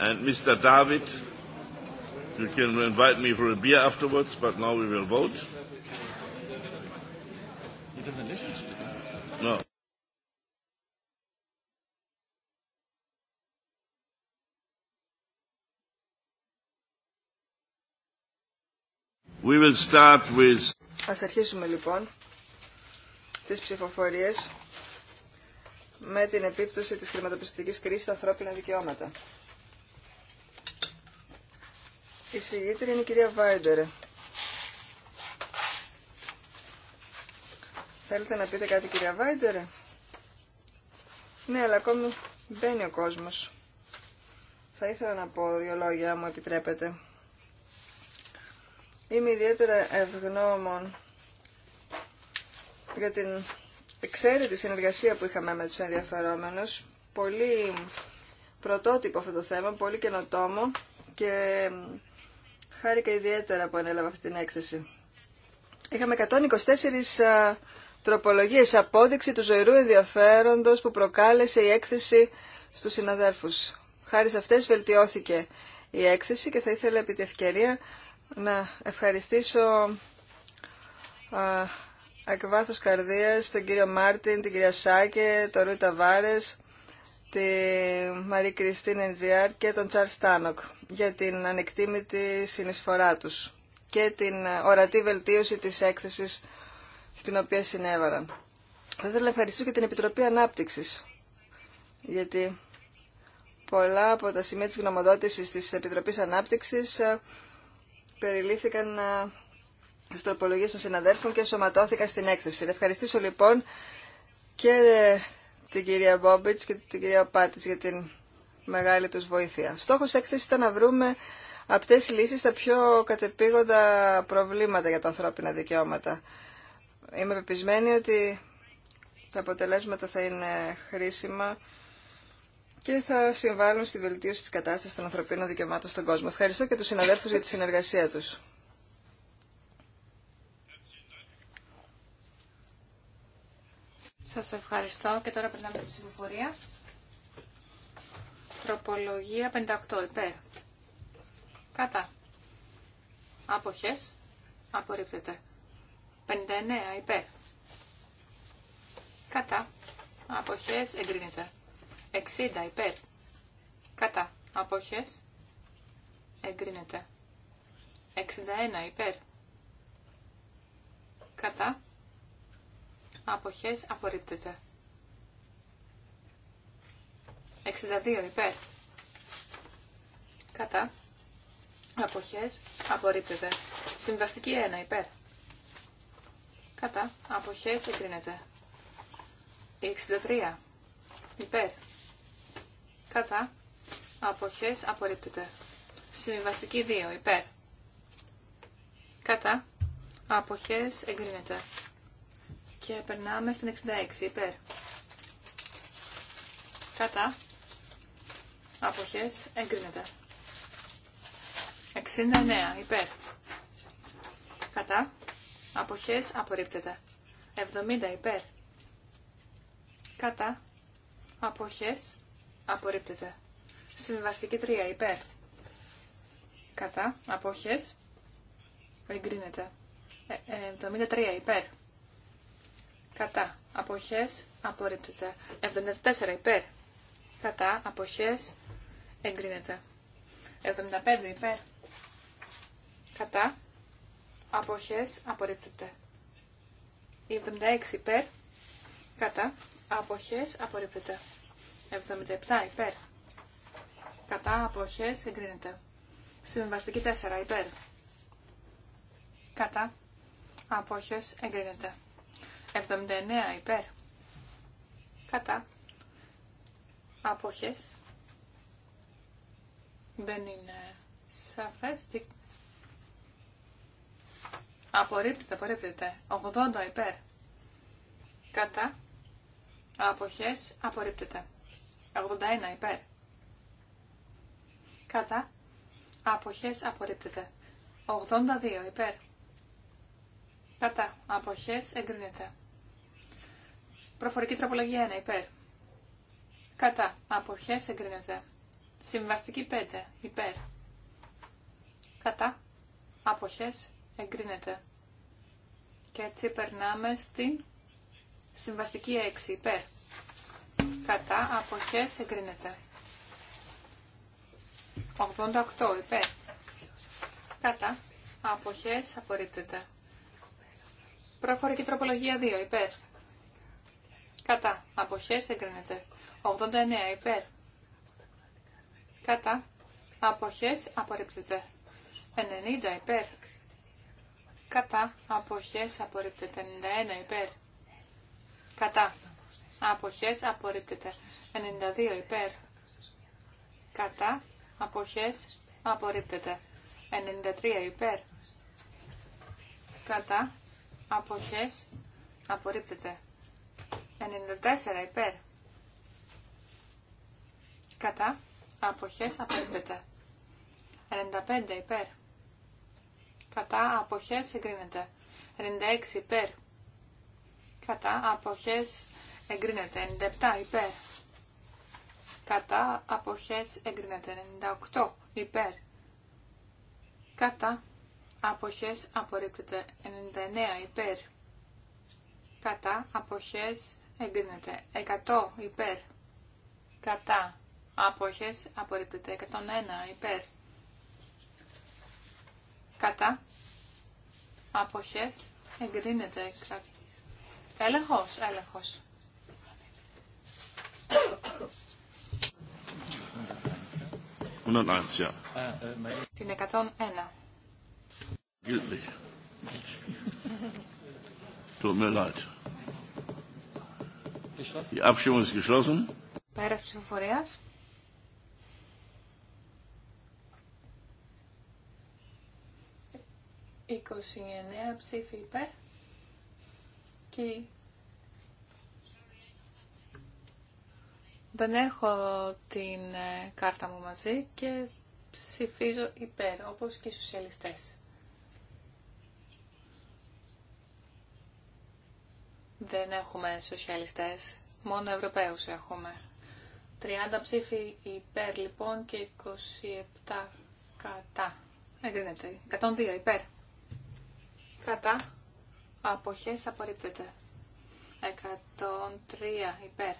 and Mr. David. You can invite me for a beer afterwards, but now we will vote. He doesn't listen to you. No. We will start with... Ας αρχίσουμε λοιπόν τις ψηφοφορίες με την επίπτωση της χρηματοπιστωτικής κρίσης στα ανθρώπινα δικαιώματα. Η συγγήτρια είναι η κυρία Βάιντερ. Θέλετε να πείτε κάτι κυρία Βάιντερ. Ναι, αλλά ακόμη μπαίνει ο κόσμος. Θα ήθελα να πω δύο λόγια, μου επιτρέπετε. Είμαι ιδιαίτερα ευγνώμων για την εξαίρετη συνεργασία που είχαμε με τους ενδιαφερόμενους. Πολύ πρωτότυπο αυτό το θέμα, πολύ καινοτόμο και Χάρηκα ιδιαίτερα που ανέλαβα αυτή την έκθεση. Είχαμε 124 τροπολογίες, απόδειξη του ζωηρού ενδιαφέροντος που προκάλεσε η έκθεση στους συναδέρφους. Χάρη σε αυτές βελτιώθηκε η έκθεση και θα ήθελα επί τη ευκαιρία να ευχαριστήσω εκ βάθος καρδίας τον κύριο Μάρτιν, την κυρία Σάκε, τον Ρούι Ταβάρες, τη Μαρή Κριστίν Εντζιάρ και τον Τσάρ Στάνοκ για την ανεκτήμητη συνεισφορά τους και την ορατή βελτίωση της έκθεσης στην οποία συνέβαλαν. Θα ήθελα να ευχαριστήσω και την Επιτροπή Ανάπτυξης, γιατί πολλά από τα σημεία της γνωμοδότησης της Επιτροπής Ανάπτυξης ε, περιλήφθηκαν ε, στις τροπολογίες των συναδέλφων και σωματώθηκαν στην έκθεση. Ευχαριστήσω λοιπόν και ε, την κυρία Μπόμπιτς και την κυρία Πάτης για την μεγάλη τους βοήθεια. Στόχος έκθεση ήταν να βρούμε απτές λύσεις τα πιο κατεπήγοντα προβλήματα για τα ανθρώπινα δικαιώματα. Είμαι πεπισμένη ότι τα αποτελέσματα θα είναι χρήσιμα και θα συμβάλλουν στη βελτίωση της κατάστασης των ανθρωπίνων δικαιωμάτων στον κόσμο. Ευχαριστώ και τους συναδέλφους για τη συνεργασία τους. Σας ευχαριστώ και τώρα περνάμε στην ψηφοφορία. Τροπολογία 58 υπέρ. Κατά. Αποχές. Απορρίπτεται. 59 υπέρ. Κατά. Αποχές εγκρίνεται. 60 υπέρ. Κατά. Αποχές εγκρίνεται. 61 υπέρ. Κατά αποχές απορρίπτεται. 62 υπέρ. Κατά. Αποχές απορρίπτεται. Συμβαστική 1 υπέρ. Κατά. Αποχές εγκρίνεται. 63 υπέρ. Κατά. Αποχές απορρίπτεται. Συμβαστική 2 υπέρ. Κατά. Αποχές εγκρίνεται. Και περνάμε στην 66 υπέρ. Κατά. Αποχές εγκρίνεται. 69 υπέρ. Κατά. Αποχές απορρίπτεται. 70 υπέρ. Κατά. Αποχές απορρίπτεται. Συμβαστική 3 υπέρ. Κατά. Αποχές εγκρίνεται. 73 ε, υπέρ κατά αποχές απορρίπτεται. 74 υπέρ κατά αποχές εγκρίνεται. 75 υπέρ κατά αποχές απορρίπτεται. 76 υπέρ κατά αποχές απορρίπτεται. 77 υπέρ κατά αποχές εγκρίνεται. Συμβαστική 4 υπέρ κατά αποχές εγκρίνεται. 79 υπέρ. Κατά. Αποχές. Δεν είναι σαφές. Απορρίπτεται, απορρίπτεται. 80 υπέρ. Κατά. Αποχές. Απορρίπτεται. 81 υπέρ. Κατά. Αποχές. Απορρίπτεται. 82 υπέρ. Κατά. Αποχές εγκρίνεται. Προφορική τροπολογία 1 υπέρ. Κατά. απόχέ εγκρίνεται. Συμβαστική 5 υπέρ. Κατά. Αποχέ, εγκρίνεται. Και έτσι περνάμε στην συμβαστική 6 υπέρ. Κατά. απόχέ εγκρίνεται. 88 υπέρ. Κατά. απόχέ απορρίπτεται. Προφορική τροπολογία 2 υπέρ. Κατά. Αποχές εγκρίνεται. 89 υπέρ. Κατά. Αποχές απορρίπτεται. 90 υπέρ. Κατά. Αποχές απορρίπτεται. 91 υπέρ. Κατά. Αποχές απορρίπτεται. 92 υπέρ. Κατά. Αποχές απορρίπτεται. 93 υπέρ. Κατά. Αποχές απορρίπτεται. 94 υπέρ. Κατά. Αποχές απορρίπτεται. 95 υπέρ. Κατά. Αποχές εγκρίνεται. 96 υπέρ. Κατά. Αποχές εγκρίνεται. 97 υπέρ. Κατά. Αποχές εγκρίνεται. 98 υπέρ. Κατά. Αποχές απορρίπτεται. 99 υπέρ. Κατά. Αποχές εγκρίνεται. 100 υπέρ κατά άποχες απορρίπτεται. 101 υπέρ κατά άποχες εγκρίνεται. Έλεγχος, έλεγχος. Την 101. Die Πέρα ψηφοφορία. geschlossen. ψήφοι υπέρ και δεν έχω την ε, κάρτα μου μαζί και ψηφίζω υπέρ όπως και οι σοσιαλιστές. Δεν έχουμε σοσιαλιστές, μόνο Ευρωπαίους έχουμε. 30 ψήφοι υπέρ λοιπόν και 27 κατά. Εγκρίνεται. 102 υπέρ. Κατά. Αποχές απορρίπτεται. 103 υπέρ.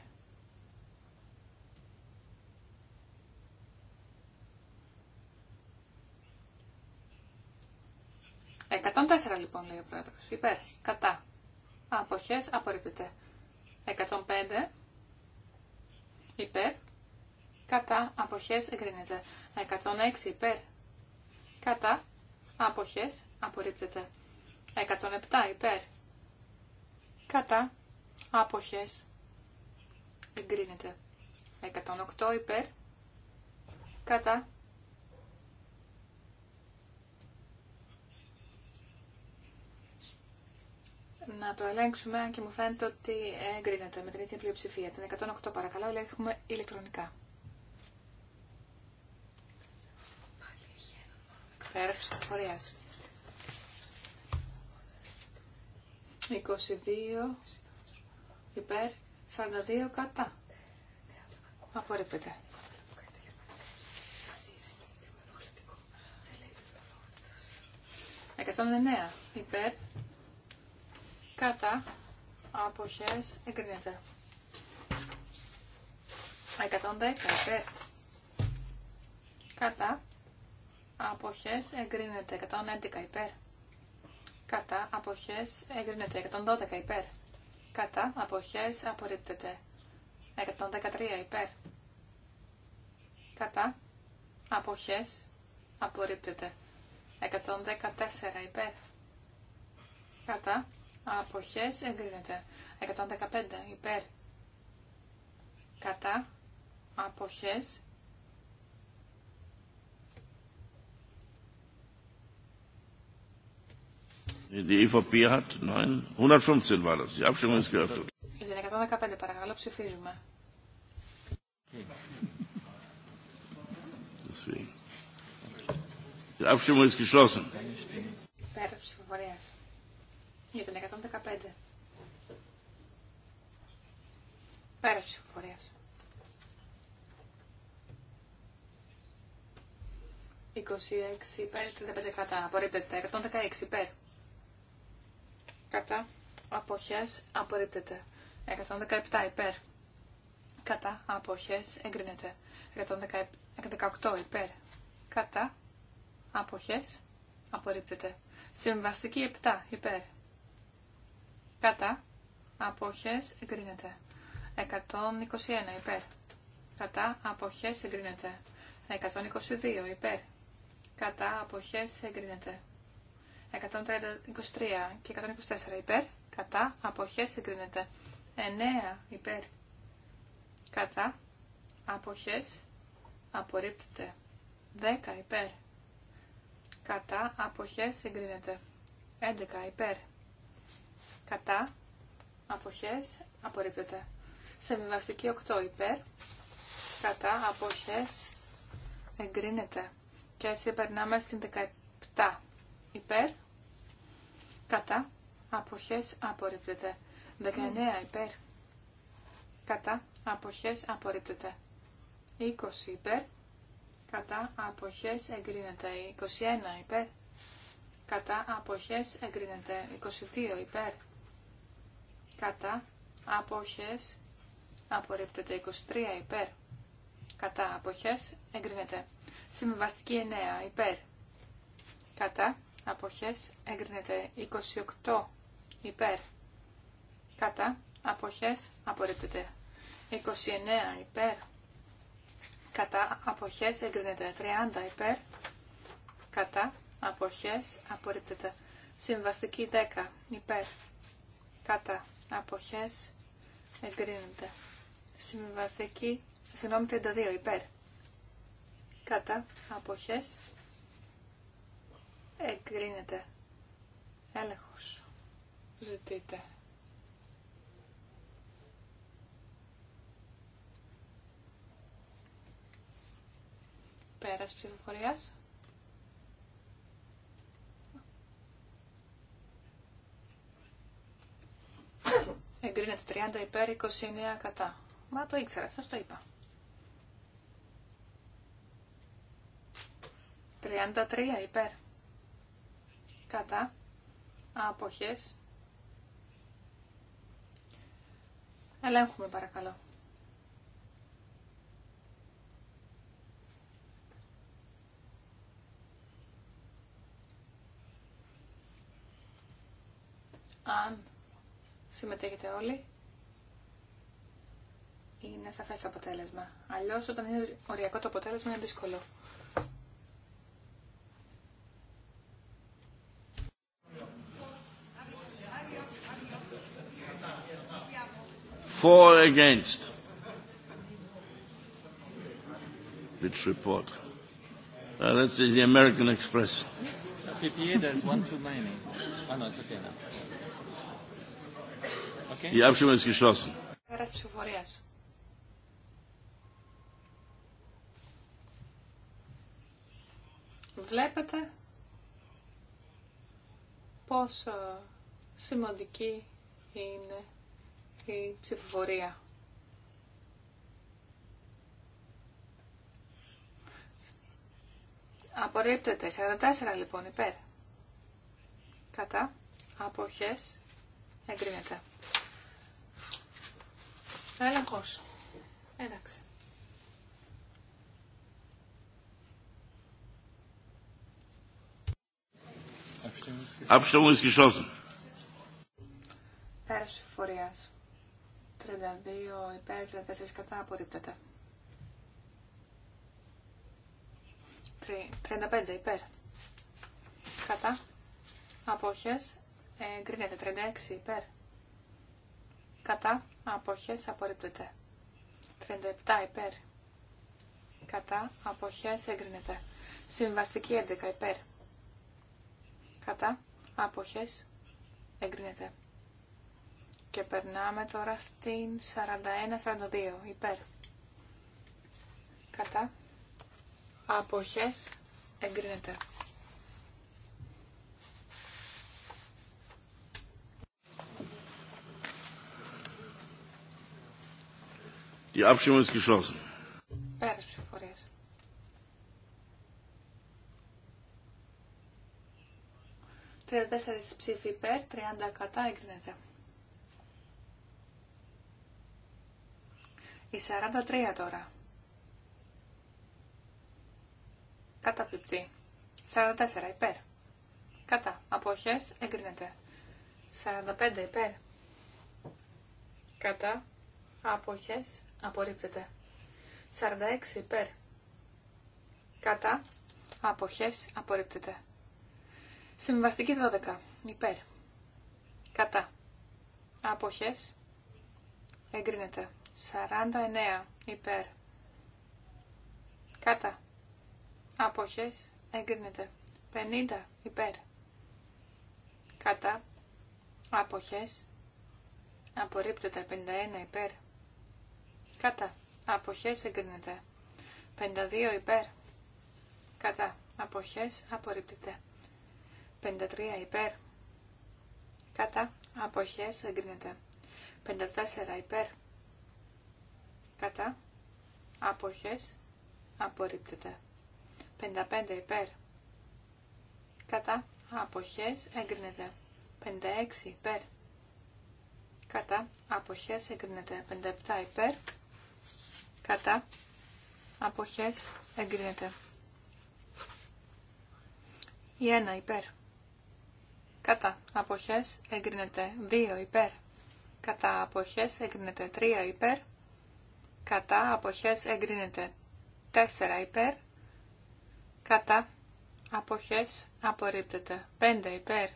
Εκατόν τέσσερα λοιπόν λέει ο πρόεδρος. Υπέρ. Κατά. Αποχές απορρίπτεται. 105 υπέρ. Κατά αποχές εγκρίνεται. 106 υπέρ. Κατά αποχές απορρίπτεται. 107 υπέρ. Κατά αποχές εγκρίνεται. 108 υπέρ. Κατά Να το ελέγξουμε, αν και μου φαίνεται ότι έγκρινεται με την ίδια πλειοψηφία. Την 108 παρακαλώ, ελέγχουμε ηλεκτρονικά. τη ψηφοφορία. 22 υπέρ, 42 κατά. Απορρίπτεται. Εκατόν εννέα υπέρ, Κατά. Αποχές. Εγκρίνεται. 110 υπέρ. Κατά. Αποχές. Εγκρίνεται. 111 υπέρ. Κατά. Αποχές. Εγκρίνεται. 112 υπέρ. Κατά. Αποχές. Απορρίπτεται. 113 υπέρ. Κατά. Αποχές. Απορρίπτεται. 114 υπέρ. Κατά αποχές εγκρίνεται. 115 υπέρ κατά αποχές Die EVP hat, nein, 115 war das. Die Abstimmung ist geöffnet. Για την 115 παρακαλώ ψηφίζουμε. Deswegen. Die Abstimmung ist geschlossen. Πέρα ψηφοφορίας για την 115. Πέρα ψηφοφορίας. 26 υπέρ, 35 κατά. Απορρίπτεται. 116 υπέρ. Κατά. Αποχές. Απορρίπτεται. 117 υπέρ. Κατά. Αποχές. Εγκρίνεται. 118 υπέρ. Κατά. Αποχές. Απορρίπτεται. Συμβαστική 7 υπέρ. Κατά. Αποχές εγκρίνεται. 121 υπέρ. Κατά. Αποχές εγκρίνεται. 122 υπέρ. Κατά. Αποχές εγκρίνεται. 123 και 124 υπέρ. Κατά. Αποχές εγκρίνεται. 9 υπέρ. Κατά. Αποχές απορρίπτεται. 10 υπέρ. Κατά. Αποχές εγκρίνεται. 11 υπέρ Κατά. Αποχές. Απορρίπτεται. Σεμιβαστική 8 υπέρ. Κατά. Αποχές. Εγκρίνεται. Και έτσι περνάμε στην 17 υπέρ. Κατά. Αποχές. Απορρίπτεται. 19 ναι. υπέρ. Κατά. Αποχές. Απορρίπτεται. 20 υπέρ. Κατά αποχές εγκρίνεται 21 υπέρ. Κατά αποχές εγκρίνεται 22 υπέρ κατά αποχές απορρίπτεται 23 υπέρ κατά αποχές εγκρίνεται Συμβαστική 9 υπέρ κατά αποχές εγκρίνεται 28 υπέρ κατά αποχές απορρίπτεται 29 υπέρ κατά αποχές εγκρίνεται 30 υπέρ κατά αποχές απορρίπτεται συμβαστική 10 υπέρ κατά αποχές εγκρίνεται. Συμβαστική, συγγνώμη 32 υπέρ. Κατά αποχές εγκρίνεται. Έλεγχος ζητείτε. Πέρας ψηφοφορίας. Εγκρίνεται 30 υπέρ, 29 κατά. Μα το ήξερα, σας το είπα. 33 υπέρ. Κατά. Αποχές. Ελέγχουμε παρακαλώ. Αν συμμετέχετε όλοι, είναι σαφέ το αποτέλεσμα. Αλλιώ όταν είναι οριακό το αποτέλεσμα είναι δύσκολο. For against. Which report? Uh, let's see the American Express. 58, there's one too many. Oh, no, it's okay now. Η Abstimmung ist geschlossen. Βλέπετε πόσο σημαντική είναι η ψηφοφορία. Απορρίπτεται. 44 λοιπόν υπέρ. Κατά. Αποχές. Εγκρίνεται. Έλεγχος. Εντάξει. Abstimmung ist geschlossen. Πέρα 32 υπέρ, 34 κατά απορρίπτεται. 35 υπέρ. Κατά. Απόχε. Εγκρίνεται. 36 υπέρ. Κατά. Αποχές απορρίπτεται. 37 υπέρ. Κατά. Αποχές εγκρίνεται. Συμβαστική 11 υπέρ. Κατά. Αποχές εγκρίνεται. Και περνάμε τώρα στην 41-42 υπέρ. Κατά. Αποχές εγκρίνεται. Die Abstimmung ist geschlossen. ψήφοι υπέρ, 30 κατά εγκρίνεται. Η 43 τώρα. Καταπληκτή. 44 υπέρ. Κατά. Αποχές εγκρίνεται. 45 υπέρ. Κατά. Αποχές Απορρίπτεται. 46 υπέρ. Κατά. Αποχές. Απορρίπτεται. Συμβαστική 12. Υπέρ. Κατά. Αποχές. Εγκρίνεται. 49 υπέρ. Κατά. Αποχές. Εγκρίνεται. 50 υπέρ. Κατά. Αποχές. Απορρίπτεται. 51 υπέρ. Κατά. Αποχές εγκρίνεται. 52 υπέρ. Κατά. Αποχές απορρίπτεται. 53 υπέρ. Κατά. Αποχές εγκρίνεται. 54 υπέρ. Κατά. Αποχές απορρίπτεται. 55 υπέρ. Κατά. Αποχές εγκρίνεται. 56 υπέρ. Κατά. Αποχές εγκρίνεται. 57 υπέρ κατά αποχές εγκρίνεται. 1 υπέρ κατά αποχές εγκρίνεται. 2 υπέρ κατά αποχές εγκρίνεται. 3 υπέρ κατά αποχές εγκρίνεται. 4 υπέρ κατά αποχές απορρίπτεται. 5 υπέρ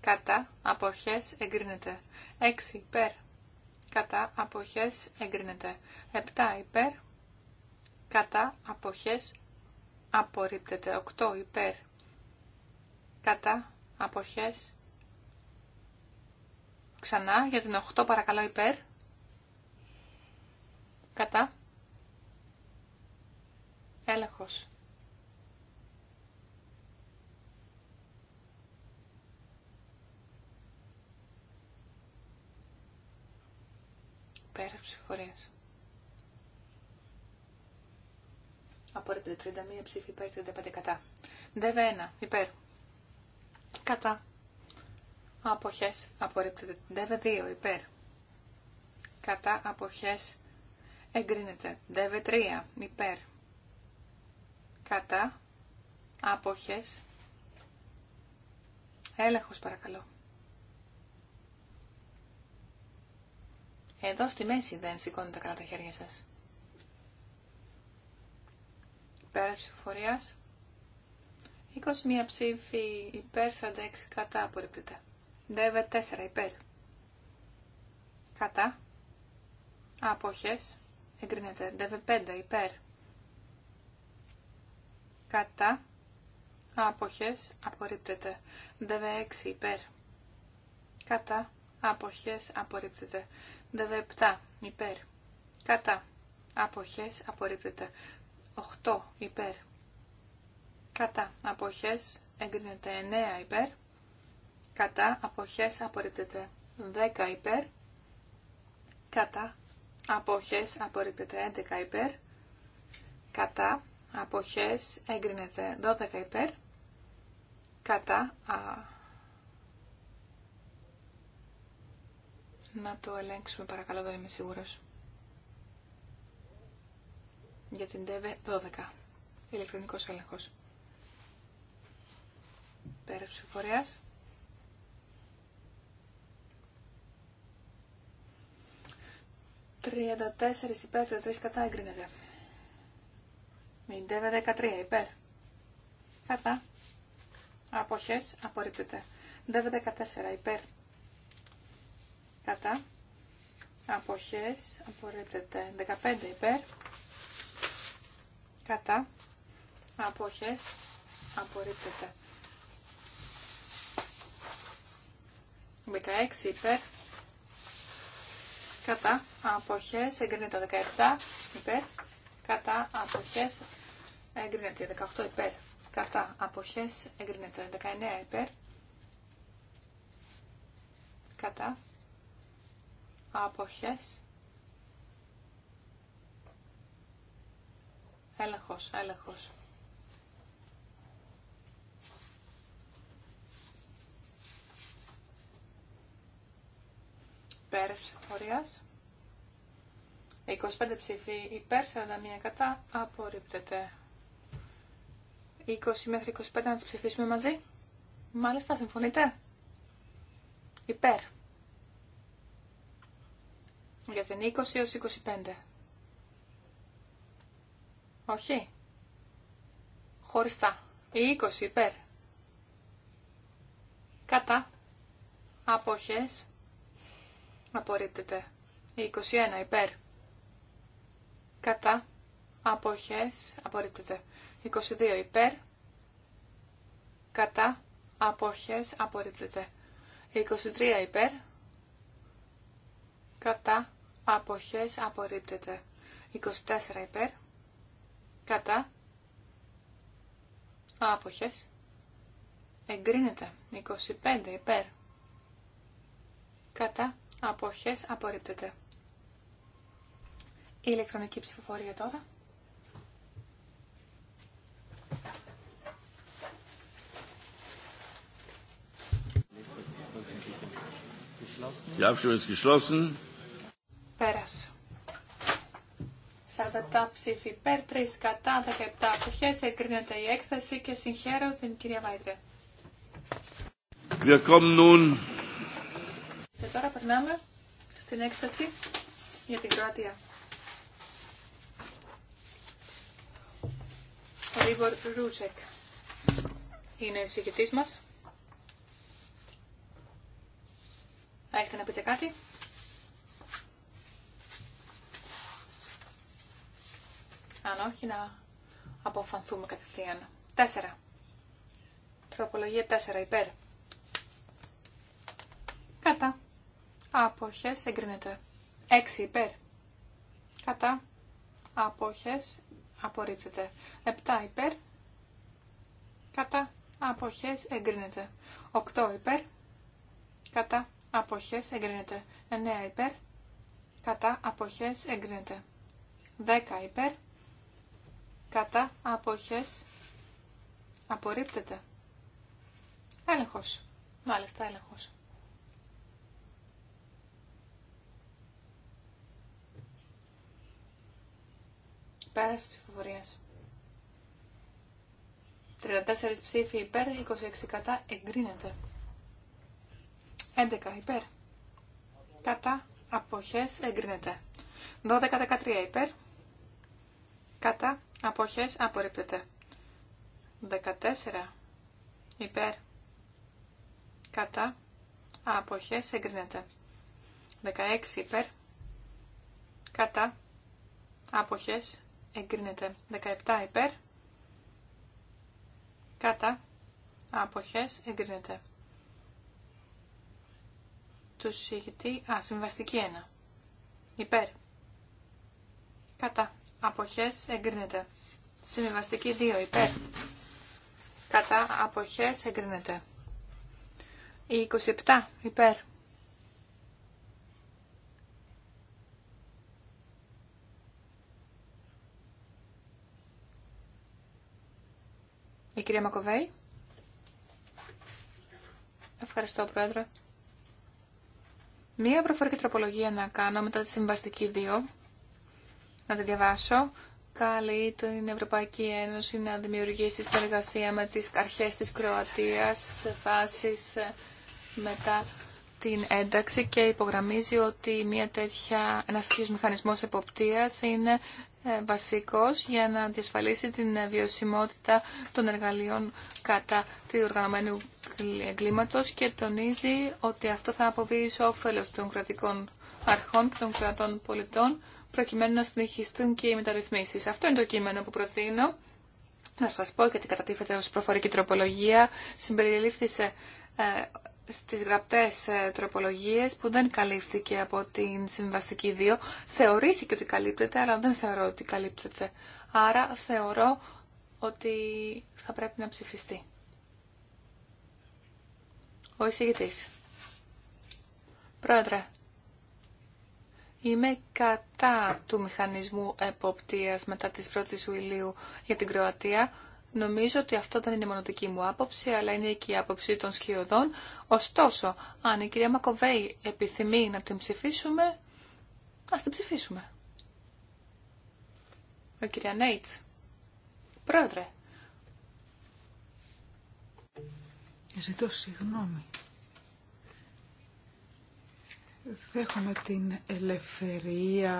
κατά αποχές εγκρίνεται. 6 υπέρ κατά αποχές εγκρίνεται. 7 υπέρ, κατά αποχές απορρίπτεται. 8 υπέρ, κατά αποχές Ξανά για την 8 παρακαλώ υπέρ. Κατά. Έλεγχος. Πέρα ψηφορίας. Απορρίπτεται 31 ψήφι υπέρ 35 κατά. ΔΕΒΕ 1 υπέρ. Κατά. Αποχές. Απορρίπτεται ΔΕΒΕ 2 υπέρ. Κατά αποχές. Εγκρίνεται ΔΕΒΕ 3 υπέρ. Κατά. Αποχές. Έλεγχος παρακαλώ. Εδώ στη μέση δεν σηκώνετε καλά τα χέρια σας. Πέρα ψηφοφορίας. 21 ψήφοι υπέρ, 46 κατά απορρίπτεται. ΔΕΒΕ 4 υπέρ. Κατά. Αποχές. Εγκρίνεται. ΔΕΒΕ 5 υπέρ. Κατά. Αποχές. Απορρίπτεται. ΔΕΒΕ 6 υπέρ. Κατά. Αποχές. Απορρίπτεται. 7 υπέρ. Κατά. Αποχές απορρίπτεται. 8 υπέρ. Κατά. Αποχές εγκρίνεται 9 υπέρ. Κατά. Αποχές απορρίπτεται 10 υπέρ. Κατά. Αποχές απορρίπτεται 11 υπέρ. Κατά. Αποχές εγκρίνεται 12 υπέρ. Κατά. Α, Να το ελέγξουμε παρακαλώ, δεν είμαι σίγουρος. Για την ΤΕΒΕ 12. Ηλεκτρονικός έλεγχος. Πέρα φορέας 34 τέσσερις υπέρ, τριάντα κατά εγκρίνεται. Μην ΤΕΒΕ 13 υπέρ. Κατά. Αποχές απορρίπτεται. ΤΕΒΕ 14 υπέρ κατά αποχές απορρίπτεται 15 υπέρ κατά αποχές απορρίπτεται 16 υπέρ κατά αποχές εγκρίνεται 17 υπέρ κατά αποχές εγκρίνεται 18 υπέρ κατά αποχές εγκρίνεται 19 υπέρ κατά αποχές, έλεγχος, έλεγχος. Πέρα ψηφορίας. 25 ψηφοί υπέρ, 41 κατά, απορρίπτεται. 20 μέχρι 25 να τις ψηφίσουμε μαζί. Μάλιστα, συμφωνείτε. Υπέρ για την 20 έως 25. Όχι. Χωριστά. Η 20 υπέρ. Κατά. Αποχές. Απορρίπτεται. Η 21 υπέρ. Κατά. Αποχές. Απορρίπτεται. 22 υπέρ. Κατά. Αποχές. Απορρίπτεται. 23 υπέρ. Κατά αποχές απορρίπτεται. 24 υπέρ, κατά, άποχες, εγκρίνεται. 25 υπέρ, κατά, αποχές απορρίπτεται. Η ηλεκτρονική ψηφοφορία τώρα. Die Abstimmung ist geschlossen. Πέρασε. 47 ψήφι. υπέρ, 3 κατά, 17 αποχές. Εγκρίνεται η έκθεση και συγχαίρω την κυρία Διακόμνουν. Και τώρα περνάμε στην έκθεση για την Κροατία. Ο Ρίβορ Ρούτσεκ είναι ο μας. Έχετε να πείτε κάτι. αν όχι να αποφανθούμε κατευθείαν. Τέσσερα. Τροπολογία τέσσερα υπέρ. Κατά. Αποχές εγκρίνεται. Έξι υπέρ. Κατά. Αποχές απορρίπτεται. Επτά υπέρ. Κατά. Αποχές εγκρίνεται. Οκτώ υπέρ. Κατά. Αποχές εγκρίνεται. Εννέα. υπέρ. Κατά. Αποχές εγκρίνεται. Δέκα υπέρ. Κατά αποχές απορρίπτεται. Έλεγχος. Μάλιστα, έλεγχος. Πέραση της ψηφοφορίας. 34 ψήφοι υπέρ, 26 κατά, εγκρίνεται. 11 υπέρ. Κατά, αποχές, εγκρίνεται. 12-13 υπέρ. Κατά, Αποχές απορρίπτεται. 14. Υπέρ. Κατά. Αποχές εγκρίνεται. 16. Υπέρ. Κατά. Αποχές εγκρίνεται. 17. Υπέρ. Κατά. Αποχές εγκρίνεται. Του συγητή. Α, συμβαστική 1. Υπέρ. Κατά αποχές εγκρίνεται. Συμβιβαστική 2 υπέρ. Κατά αποχές εγκρίνεται. Η 27 υπέρ. Η κυρία Μακοβέη. Ευχαριστώ, Πρόεδρε. Μία προφορική τροπολογία να κάνω μετά τη συμβαστική 2 να τη διαβάσω. Καλεί την Ευρωπαϊκή Ένωση να δημιουργήσει συνεργασία με τις αρχές της Κροατίας σε φάσεις ε, μετά την ένταξη και υπογραμμίζει ότι μια τέτοια, ένας τέτοιος μηχανισμός εποπτείας είναι ε, βασικός για να διασφαλίσει την ε, βιωσιμότητα των εργαλείων κατά τη οργανωμένου εγκλήματος και τονίζει ότι αυτό θα αποβεί σε όφελος των κρατικών αρχών και των κρατών πολιτών προκειμένου να συνεχιστούν και οι μεταρρυθμίσεις. Αυτό είναι το κείμενο που προτείνω. Να σας πω, γιατί κατατίθεται ως προφορική τροπολογία, συμπεριλήφθησε ε, στις γραπτές ε, τροπολογίες που δεν καλύφθηκε από την συμβαστική 2. Θεωρήθηκε ότι καλύπτεται, αλλά δεν θεωρώ ότι καλύπτεται. Άρα θεωρώ ότι θα πρέπει να ψηφιστεί. Ο εισηγητής. Πρόεδρε, Είμαι κατά του μηχανισμού εποπτείας μετά τις 1 Ιουλίου για την Κροατία. Νομίζω ότι αυτό δεν είναι μόνο δική μου άποψη, αλλά είναι και η άποψη των σκιωδών. Ωστόσο, αν η κυρία Μακοβέη επιθυμεί να την ψηφίσουμε, ας την ψηφίσουμε. Ο κυρία Νέιτς. Πρόεδρε. Ζητώ συγγνώμη. Δέχομαι την ελευθερία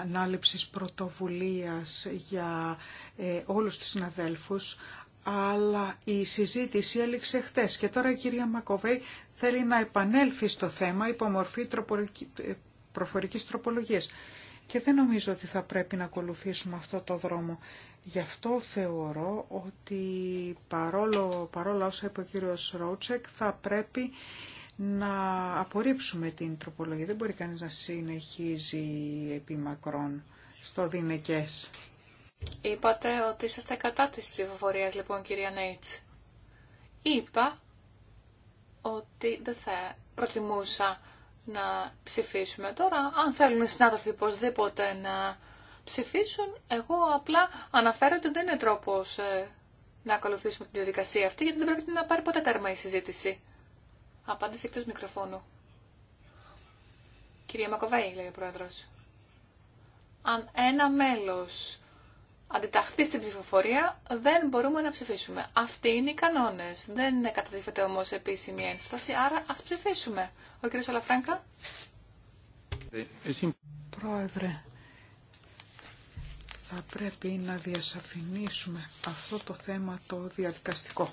ανάληψης πρωτοβουλίας για ε, όλους τους συναδέλφους, αλλά η συζήτηση έληξε χτες και τώρα η κυρία Μακοβέη θέλει να επανέλθει στο θέμα υπό μορφή ε, προφορικής τροπολογίας. Και δεν νομίζω ότι θα πρέπει να ακολουθήσουμε αυτό το δρόμο. Γι' αυτό θεωρώ ότι παρόλο, παρόλα όσα είπε ο κύριος Ρότσεκ θα πρέπει να απορρίψουμε την τροπολογία. Δεν μπορεί κανείς να συνεχίζει επί μακρόν στο δινεκές. Είπατε ότι είσαστε κατά της ψηφοφορία λοιπόν κυρία Νέιτς. Είπα ότι δεν θα προτιμούσα να ψηφίσουμε τώρα. Αν θέλουν οι συνάδελφοι οπωσδήποτε να ψηφίσουν, εγώ απλά αναφέρω ότι δεν είναι τρόπος ε, να ακολουθήσουμε τη διαδικασία αυτή, γιατί δεν πρέπει να πάρει ποτέ τέρμα η συζήτηση. Απάντηση εκτός μικροφώνου. Κυρία Μακοβέη, λέει ο Πρόεδρος. Αν ένα μέλος αντιταχθεί στην ψηφοφορία, δεν μπορούμε να ψηφίσουμε. Αυτοί είναι οι κανόνες. Δεν κατατίθεται όμως επίσημη ένσταση, άρα ας ψηφίσουμε. Ο κύριο Αλαφράγκα. Πρόεδρε, θα πρέπει να διασαφηνίσουμε αυτό το θέμα το διαδικαστικό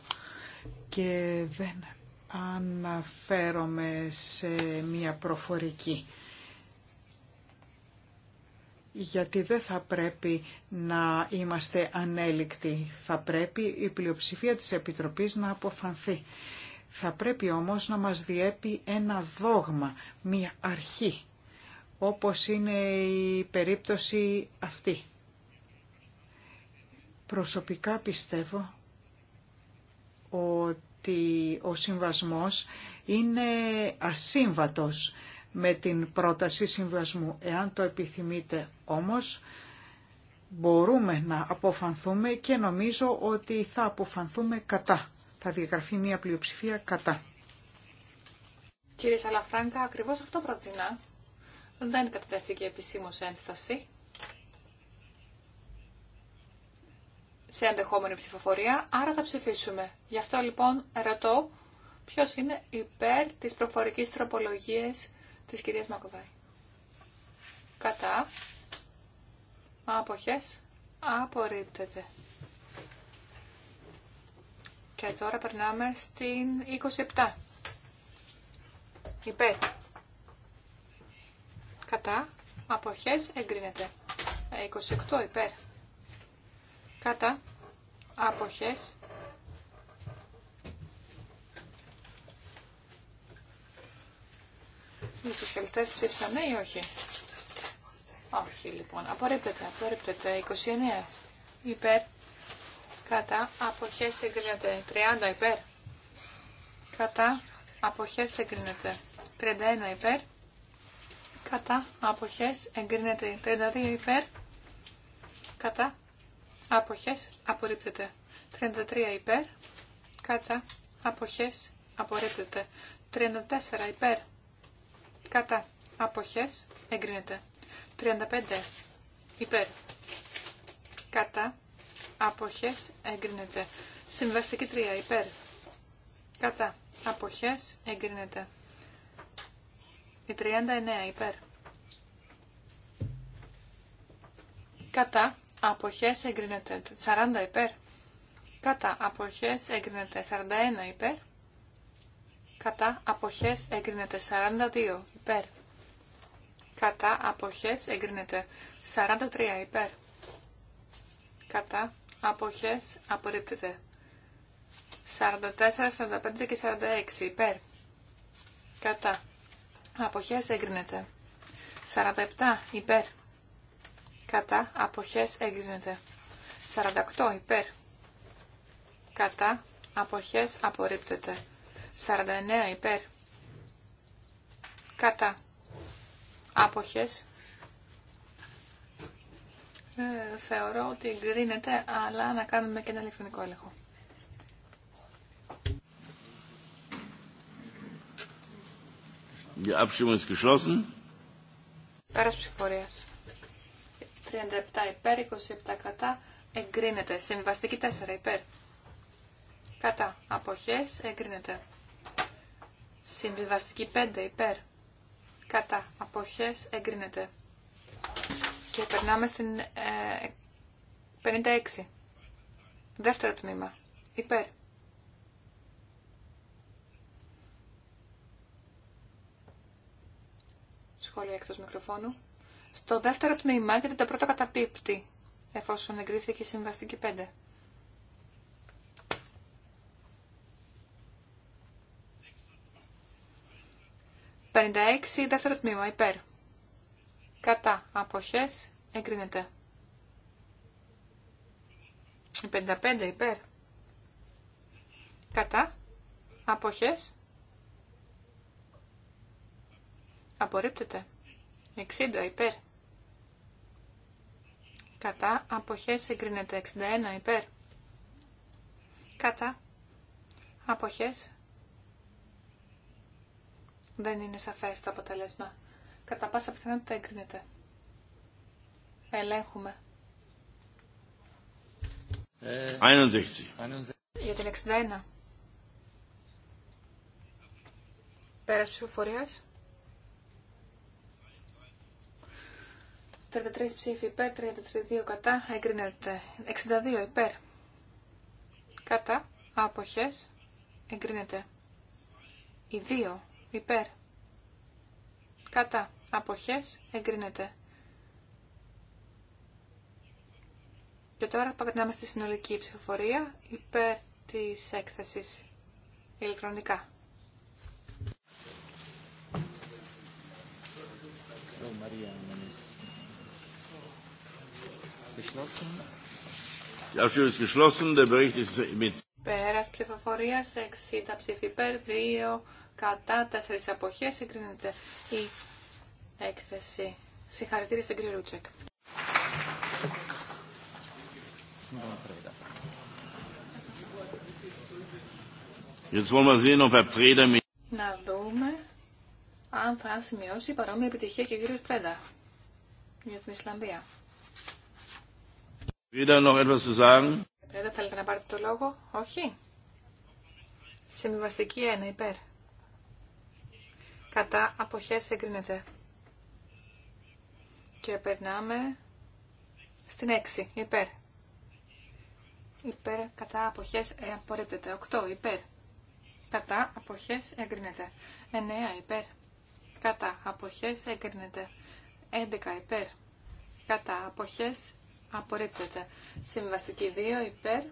και δεν αναφέρομαι σε μια προφορική γιατί δεν θα πρέπει να είμαστε ανέλικτοι. Θα πρέπει η πλειοψηφία της Επιτροπής να αποφανθεί. Θα πρέπει όμως να μας διέπει ένα δόγμα, μία αρχή, όπως είναι η περίπτωση αυτή. Προσωπικά πιστεύω ότι ότι ο συμβασμός είναι ασύμβατος με την πρόταση συμβασμού. Εάν το επιθυμείτε όμως, μπορούμε να αποφανθούμε και νομίζω ότι θα αποφανθούμε κατά. Θα διαγραφεί μια πλειοψηφία κατά. Κύριε Σαλαφράγκα, ακριβώς αυτό προτείνα. Δεν κατατέθηκε επισήμως ένσταση. σε ενδεχόμενη ψηφοφορία, άρα θα ψηφίσουμε. Γι' αυτό λοιπόν ρωτώ ποιο είναι υπέρ της προφορικής τροπολογίας της κυρίας Μακοβάη. Κατά. Αποχές. Απορρίπτεται. Και τώρα περνάμε στην 27. Υπέρ. Κατά. Αποχές εγκρίνεται. 28 ε, υπέρ κατά άποχες Οι σοσιαλιστές ψήφισαν ναι ή όχι. Όχι λοιπόν. Απορρίπτεται, απορρίπτεται. 29 υπέρ κατά αποχές εγκρίνεται. 30 υπέρ κατά αποχές εγκρίνεται. 31 υπέρ κατά αποχές εγκρίνεται. 32 υπέρ κατά αποχές απορρίπτεται. 33 υπέρ, κατά, αποχές απορρίπτεται. 34 υπέρ, κατά, αποχές εγκρίνεται. 35 υπέρ, κατά, αποχές εγκρίνεται. Συμβαστική 3 υπέρ, κατά, αποχές εγκρίνεται. Η 39 υπέρ. Κατά, αποχές εγκρίνεται 40 υπέρ. Κατά αποχές εγκρίνεται 41 υπέρ. Κατά αποχές εγκρίνεται 42 υπέρ. Κατά αποχές εγκρίνεται 43 υπέρ. Κατά αποχές απορρίπτεται 44, 45 και 46 υπέρ. Κατά αποχές εγκρίνεται 47 υπέρ κατά αποχές εγκρίνεται. 48 υπέρ κατά αποχές απορρίπτεται. 49 υπέρ κατά άποχες. Ε, θεωρώ ότι εγκρίνεται, αλλά να κάνουμε και ένα ηλεκτρονικό έλεγχο. Die Abstimmung Πέρας ψηφορίας. 37 υπέρ, 27 κατά, εγκρίνεται. Συμβαστική 4 υπέρ. Κατά. Αποχές, εγκρίνεται. Συμβιβαστική 5 υπέρ. Κατά. Αποχές, εγκρίνεται. Και περνάμε στην 56. Ε, Δεύτερο τμήμα. Υπέρ. Σχόλια εκτός μικροφώνου. Στο δεύτερο τμήμα γιατί το πρώτο καταπίπτη, εφόσον εγκρίθηκε η συμβαστική 5. «56, δεύτερο τμήμα, υπέρ. Κατά αποχές, εγκρίνεται. 55, υπέρ. Κατά αποχές, απορρίπτεται. 60, υπέρ. Κατά αποχές εγκρίνεται 61 υπέρ. Κατά αποχές δεν είναι σαφές το αποτέλεσμα. Κατά πάσα πιθανότητα εγκρίνεται. Ελέγχουμε. 61. Για την 61. Πέρας ψηφοφορίας. 33 ψήφοι υπέρ, 32 κατά, εγκρίνεται. 62 υπέρ, κατά, άποχες, εγκρίνεται. Οι 2 υπέρ, κατά, άποχες, εγκρίνεται. Και τώρα παγκρινάμε στη συνολική ψηφοφορία υπέρ της έκθεσης ηλεκτρονικά. Πέρας ψηφοφορίας 60 ψήφι υπέρ, 2 κατά, 4 αποχές. Συγκρίνεται η έκθεση. Συγχαρητήρια στην κύριο Ρούτσεκ. Να δούμε αν θα σημειώσει παρόμοια επιτυχία και ο κύριος Πρέντα για την Ισλανδία. Ρέντα, θέλετε να πάρετε το λόγο. Όχι. Συμβιβαστική 1 υπέρ. Κατά αποχές εγκρίνεται. Και περνάμε στην 6 υπέρ. Υπέρ κατά αποχές ε, απορρίπτεται. 8 υπέρ. Κατά αποχές εγκρίνεται. 9 υπέρ. Κατά αποχές εγκρίνεται. 11 υπέρ. Κατά αποχές απορρίπτεται. Συμβαστική 2 υπέρ,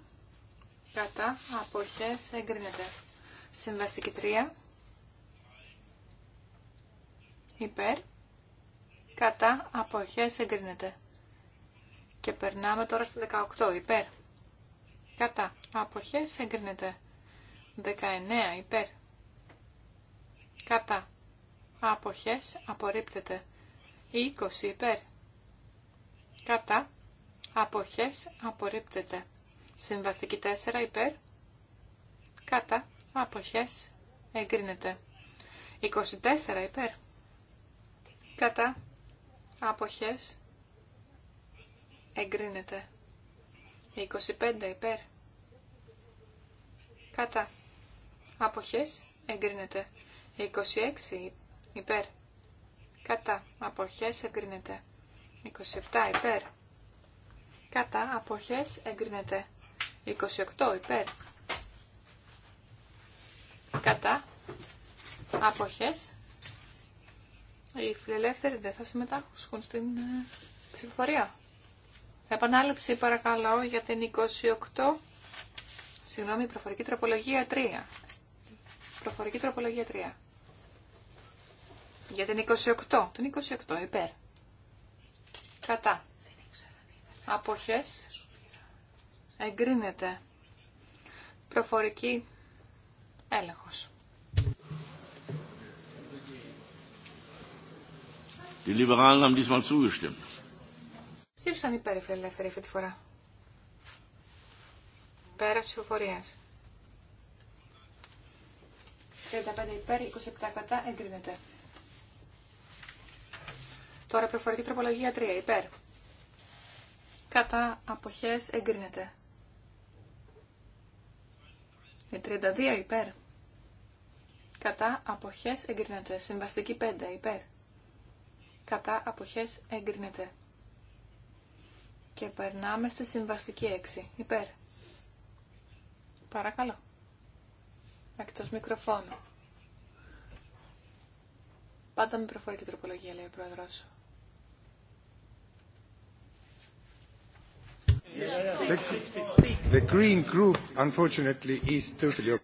κατά, αποχές, εγκρίνεται. Συμβαστική 3 υπέρ, κατά, αποχές, εγκρίνεται. Και περνάμε τώρα στο 18 υπέρ, κατά, αποχές, εγκρίνεται. 19 υπέρ, κατά, αποχές, απορρίπτεται. 20 υπέρ, κατά, αποχές απορρίπτεται. Συμβαστική 4 υπέρ, κατά, αποχές εγκρίνεται. 24 υπέρ, κατά, αποχές εγκρίνεται. 25 υπέρ, κατά, αποχές εγκρίνεται. 26 υπέρ, κατά, αποχές εγκρίνεται. 27 υπέρ, κατά αποχές εγκρίνεται 28 υπέρ κατά αποχές οι φιλελεύθεροι δεν θα συμμετάσχουν στην ε, ψηφοφορία. Επανάληψη παρακαλώ για την 28, συγγνώμη, προφορική τροπολογία 3. Προφορική τροπολογία 3. Για την 28, την 28, υπέρ. Κατά αποχές εγκρίνεται προφορική έλεγχος. Die Liberalen haben diesmal zugestimmt. Ψήφισαν υπέρ αυτή τη φορά. Πέρα ψηφοφορία. 35 υπέρ, 27 κατά, εγκρίνεται. Τώρα προφορική τροπολογία 3, υπέρ κατά αποχές εγκρίνεται. Η ε, 32 υπέρ. Κατά αποχές εγκρίνεται. Συμβαστική 5 υπέρ. Κατά αποχές εγκρίνεται. Και περνάμε στη συμβαστική 6 υπέρ. Παρακαλώ. Εκτός μικροφώνου. Πάντα με προφορική τροπολογία λέει ο πρόεδρος. The Green Group, unfortunately, is totally...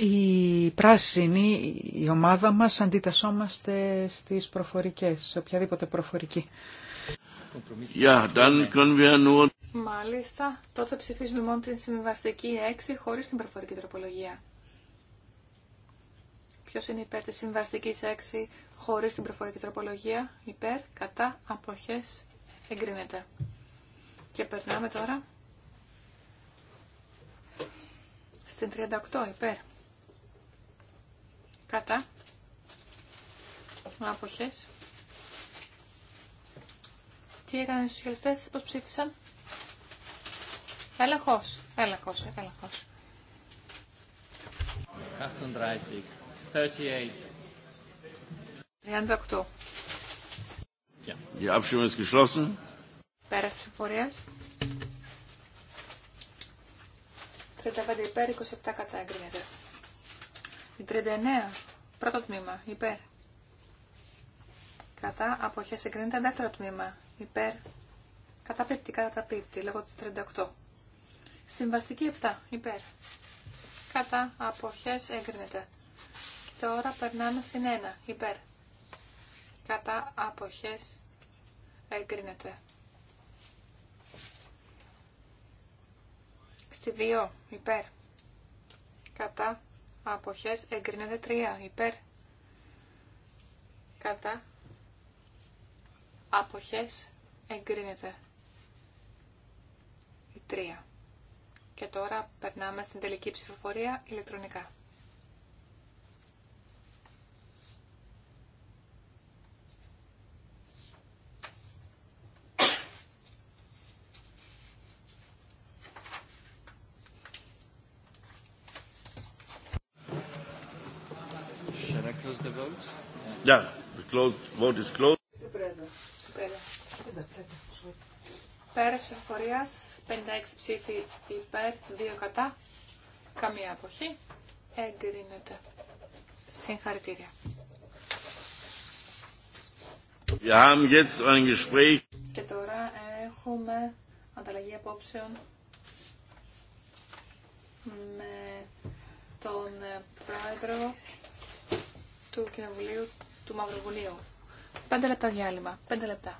Η πράσινη, η ομάδα μας, αντιτασσόμαστε στις προφορικές, σε οποιαδήποτε προφορική. Μάλιστα, τότε ψηφίζουμε μόνο την συμβαστική 6 χωρίς την προφορική τροπολογία. Ποιος είναι υπέρ της συμβαστικής 6 χωρίς την προφορική τροπολογία, υπέρ, κατά, αποχές, εγκρίνεται. Και περνάμε τώρα στην 38 υπέρ. Κατά. αποχέ. Τι έκανε οι χειριστέ πώς ψήφισαν. Έλεγχος, έλεγχος, ε, έλεγχος. 38. 38. Yeah. Die Abstimmung ist geschlossen. Πέρα ψηφοφορίας. 35 υπέρ, 27 κατά εγκρίνεται. Η 39, πρώτο τμήμα, υπέρ. Κατά αποχές εγκρίνεται δεύτερο τμήμα, υπέρ. Καταπίπτει, καταπίπτει, λόγω της 38. Συμβαστική 7, υπέρ. Κατά αποχές εγκρίνεται. Και τώρα περνάμε στην 1, υπέρ. Κατά αποχές εγκρίνεται. 2 υπέρ. Κατά αποχές εγκρίνεται 3 υπέρ. Κατά αποχές εγκρίνεται η 3. Και τώρα περνάμε στην τελική ψηφοφορία ηλεκτρονικά. Yeah, the closed vote is closed. Πέρα ψηφοφορία, 56 ψήφοι υπέρ, 2 κατά, καμία αποχή, εγκρίνεται. Συγχαρητήρια. Και τώρα έχουμε ανταλλαγή απόψεων με τον πρόεδρο του Κοινοβουλίου του Μαυροβουνίου. Πέντε λεπτά διάλειμμα. Πέντε λεπτά.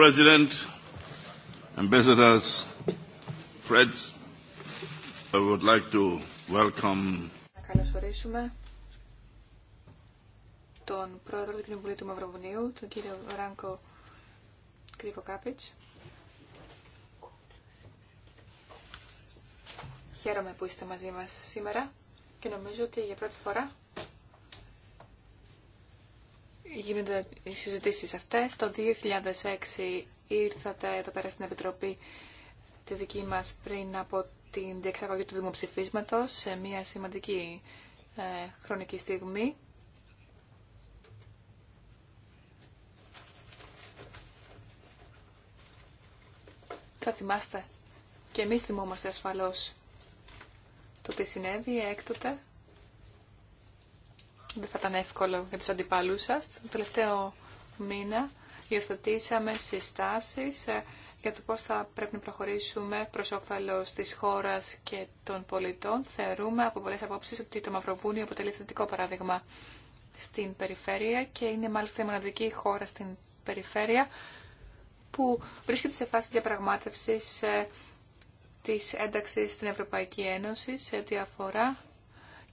President, Ambassadors, friends, I would like to welcome... Να καλωσορίσουμε τον πρόεδρο του Κοινοβουλίου του Μαυροβουνίου, τον κύριο Ράνκο Κρυβοκάπιτς. Χαίρομαι που είστε μαζί μας σήμερα και νομίζω ότι για πρώτη φορά γίνονται οι συζητήσεις αυτές. Το 2006 ήρθατε εδώ πέρα στην Επιτροπή τη δική μας πριν από την διεξαγωγή του δημοψηφίσματος σε μια σημαντική ε, χρονική στιγμή. Θα θυμάστε και εμείς θυμόμαστε ασφαλώς το τι συνέβη έκτοτε δεν θα ήταν εύκολο για τους αντιπαλούς σας. Το τελευταίο μήνα υιοθετήσαμε συστάσεις ε, για το πώς θα πρέπει να προχωρήσουμε προς όφελος της χώρας και των πολιτών. Θεωρούμε από πολλές απόψεις ότι το Μαυροβούνιο αποτελεί θετικό παράδειγμα στην περιφέρεια και είναι μάλιστα η μοναδική χώρα στην περιφέρεια που βρίσκεται σε φάση διαπραγμάτευσης ε, της ένταξης στην Ευρωπαϊκή Ένωση σε ό,τι αφορά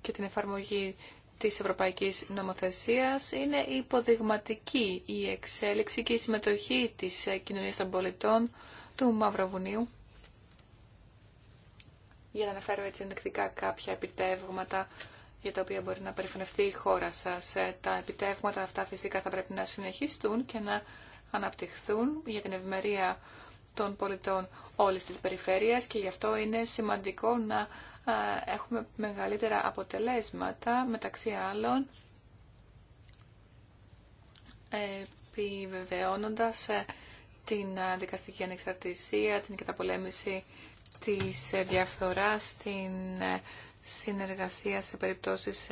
και την εφαρμογή της Ευρωπαϊκής Νομοθεσίας είναι υποδειγματική η εξέλιξη και η συμμετοχή της κοινωνίας των πολιτών του Μαυροβουνίου. Για να αναφέρω έτσι ενδεικτικά κάποια επιτεύγματα για τα οποία μπορεί να περηφανευτεί η χώρα σας. Τα επιτεύγματα αυτά φυσικά θα πρέπει να συνεχιστούν και να αναπτυχθούν για την ευημερία των πολιτών όλης της περιφέρειας και γι' αυτό είναι σημαντικό να έχουμε μεγαλύτερα αποτελέσματα, μεταξύ άλλων, επιβεβαιώνοντας ε, την δικαστική ανεξαρτησία, την καταπολέμηση της ε, διαφθοράς, την ε, συνεργασία σε περιπτώσεις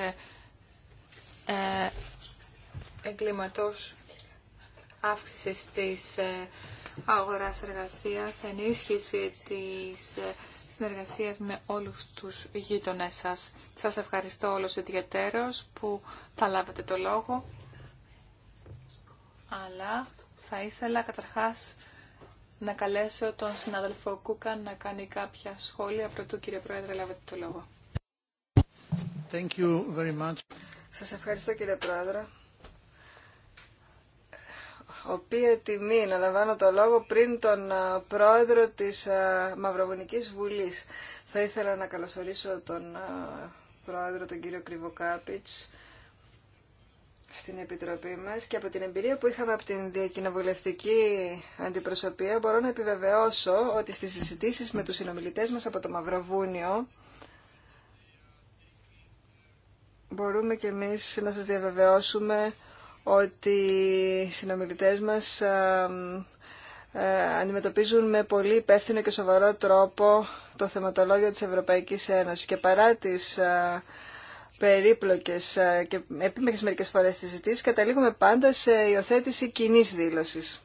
εγκλήματος αύξησης της αγοράς εργασίας, ενίσχυση της συνεργασίας με όλους τους γείτονές σας. Σας ευχαριστώ όλους ιδιαίτερος που θα λάβετε το λόγο. Αλλά θα ήθελα καταρχάς να καλέσω τον συνάδελφο Κούκα να κάνει κάποια σχόλια. Πρωτού κύριε Πρόεδρε λάβετε το λόγο. Thank you very much. Σας ευχαριστώ κύριε Πρόεδρε οποία τιμή να λαμβάνω το λόγο πριν τον πρόεδρο της Μαυροβουνικής Βουλής. Θα ήθελα να καλωσορίσω τον πρόεδρο, τον κύριο Κρυβοκάπιτς, στην Επιτροπή μας και από την εμπειρία που είχαμε από την διακοινοβουλευτική αντιπροσωπεία μπορώ να επιβεβαιώσω ότι στις συζητήσεις με τους συνομιλητές μας από το Μαυροβούνιο μπορούμε και εμείς να σας διαβεβαιώσουμε ότι οι συνομιλητές μας αντιμετωπίζουν με πολύ υπεύθυνο και σοβαρό τρόπο το θεματολόγιο της Ευρωπαϊκής Ένωσης και παρά τις περίπλοκες και επίμεχες μερικές φορές τις καταλήγουμε πάντα σε υιοθέτηση κοινή δήλωσης.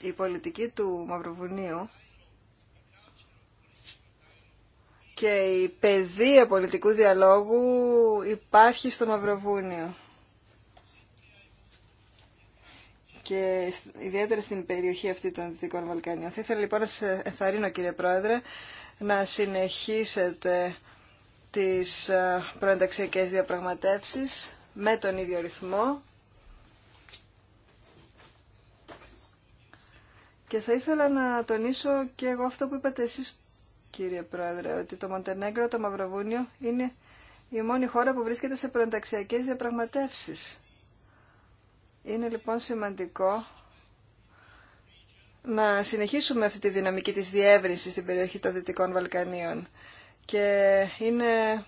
Η πολιτική του Μαυροβουνίου και η παιδεία πολιτικού διαλόγου υπάρχει στο Μαυροβούνιο. και ιδιαίτερα στην περιοχή αυτή των Δυτικών Βαλκανίων. Θα ήθελα λοιπόν να σας ενθαρρύνω κύριε Πρόεδρε να συνεχίσετε τις προενταξιακές διαπραγματεύσεις με τον ίδιο ρυθμό και θα ήθελα να τονίσω και εγώ αυτό που είπατε εσείς κύριε Πρόεδρε, ότι το Μοντενέγκρο, το Μαυροβούνιο είναι η μόνη χώρα που βρίσκεται σε προενταξιακές διαπραγματεύσεις. Είναι λοιπόν σημαντικό να συνεχίσουμε αυτή τη δυναμική της διεύρυνσης στην περιοχή των Δυτικών Βαλκανίων και είναι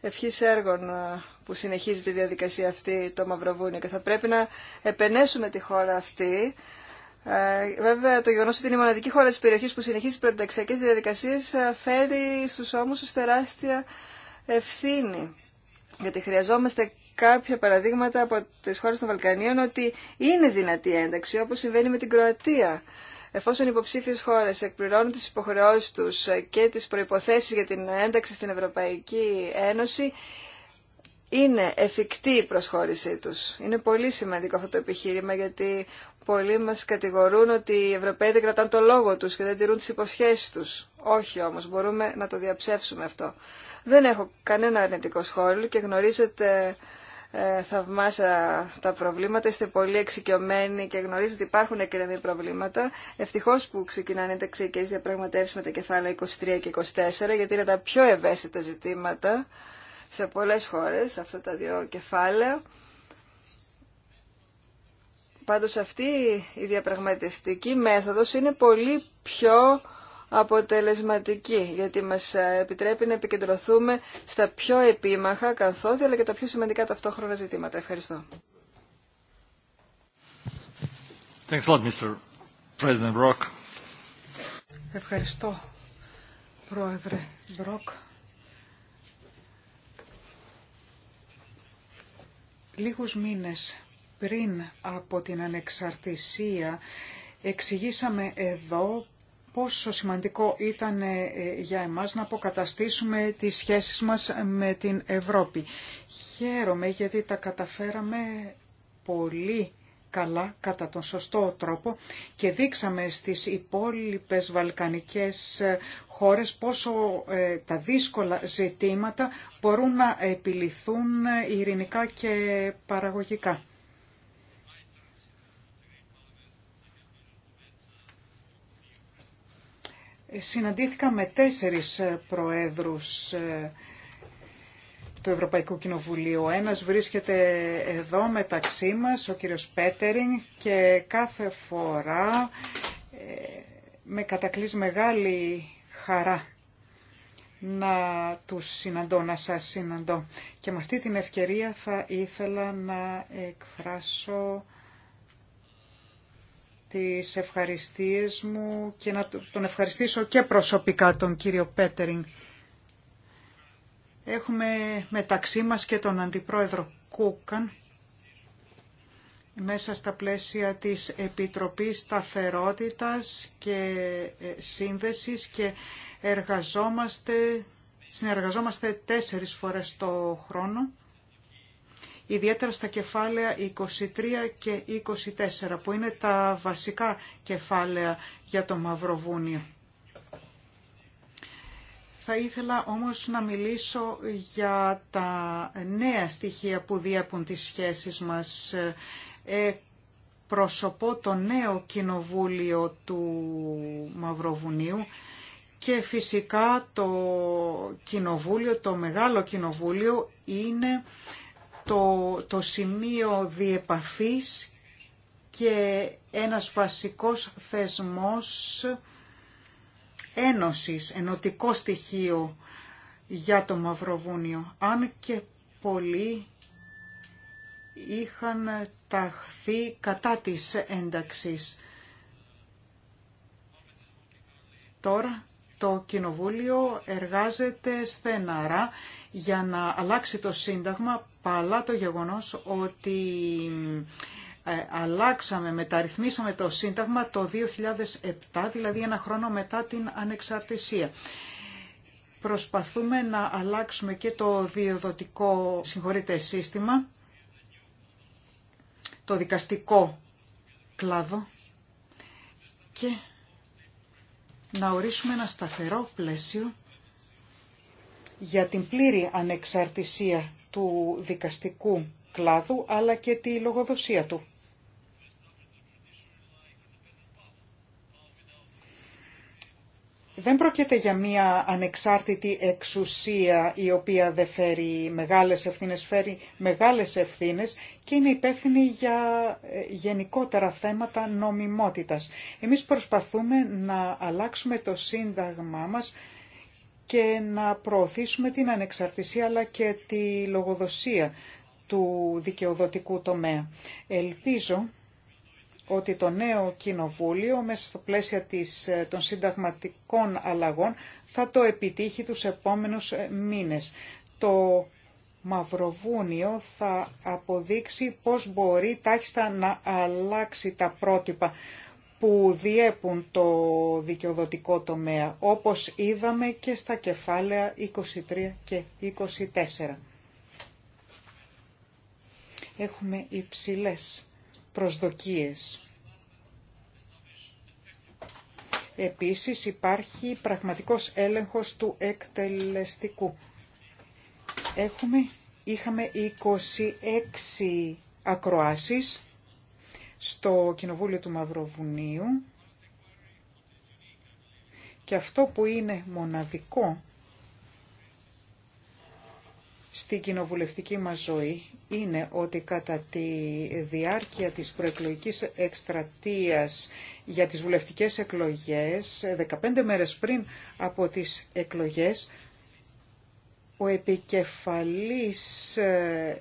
ευχής έργων που συνεχίζει τη διαδικασία αυτή το Μαυροβούνιο και θα πρέπει να επενέσουμε τη χώρα αυτή ε, βέβαια, το γεγονό ότι είναι η μοναδική χώρα τη περιοχή που συνεχίζει πρωταξιακέ διαδικασίε ε, φέρει στου ώμου του τεράστια ευθύνη. Γιατί χρειαζόμαστε κάποια παραδείγματα από τι χώρε των Βαλκανίων ότι είναι δυνατή η ένταξη, όπω συμβαίνει με την Κροατία. Εφόσον οι υποψήφιε χώρε εκπληρώνουν τι υποχρεώσει του και τι προποθέσει για την ένταξη στην Ευρωπαϊκή Ένωση, είναι εφικτή η προσχώρησή τους. Είναι πολύ σημαντικό αυτό το επιχείρημα γιατί πολλοί μας κατηγορούν ότι οι Ευρωπαίοι δεν κρατάνε το λόγο τους και δεν τηρούν τις υποσχέσεις τους. Όχι όμως, μπορούμε να το διαψεύσουμε αυτό. Δεν έχω κανένα αρνητικό σχόλιο και γνωρίζετε ε, θαυμάσα τα προβλήματα, είστε πολύ εξοικειωμένοι και γνωρίζετε ότι υπάρχουν εκκρεμή προβλήματα. Ευτυχώς που ξεκινάνε ξεκίνηση διαπραγματεύσεις με τα κεφάλαια 23 και 24, γιατί είναι τα πιο ευαίσθητα ζητήματα σε πολλές χώρες αυτά τα δύο κεφάλαια. Πάντως αυτή η διαπραγματευτική μέθοδος είναι πολύ πιο αποτελεσματική, γιατί μας επιτρέπει να επικεντρωθούμε στα πιο επίμαχα, καθόδια, αλλά και τα πιο σημαντικά ταυτόχρονα ζητήματα. Ευχαριστώ. Thanks a lot, Mr. President Brock. Ευχαριστώ, Πρόεδρε Μπροκ. Λίγους μήνες πριν από την ανεξαρτησία εξηγήσαμε εδώ πόσο σημαντικό ήταν ε, για εμάς να αποκαταστήσουμε τις σχέσεις μας με την Ευρώπη. Χαίρομαι γιατί τα καταφέραμε πολύ καλά κατά τον σωστό τρόπο και δείξαμε στις υπόλοιπες βαλκανικές ε, χώρες πόσο ε, τα δύσκολα ζητήματα μπορούν να επιληθούν ε, ειρηνικά και παραγωγικά. Συναντήθηκα με τέσσερις προέδρους του Ευρωπαϊκού Κοινοβουλίου. ένας βρίσκεται εδώ μεταξύ μας, ο κύριος Πέτεριν, και κάθε φορά ε, με κατακλείς μεγάλη χαρά να τους συναντώ, να σας συναντώ. Και με αυτή την ευκαιρία θα ήθελα να εκφράσω τις ευχαριστίες μου και να τον ευχαριστήσω και προσωπικά τον κύριο Πέτερινγκ Έχουμε μεταξύ μας και τον Αντιπρόεδρο Κούκαν μέσα στα πλαίσια της Επιτροπής Σταθερότητας και ε, Σύνδεσης και εργαζόμαστε, συνεργαζόμαστε τέσσερις φορές το χρόνο, ιδιαίτερα στα κεφάλαια 23 και 24 που είναι τα βασικά κεφάλαια για το Μαυροβούνιο. Θα ήθελα όμως να μιλήσω για τα νέα στοιχεία που διέπουν τις σχέσεις μας. Ε, προσωπώ το νέο κοινοβούλιο του Μαυροβουνίου και φυσικά το κοινοβούλιο, το μεγάλο κοινοβούλιο είναι το, το σημείο διεπαφής και ένας βασικός θεσμός ένωσης, ενωτικό στοιχείο για το Μαυροβούνιο, αν και πολλοί είχαν ταχθεί κατά της ένταξης. Τώρα το Κοινοβούλιο εργάζεται στεναρά για να αλλάξει το Σύνταγμα, Παλά το γεγονός ότι ε, αλλάξαμε, μεταρρυθμίσαμε το Σύνταγμα το 2007, δηλαδή ένα χρόνο μετά την ανεξαρτησία. Προσπαθούμε να αλλάξουμε και το διοδοτικό, συγχωρείτε, σύστημα, το δικαστικό κλάδο και να ορίσουμε ένα σταθερό πλαίσιο για την πλήρη ανεξαρτησία του δικαστικού κλάδου αλλά και τη λογοδοσία του. Δεν πρόκειται για μια ανεξάρτητη εξουσία η οποία δεν φέρει μεγάλες ευθύνες, φέρει μεγάλες ευθύνες και είναι υπεύθυνη για ε, γενικότερα θέματα νομιμότητας. Εμείς προσπαθούμε να αλλάξουμε το σύνταγμά μας και να προωθήσουμε την ανεξαρτησία αλλά και τη λογοδοσία του δικαιοδοτικού τομέα. Ελπίζω ότι το νέο κοινοβούλιο μέσα στο πλαίσιο της, ε, των συνταγματικών αλλαγών θα το επιτύχει τους επόμενους ε, μήνες. Το Μαυροβούνιο θα αποδείξει πώς μπορεί τάχιστα να αλλάξει τα πρότυπα που διέπουν το δικαιοδοτικό τομέα, όπως είδαμε και στα κεφάλαια 23 και 24. Έχουμε υψηλές προσδοκίες. Επίσης υπάρχει πραγματικός έλεγχος του εκτελεστικού. Έχουμε, είχαμε 26 ακροάσεις στο Κοινοβούλιο του Μαυροβουνίου και αυτό που είναι μοναδικό στην κοινοβουλευτική μας ζωή είναι ότι κατά τη διάρκεια της προεκλογικής εκστρατείας για τις βουλευτικές εκλογές, 15 μέρες πριν από τις εκλογές, ο επικεφαλής ε,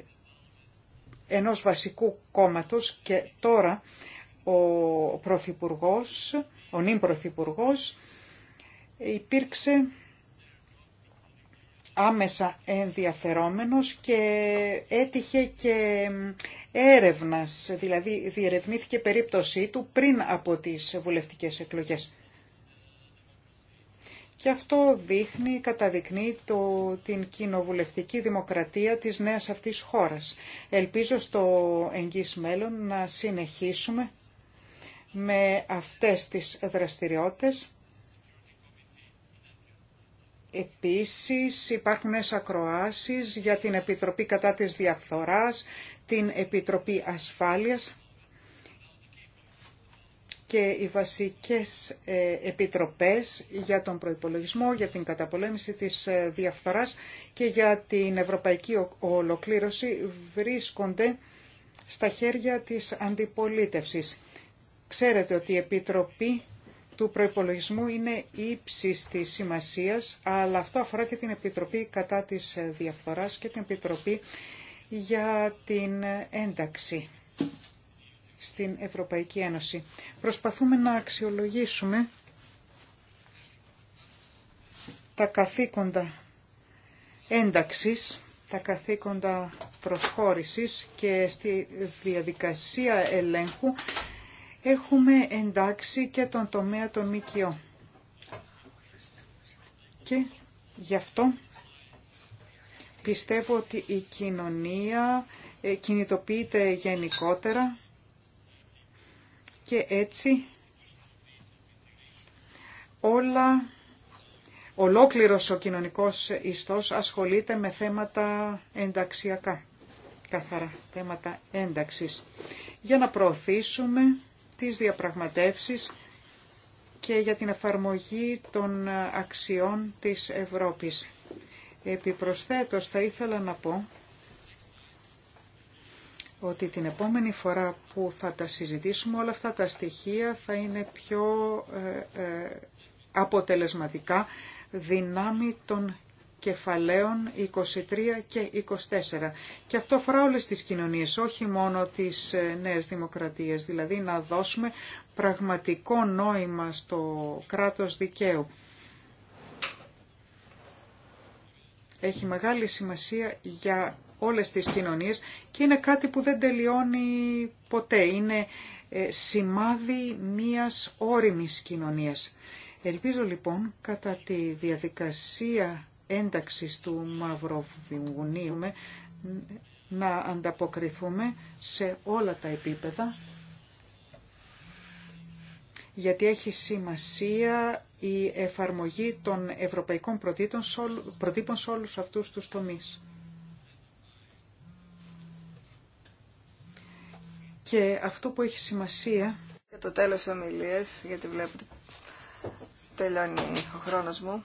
ενός βασικού κόμματος και τώρα ο πρωθυπουργός, ο νυν υπήρξε άμεσα ενδιαφερόμενος και έτυχε και έρευνας, δηλαδή διερευνήθηκε περίπτωσή του πριν από τις βουλευτικές εκλογές. Και αυτό δείχνει, καταδεικνύει το, την κοινοβουλευτική δημοκρατία της νέας αυτής χώρας. Ελπίζω στο εγγύς μέλλον να συνεχίσουμε με αυτές τις δραστηριότητες Επίσης υπάρχουν πάχνες ακροάσεις για την Επιτροπή κατά της Διαφθοράς, την Επιτροπή Ασφάλειας και οι βασικές ε, επιτροπές για τον προϋπολογισμό, για την καταπολέμηση της ε, διαφθοράς και για την ευρωπαϊκή ολοκλήρωση βρίσκονται στα χέρια της αντιπολίτευσης. Ξέρετε ότι η Επιτροπή του προϋπολογισμού είναι ύψης της σημασίας, αλλά αυτό αφορά και την Επιτροπή κατά της ε, διαφθοράς και την Επιτροπή για την ένταξη στην Ευρωπαϊκή Ένωση. Προσπαθούμε να αξιολογήσουμε τα καθήκοντα ένταξης, τα καθήκοντα προσχώρησης και στη διαδικασία ελέγχου έχουμε εντάξει και τον τομέα των ΜΚΟ. Και γι' αυτό πιστεύω ότι η κοινωνία ε, κινητοποιείται γενικότερα και έτσι όλα, ολόκληρος ο κοινωνικός ιστός ασχολείται με θέματα ενταξιακά, καθαρά θέματα ένταξης, για να προωθήσουμε τις διαπραγματεύσεις και για την εφαρμογή των αξιών της Ευρώπης. Επιπροσθέτως θα ήθελα να πω ότι την επόμενη φορά που θα τα συζητήσουμε όλα αυτά τα στοιχεία θα είναι πιο ε, ε, αποτελεσματικά δυνάμει των κεφαλαίων 23 και 24. Και αυτό αφορά όλες τις κοινωνίες, όχι μόνο τις ε, νέες δημοκρατίες, δηλαδή να δώσουμε πραγματικό νόημα στο κράτος δικαίου. Έχει μεγάλη σημασία για όλες τις κοινωνίες και είναι κάτι που δεν τελειώνει ποτέ. Είναι ε, σημάδι μίας όριμης κοινωνίας. Ελπίζω λοιπόν κατά τη διαδικασία ένταξης του Μαυροβουνίου να ανταποκριθούμε σε όλα τα επίπεδα γιατί έχει σημασία η εφαρμογή των ευρωπαϊκών προτύπων σε όλους αυτούς τους τομείς. Και αυτό που έχει σημασία... Για το τέλος ομιλίες, γιατί βλέπετε τελειώνει ο χρόνος μου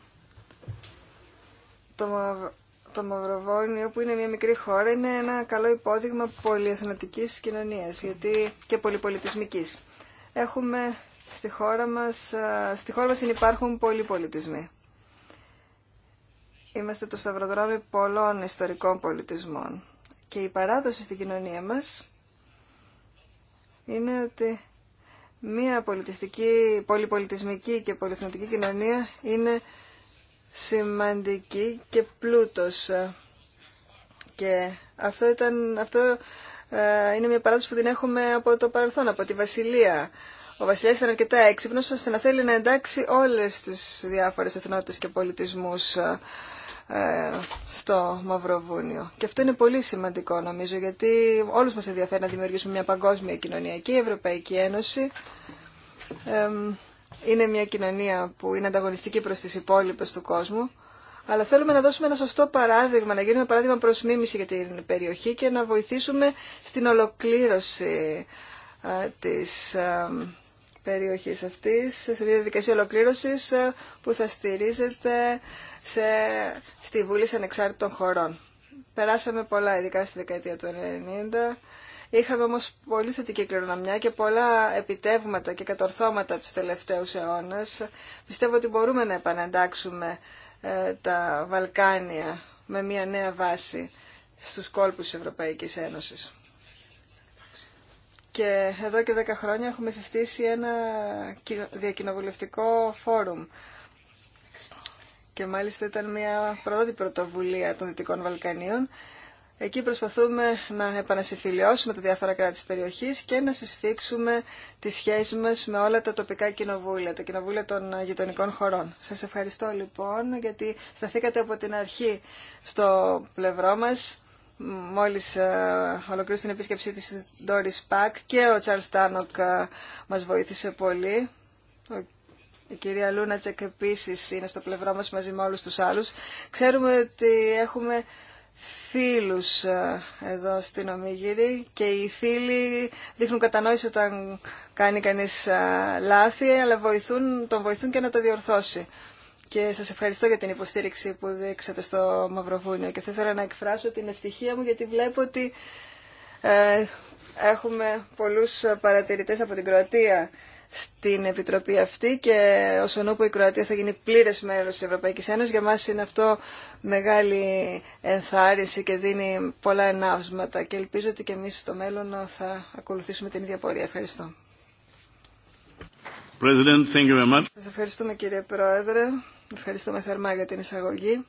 το, Μαυ... Μαυροβόνιο που είναι μια μικρή χώρα είναι ένα καλό υπόδειγμα πολυεθνοτικής κοινωνίας γιατί και πολυπολιτισμικής. Έχουμε στη χώρα μας, στη χώρα μας υπάρχουν πολλοί πολιτισμοί. Είμαστε το σταυροδρόμι πολλών ιστορικών πολιτισμών και η παράδοση στην κοινωνία μας είναι ότι μια πολιτιστική, πολυπολιτισμική και πολυεθνωτική κοινωνία είναι σημαντική και πλούτος. Και αυτό, ήταν, αυτό ε, είναι μια παράδοση που την έχουμε από το παρελθόν, από τη Βασιλεία. Ο Βασιλιά ήταν αρκετά έξυπνο ώστε να θέλει να εντάξει όλε τι διάφορε εθνότητε και πολιτισμού ε, στο Μαυροβούνιο. Και αυτό είναι πολύ σημαντικό νομίζω γιατί όλου μας ενδιαφέρει να δημιουργήσουμε μια παγκόσμια κοινωνιακή Ευρωπαϊκή Ένωση είναι μια κοινωνία που είναι ανταγωνιστική προς τις υπόλοιπες του κόσμου, αλλά θέλουμε να δώσουμε ένα σωστό παράδειγμα, να γίνουμε παράδειγμα προς μίμηση για την περιοχή και να βοηθήσουμε στην ολοκλήρωση ε, της ε, περιοχής αυτής, σε μια διαδικασία ολοκλήρωσης ε, που θα στηρίζεται σε, στη Βουλή Ανεξάρτητων Χωρών. Περάσαμε πολλά, ειδικά στη δεκαετία του 1990. Είχαμε όμως πολύ θετική κληρονομιά και πολλά επιτεύγματα και κατορθώματα τους τελευταίους αιώνες. Πιστεύω ότι μπορούμε να επαναντάξουμε ε, τα Βαλκάνια με μια νέα βάση στους κόλπους της Ευρωπαϊκής Ένωσης. Και εδώ και 10 χρόνια έχουμε συστήσει ένα διακοινοβουλευτικό φόρουμ. Και μάλιστα ήταν μια πρώτη πρωτοβουλία των Δυτικών Βαλκανίων Εκεί προσπαθούμε να επανασυμφιλιώσουμε τα διάφορα κράτη της περιοχής και να συσφίξουμε τις σχέσεις μας με όλα τα τοπικά κοινοβούλια, τα κοινοβούλια των γειτονικών χωρών. Σας ευχαριστώ λοιπόν γιατί σταθήκατε από την αρχή στο πλευρό μας. Μόλις ε, ολοκλήρωσε την επίσκεψή της Doris Πακ και ο Τσαρλ Στάνοκ ε, μας βοήθησε πολύ. Η κυρία Λούνατσεκ επίσης είναι στο πλευρό μας μαζί με όλους τους άλλους. Ξέρουμε ότι έχουμε φίλους ε, εδώ στην Ομίγυρη και οι φίλοι δείχνουν κατανόηση όταν κάνει κανείς ε, λάθη αλλά βοηθούν, τον βοηθούν και να τα διορθώσει. Και σας ευχαριστώ για την υποστήριξη που δείξατε στο Μαυροβούνιο και θα ήθελα να εκφράσω την ευτυχία μου γιατί βλέπω ότι ε, έχουμε πολλούς παρατηρητές από την Κροατία στην Επιτροπή αυτή και όσον όπου η Κροατία θα γίνει πλήρες μέρος της Ευρωπαϊκής Ένωσης, για μας είναι αυτό μεγάλη ενθάρρυνση και δίνει πολλά ενάυσματα και ελπίζω ότι και εμείς στο μέλλον θα ακολουθήσουμε την ίδια πορεία. Ευχαριστώ. President, Σας ευχαριστούμε κύριε Πρόεδρε, ευχαριστούμε θερμά για την εισαγωγή.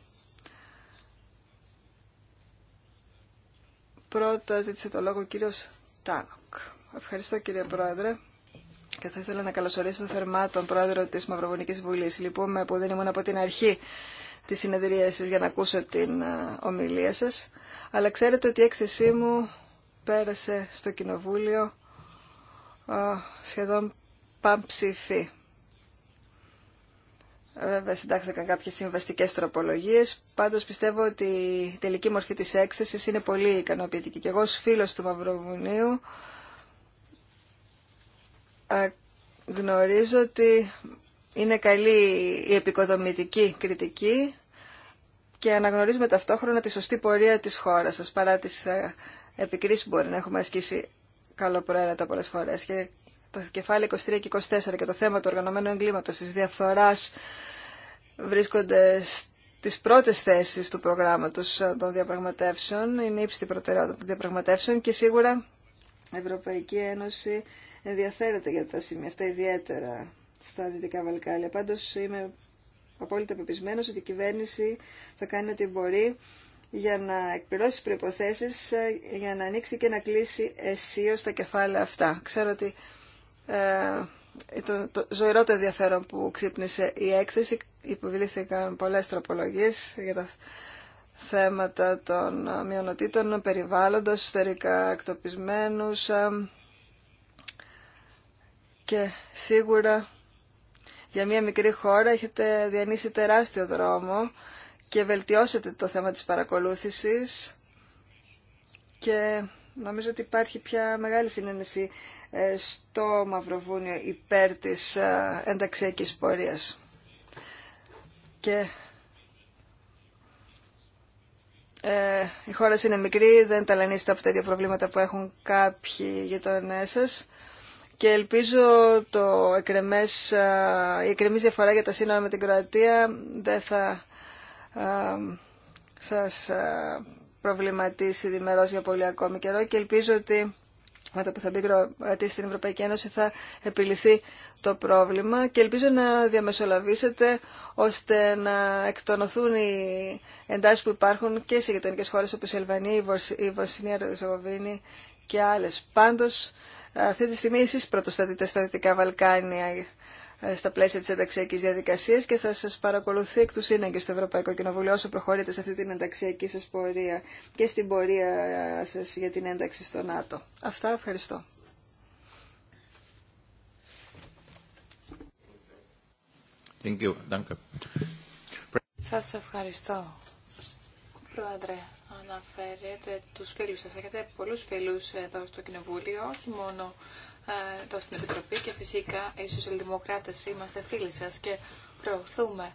Πρώτα ζήτησε το λόγο ο κύριος Τάνοκ. Ευχαριστώ κύριε Πρόεδρε. Και θα ήθελα να καλωσορίσω θερμά τον πρόεδρο της Μαυροβουνικής Βουλής. λοιπόν, που δεν ήμουν από την αρχή της συνεδρίασης για να ακούσω την ε, ομιλία σας. Αλλά ξέρετε ότι η έκθεσή μου πέρασε στο Κοινοβούλιο ε, σχεδόν πανψηφή. Ε, βέβαια, συντάχθηκαν κάποιες συμβαστικές τροπολογίες. Πάντως πιστεύω ότι η τελική μορφή της έκθεσης είναι πολύ ικανοποιητική. Και εγώ ως φίλος του Μαυροβουνίου γνωρίζω ότι είναι καλή η επικοδομητική κριτική και αναγνωρίζουμε ταυτόχρονα τη σωστή πορεία της χώρας σας παρά τις ε, επικρίσεις που μπορεί να έχουμε ασκήσει καλοπροαίρετα πολλές φορές και τα κεφάλαια 23 και 24 και το θέμα του οργανωμένου εγκλήματος της διαφθοράς βρίσκονται στις πρώτες θέσεις του προγράμματος των διαπραγματεύσεων, είναι ύψη προτεραιότητα των διαπραγματεύσεων και σίγουρα η Ευρωπαϊκή Ένωση ενδιαφέρεται για τα σημεία αυτά ιδιαίτερα στα Δυτικά Βαλκάλια. Πάντως είμαι απόλυτα πεπισμένος ότι η κυβέρνηση θα κάνει ό,τι μπορεί για να εκπληρώσει προϋποθέσεις, ε, για να ανοίξει και να κλείσει αισίως τα κεφάλαια αυτά. Ξέρω ότι ε, το, το ζωηρό το ενδιαφέρον που ξύπνησε η έκθεση, υποβλήθηκαν πολλές τροπολογίες για τα θέματα των μειονοτήτων, περιβάλλοντος, εσωτερικά εκτοπισμένους, ε, και σίγουρα για μια μικρή χώρα έχετε διανύσει τεράστιο δρόμο και βελτιώσετε το θέμα της παρακολούθησης και νομίζω ότι υπάρχει πια μεγάλη συνένεση ε, στο Μαυροβούνιο υπέρ της ε, ενταξιακής πορείας. Και ε, η χώρα είναι μικρή, δεν ταλανίστε από τέτοια προβλήματα που έχουν κάποιοι γειτονές σας και ελπίζω το εκρεμές, η εκρεμής διαφορά για τα σύνορα με την Κροατία δεν θα α, σας προβληματίσει διμερώς για πολύ ακόμη καιρό και ελπίζω ότι με το που θα μπει Κροατία στην Ευρωπαϊκή Ένωση θα επιληθεί το πρόβλημα και ελπίζω να διαμεσολαβήσετε ώστε να εκτονωθούν οι εντάσεις που υπάρχουν και σε γειτονικέ χώρες όπως η Ελβανία η Βοσνία, η και άλλες. Πάντως αυτή τη στιγμή εσείς πρωτοστατείτε στα Δυτικά Βαλκάνια ε, στα πλαίσια της ενταξιακής διαδικασίας και θα σας παρακολουθεί εκ του σύναγκης στο Ευρωπαϊκό Κοινοβουλίο όσο προχωρείτε σε αυτή την ενταξιακή σας πορεία και στην πορεία σας για την ένταξη στο ΝΑΤΟ. Αυτά ευχαριστώ. Thank you. Thank Σας ευχαριστώ, Πρόεδρε αναφέρετε τους φίλους σας. Έχετε πολλούς φίλους εδώ στο Κοινοβούλιο, όχι μόνο ε, εδώ στην Επιτροπή και φυσικά οι σοσιαλδημοκράτες είμαστε φίλοι σας και προωθούμε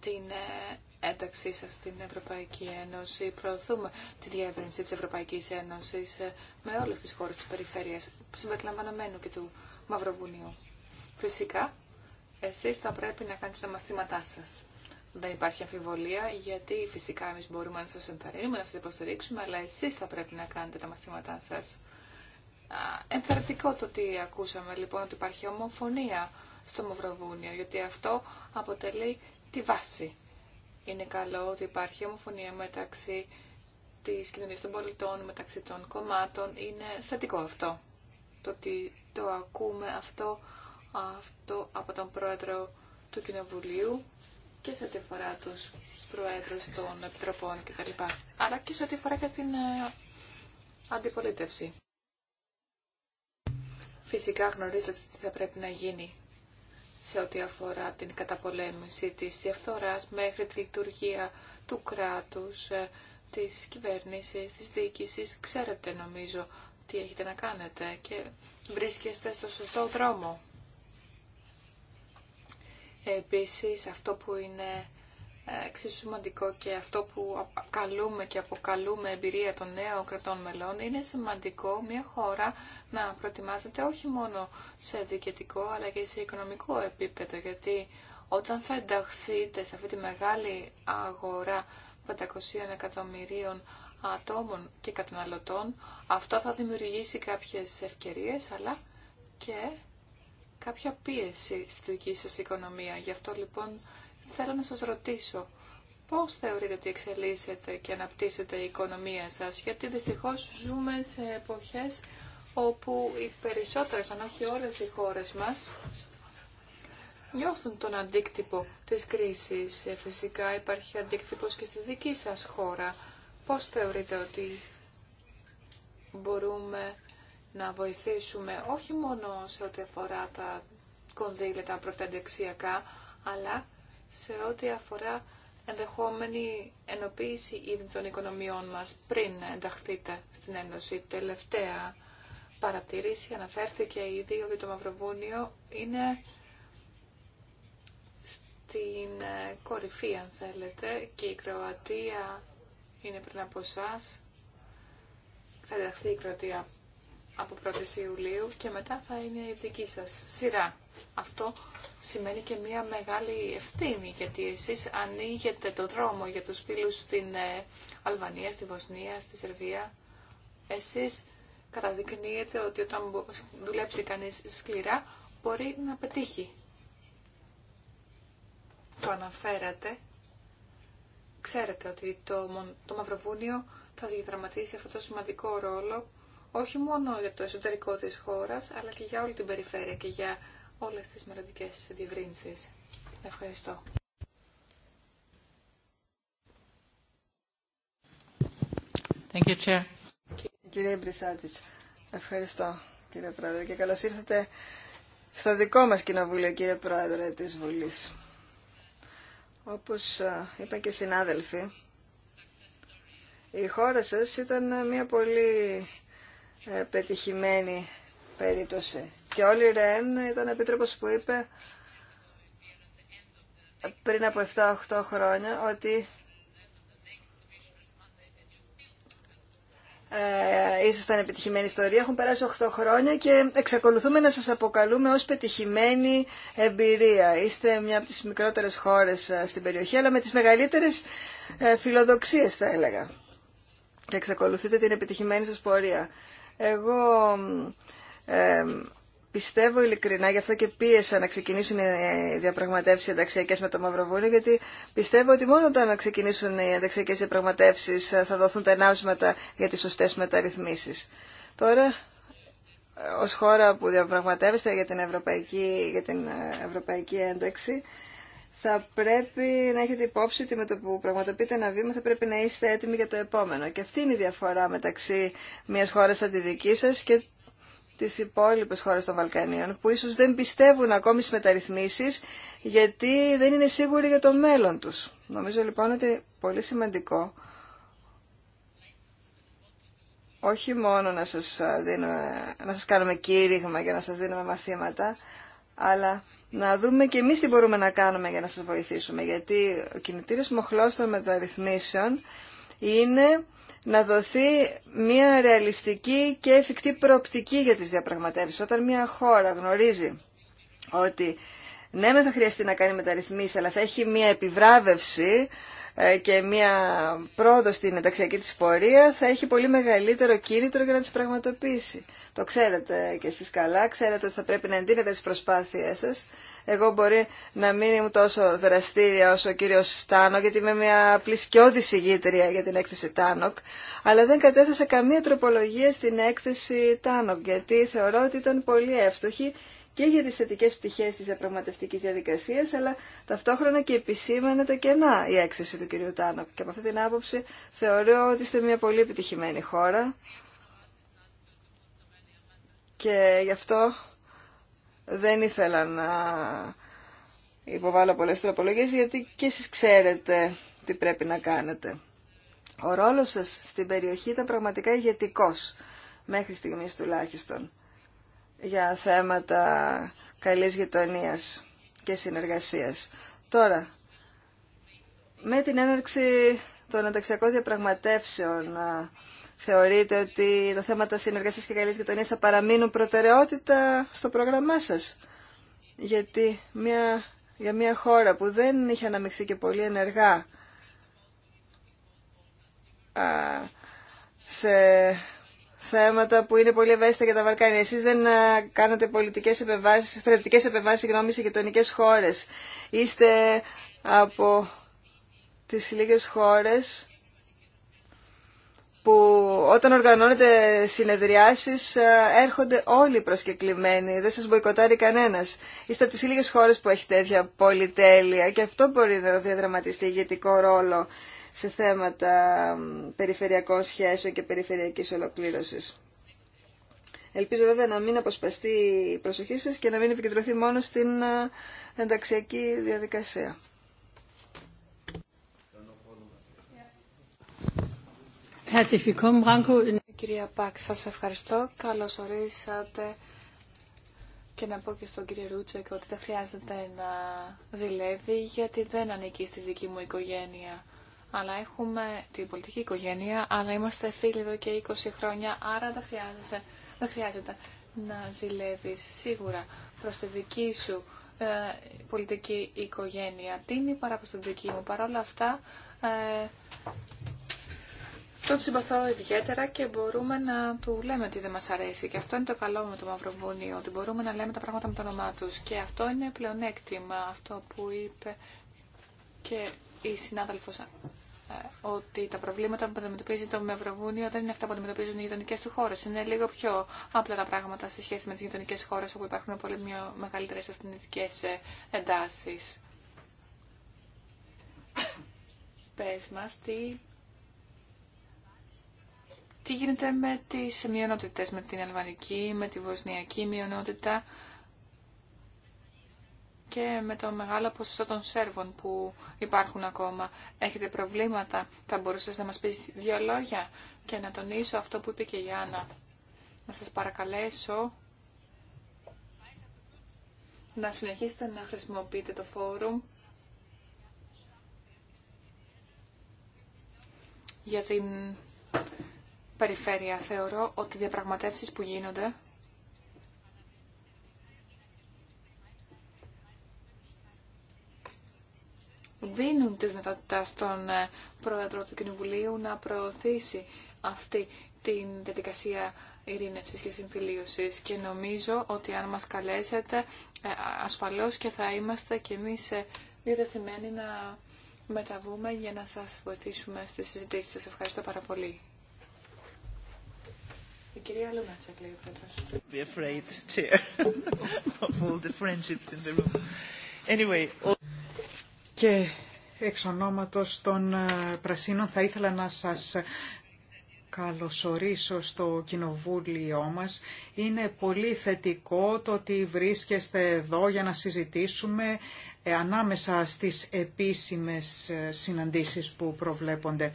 την ε, ένταξή σας στην Ευρωπαϊκή Ένωση, προωθούμε τη διεύρυνση της Ευρωπαϊκής Ένωσης ε, με όλες τις χώρες της περιφέρειας, συμπεριλαμβανομένου και του Μαυροβουνίου. Φυσικά, εσείς θα πρέπει να κάνετε τα μαθήματά σας. Δεν υπάρχει αμφιβολία, γιατί φυσικά εμείς μπορούμε να σας ενθαρρύνουμε, να σας υποστηρίξουμε, αλλά εσείς θα πρέπει να κάνετε τα μαθήματά σας. Ενθαρρυντικό το ότι ακούσαμε λοιπόν ότι υπάρχει ομοφωνία στο Μαυροβούνιο, γιατί αυτό αποτελεί τη βάση. Είναι καλό ότι υπάρχει ομοφωνία μεταξύ της κοινωνίας των πολιτών, μεταξύ των κομμάτων. Είναι θετικό αυτό. Το ότι το ακούμε αυτό, αυτό από τον πρόεδρο του Κοινοβουλίου και σε ό,τι αφορά τους προέδρου των επιτροπών κτλ. Αλλά και σε ό,τι αφορά και την ε, αντιπολίτευση. Φυσικά γνωρίζετε τι θα πρέπει να γίνει σε ό,τι αφορά την καταπολέμηση της διαφθοράς μέχρι τη λειτουργία του κράτους, ε, της κυβέρνησης, της διοίκησης. Ξέρετε νομίζω τι έχετε να κάνετε και βρίσκεστε στο σωστό δρόμο. Επίσης, αυτό που είναι ε, εξίσου σημαντικό και αυτό που καλούμε και αποκαλούμε εμπειρία των νέων κρατών μελών, είναι σημαντικό μια χώρα να προετοιμάζεται όχι μόνο σε διοικητικό αλλά και σε οικονομικό επίπεδο, γιατί όταν θα ενταχθείτε σε αυτή τη μεγάλη αγορά 500 εκατομμυρίων ατόμων και καταναλωτών, αυτό θα δημιουργήσει κάποιες ευκαιρίες, αλλά και κάποια πίεση στη δική σας οικονομία. Γι' αυτό λοιπόν θέλω να σας ρωτήσω πώς θεωρείτε ότι εξελίσσεται και αναπτύσσεται η οικονομία σας, γιατί δυστυχώς ζούμε σε εποχές όπου οι περισσότερες, αν όχι όλες οι χώρες μας, νιώθουν τον αντίκτυπο της κρίσης. Ε, φυσικά υπάρχει αντίκτυπος και στη δική σας χώρα. Πώς θεωρείτε ότι μπορούμε να βοηθήσουμε όχι μόνο σε ό,τι αφορά τα κονδύλια, τα πρωτεντεξιακά, αλλά σε ό,τι αφορά ενδεχόμενη ενοποίηση ήδη των οικονομιών μας πριν ενταχθείτε στην Ένωση. Τελευταία παρατήρηση αναφέρθηκε ήδη ότι το Μαυροβούνιο είναι στην ε, κορυφή αν θέλετε και η Κροατία είναι πριν από εσά. Θα ενταχθεί η Κροατία από 1η Ιουλίου και μετά θα είναι η δική σας σειρά. Αυτό σημαίνει και μια μεγάλη ευθύνη γιατί εσείς ανοίγετε το δρόμο για τους φίλου στην ε, Αλβανία, στη Βοσνία, στη Σερβία. Εσείς καταδεικνύετε ότι όταν δουλέψει κανείς σκληρά μπορεί να πετύχει. Το αναφέρατε. Ξέρετε ότι το, το Μαυροβούνιο θα διαδραματίσει αυτό το σημαντικό ρόλο όχι μόνο για το εσωτερικό της χώρας, αλλά και για όλη την περιφέρεια και για όλες τις μελλοντικέ διευρύνσεις. Ευχαριστώ. Thank you, Chair. Κύριε Μπρισάτζιτς, ευχαριστώ κύριε Πρόεδρε και καλώς ήρθατε στο δικό μας κοινοβούλιο κύριε Πρόεδρε της Βουλής. Όπως ε, είπα και συνάδελφοι, η χώρα σας ήταν μια πολύ ε, πετυχημένη περίπτωση. Και όλοι η Ρεν ήταν επίτροπος που είπε πριν από 7-8 χρόνια ότι ε, ήσασταν επιτυχημένη ιστορία. Έχουν περάσει 8 χρόνια και εξακολουθούμε να σας αποκαλούμε ως πετυχημένη εμπειρία. Είστε μια από τις μικρότερες χώρες ε, στην περιοχή, αλλά με τις μεγαλύτερες ε, φιλοδοξίες θα έλεγα. Και εξακολουθείτε την επιτυχημένη σας πορεία. Εγώ πιστεύω ειλικρινά, γι' αυτό και πίεσα να ξεκινήσουν οι ε, διαπραγματεύσει ενταξιακέ με το Μαυροβούλιο, γιατί πιστεύω ότι μόνο όταν ξεκινήσουν οι ενταξιακέ διαπραγματεύσει ε, θα δοθούν τα ενάψματα για τι σωστέ μεταρρυθμίσει. Τώρα, ε, ω χώρα που διαπραγματεύεστε για την ευρωπαϊκή, για την ευρωπαϊκή ένταξη, θα πρέπει να έχετε υπόψη ότι με το που πραγματοποιείτε ένα βήμα θα πρέπει να είστε έτοιμοι για το επόμενο. Και αυτή είναι η διαφορά μεταξύ μιας χώρας σαν τη δική σας και τις υπόλοιπες χώρες των Βαλκανίων, που ίσως δεν πιστεύουν ακόμη στις μεταρρυθμίσεις, γιατί δεν είναι σίγουροι για το μέλλον τους. Νομίζω λοιπόν ότι είναι πολύ σημαντικό όχι μόνο να σας, να σας κάνουμε κήρυγμα και να σας δίνουμε μαθήματα, αλλά να δούμε και εμείς τι μπορούμε να κάνουμε για να σας βοηθήσουμε. Γιατί ο κινητήριος μοχλός των μεταρρυθμίσεων είναι να δοθεί μια ρεαλιστική και εφικτή προοπτική για τις διαπραγματεύσεις. Όταν μια χώρα γνωρίζει ότι ναι, δεν θα χρειαστεί να κάνει μεταρρυθμίσεις, αλλά θα έχει μια επιβράβευση ε, και μια πρόοδο στην ενταξιακή της πορεία θα έχει πολύ μεγαλύτερο κίνητρο για να τις πραγματοποιήσει. Το ξέρετε και εσείς καλά, ξέρετε ότι θα πρέπει να εντείνετε τις προσπάθειές σας. Εγώ μπορεί να μην είμαι τόσο δραστήρια όσο ο κύριος Στάνο, γιατί είμαι μια πλησκιώδη συγγήτρια για την έκθεση Τάνοκ, αλλά δεν κατέθεσα καμία τροπολογία στην έκθεση Τάνοκ, γιατί θεωρώ ότι ήταν πολύ εύστοχη και για τις θετικές πτυχές της διαπραγματεύτική διαδικασίας, αλλά ταυτόχρονα και επισήμανε τα κενά η έκθεση του κυρίου Τάνοκ. Και από αυτή την άποψη θεωρώ ότι είστε μια πολύ επιτυχημένη χώρα και γι' αυτό δεν ήθελα να υποβάλλω πολλές τροπολογίες, γιατί και εσείς ξέρετε τι πρέπει να κάνετε. Ο ρόλος σας στην περιοχή ήταν πραγματικά ηγετικός, μέχρι στιγμής τουλάχιστον για θέματα καλής γειτονίας και συνεργασίας. Τώρα, με την έναρξη των ανταξιακών διαπραγματεύσεων θεωρείτε ότι τα θέματα συνεργασίας και καλής γειτονίας θα παραμείνουν προτεραιότητα στο πρόγραμμά σας. Γιατί μια, για μια χώρα που δεν είχε αναμειχθεί και πολύ ενεργά σε θέματα που είναι πολύ ευαίσθητα για τα Βαλκάνια. Εσείς δεν ε, κάνατε πολιτικές επεμβάσεις, στρατιωτικές επεμβάσεις, συγγνώμη, σε γειτονικέ χώρες. Είστε από τις λίγες χώρες που όταν οργανώνετε συνεδριάσεις ε, έρχονται όλοι προσκεκλημένοι, δεν σας μποϊκοτάρει κανένας. Είστε από τις λίγες χώρες που έχει τέτοια πολυτέλεια και αυτό μπορεί να διαδραματιστεί ηγετικό ρόλο σε θέματα περιφερειακών σχέσεων και περιφερειακής ολοκλήρωσης. Ελπίζω βέβαια να μην αποσπαστεί η προσοχή σας και να μην επικεντρωθεί μόνο στην ε, ενταξιακή διαδικασία. Κυρία Πάκ, σας ευχαριστώ. Καλώς ορίσατε και να πω και στον κύριο Ρούτσεκ ότι δεν χρειάζεται να ζηλεύει γιατί δεν ανήκει στη δική μου οικογένεια αλλά έχουμε την πολιτική οικογένεια, αλλά είμαστε φίλοι εδώ και 20 χρόνια, άρα δεν χρειάζεται, χρειάζεται να ζηλεύεις σίγουρα προς τη δική σου ε, πολιτική οικογένεια. Τι είναι παρά προς τη δική μου. Παρ' όλα αυτά, ε, τον συμπαθώ ιδιαίτερα και μπορούμε να του λέμε τι δεν μας αρέσει. Και αυτό είναι το καλό με το Μαυροβούνιο, ότι μπορούμε να λέμε τα πράγματα με το όνομά τους. Και αυτό είναι πλεονέκτημα, αυτό που είπε και η συνάδελφος ότι τα προβλήματα που αντιμετωπίζει το Μευροβούνιο δεν είναι αυτά που αντιμετωπίζουν οι γειτονικέ του χώρε. Είναι λίγο πιο απλά τα πράγματα σε σχέση με τι γειτονικέ χώρε όπου υπάρχουν πολύ μεγαλύτερε αυθεντικέ ε, εντάσει. Πε μα, τι... τι γίνεται με τις μειονότητες, με την αλβανική, με τη βοσνιακή μειονότητα και με το μεγάλο ποσοστό των Σέρβων που υπάρχουν ακόμα. Έχετε προβλήματα, θα μπορούσατε να μας πει δύο λόγια και να τονίσω αυτό που είπε και η Άννα. Να σας παρακαλέσω να συνεχίσετε να χρησιμοποιείτε το φόρουμ για την περιφέρεια. Θεωρώ ότι οι διαπραγματεύσεις που γίνονται δίνουν τη δυνατότητα στον ε, Πρόεδρο του Κοινοβουλίου να προωθήσει αυτή την διαδικασία ειρήνευσης και συμφιλίωσης και νομίζω ότι αν μας καλέσετε ε, ασφαλώς και θα είμαστε και εμείς ε, διατεθειμένοι να μεταβούμε για να σας βοηθήσουμε στις συζητήσεις. Σας ευχαριστώ πάρα πολύ. Και εξ ονόματος των ε, Πρασίνων θα ήθελα να σας καλωσορίσω στο κοινοβούλιο μας. Είναι πολύ θετικό το ότι βρίσκεστε εδώ για να συζητήσουμε ε, ανάμεσα στις επίσημες ε, συναντήσεις που προβλέπονται.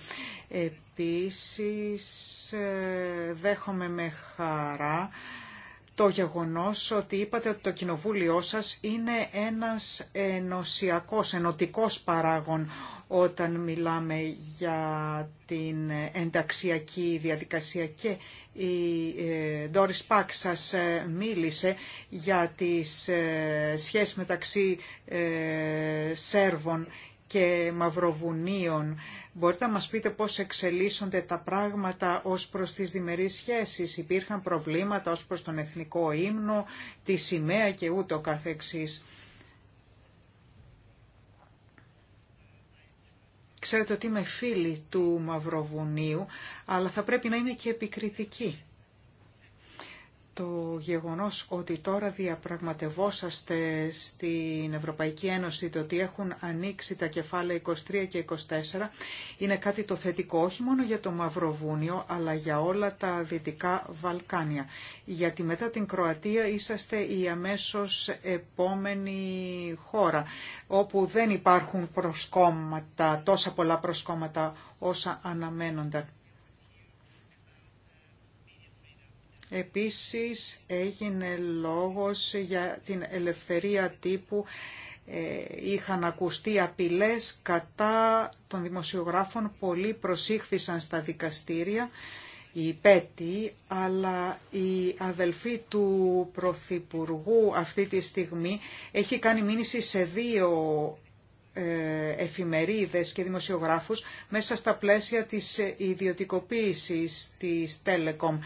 Επίσης, δέχομαι με χαρά το γεγονός ότι είπατε ότι το κοινοβούλιο σας είναι ένας ενωσιακός, ενωτικός παράγων όταν μιλάμε για την ενταξιακή διαδικασία και η ε, Doris Πάκ σας ε, μίλησε για τις ε, σχέσεις μεταξύ Σέρβων και Μαυροβουνίων Μπορείτε να μας πείτε πώς εξελίσσονται τα πράγματα ως προς τις διμερείς σχέσεις. Υπήρχαν προβλήματα ως προς τον εθνικό ύμνο, τη σημαία και ούτω καθεξής. Ξέρετε ότι είμαι φίλη του Μαυροβουνίου, αλλά θα πρέπει να είμαι και επικριτική το γεγονός ότι τώρα διαπραγματευόσαστε στην Ευρωπαϊκή Ένωση το ότι έχουν ανοίξει τα κεφάλαια 23 και 24 είναι κάτι το θετικό όχι μόνο για το Μαυροβούνιο αλλά για όλα τα Δυτικά Βαλκάνια. Γιατί μετά την Κροατία είσαστε η αμέσως επόμενη χώρα όπου δεν υπάρχουν προσκόμματα, τόσα πολλά προσκόμματα όσα αναμένονταν. Επίσης έγινε λόγος για την ελευθερία τύπου. Ε, είχαν ακουστεί απειλές κατά των δημοσιογράφων. Πολλοί προσήχθησαν στα δικαστήρια, οι πέτοι, αλλά η αδελφή του Πρωθυπουργού αυτή τη στιγμή έχει κάνει μήνυση σε δύο ε, εφημερίδες και δημοσιογράφους μέσα στα πλαίσια της ιδιωτικοποίησης της Telecom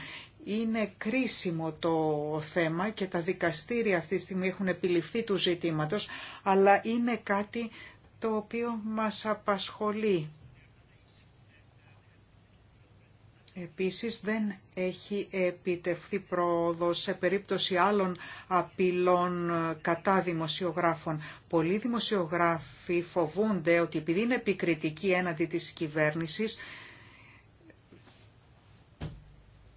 είναι κρίσιμο το θέμα και τα δικαστήρια αυτή τη στιγμή έχουν επιληφθεί του ζητήματος, αλλά είναι κάτι το οποίο μας απασχολεί. Επίσης δεν έχει επιτευχθεί πρόοδος σε περίπτωση άλλων απειλών κατά δημοσιογράφων. Πολλοί δημοσιογράφοι φοβούνται ότι επειδή είναι επικριτικοί έναντι της κυβέρνησης,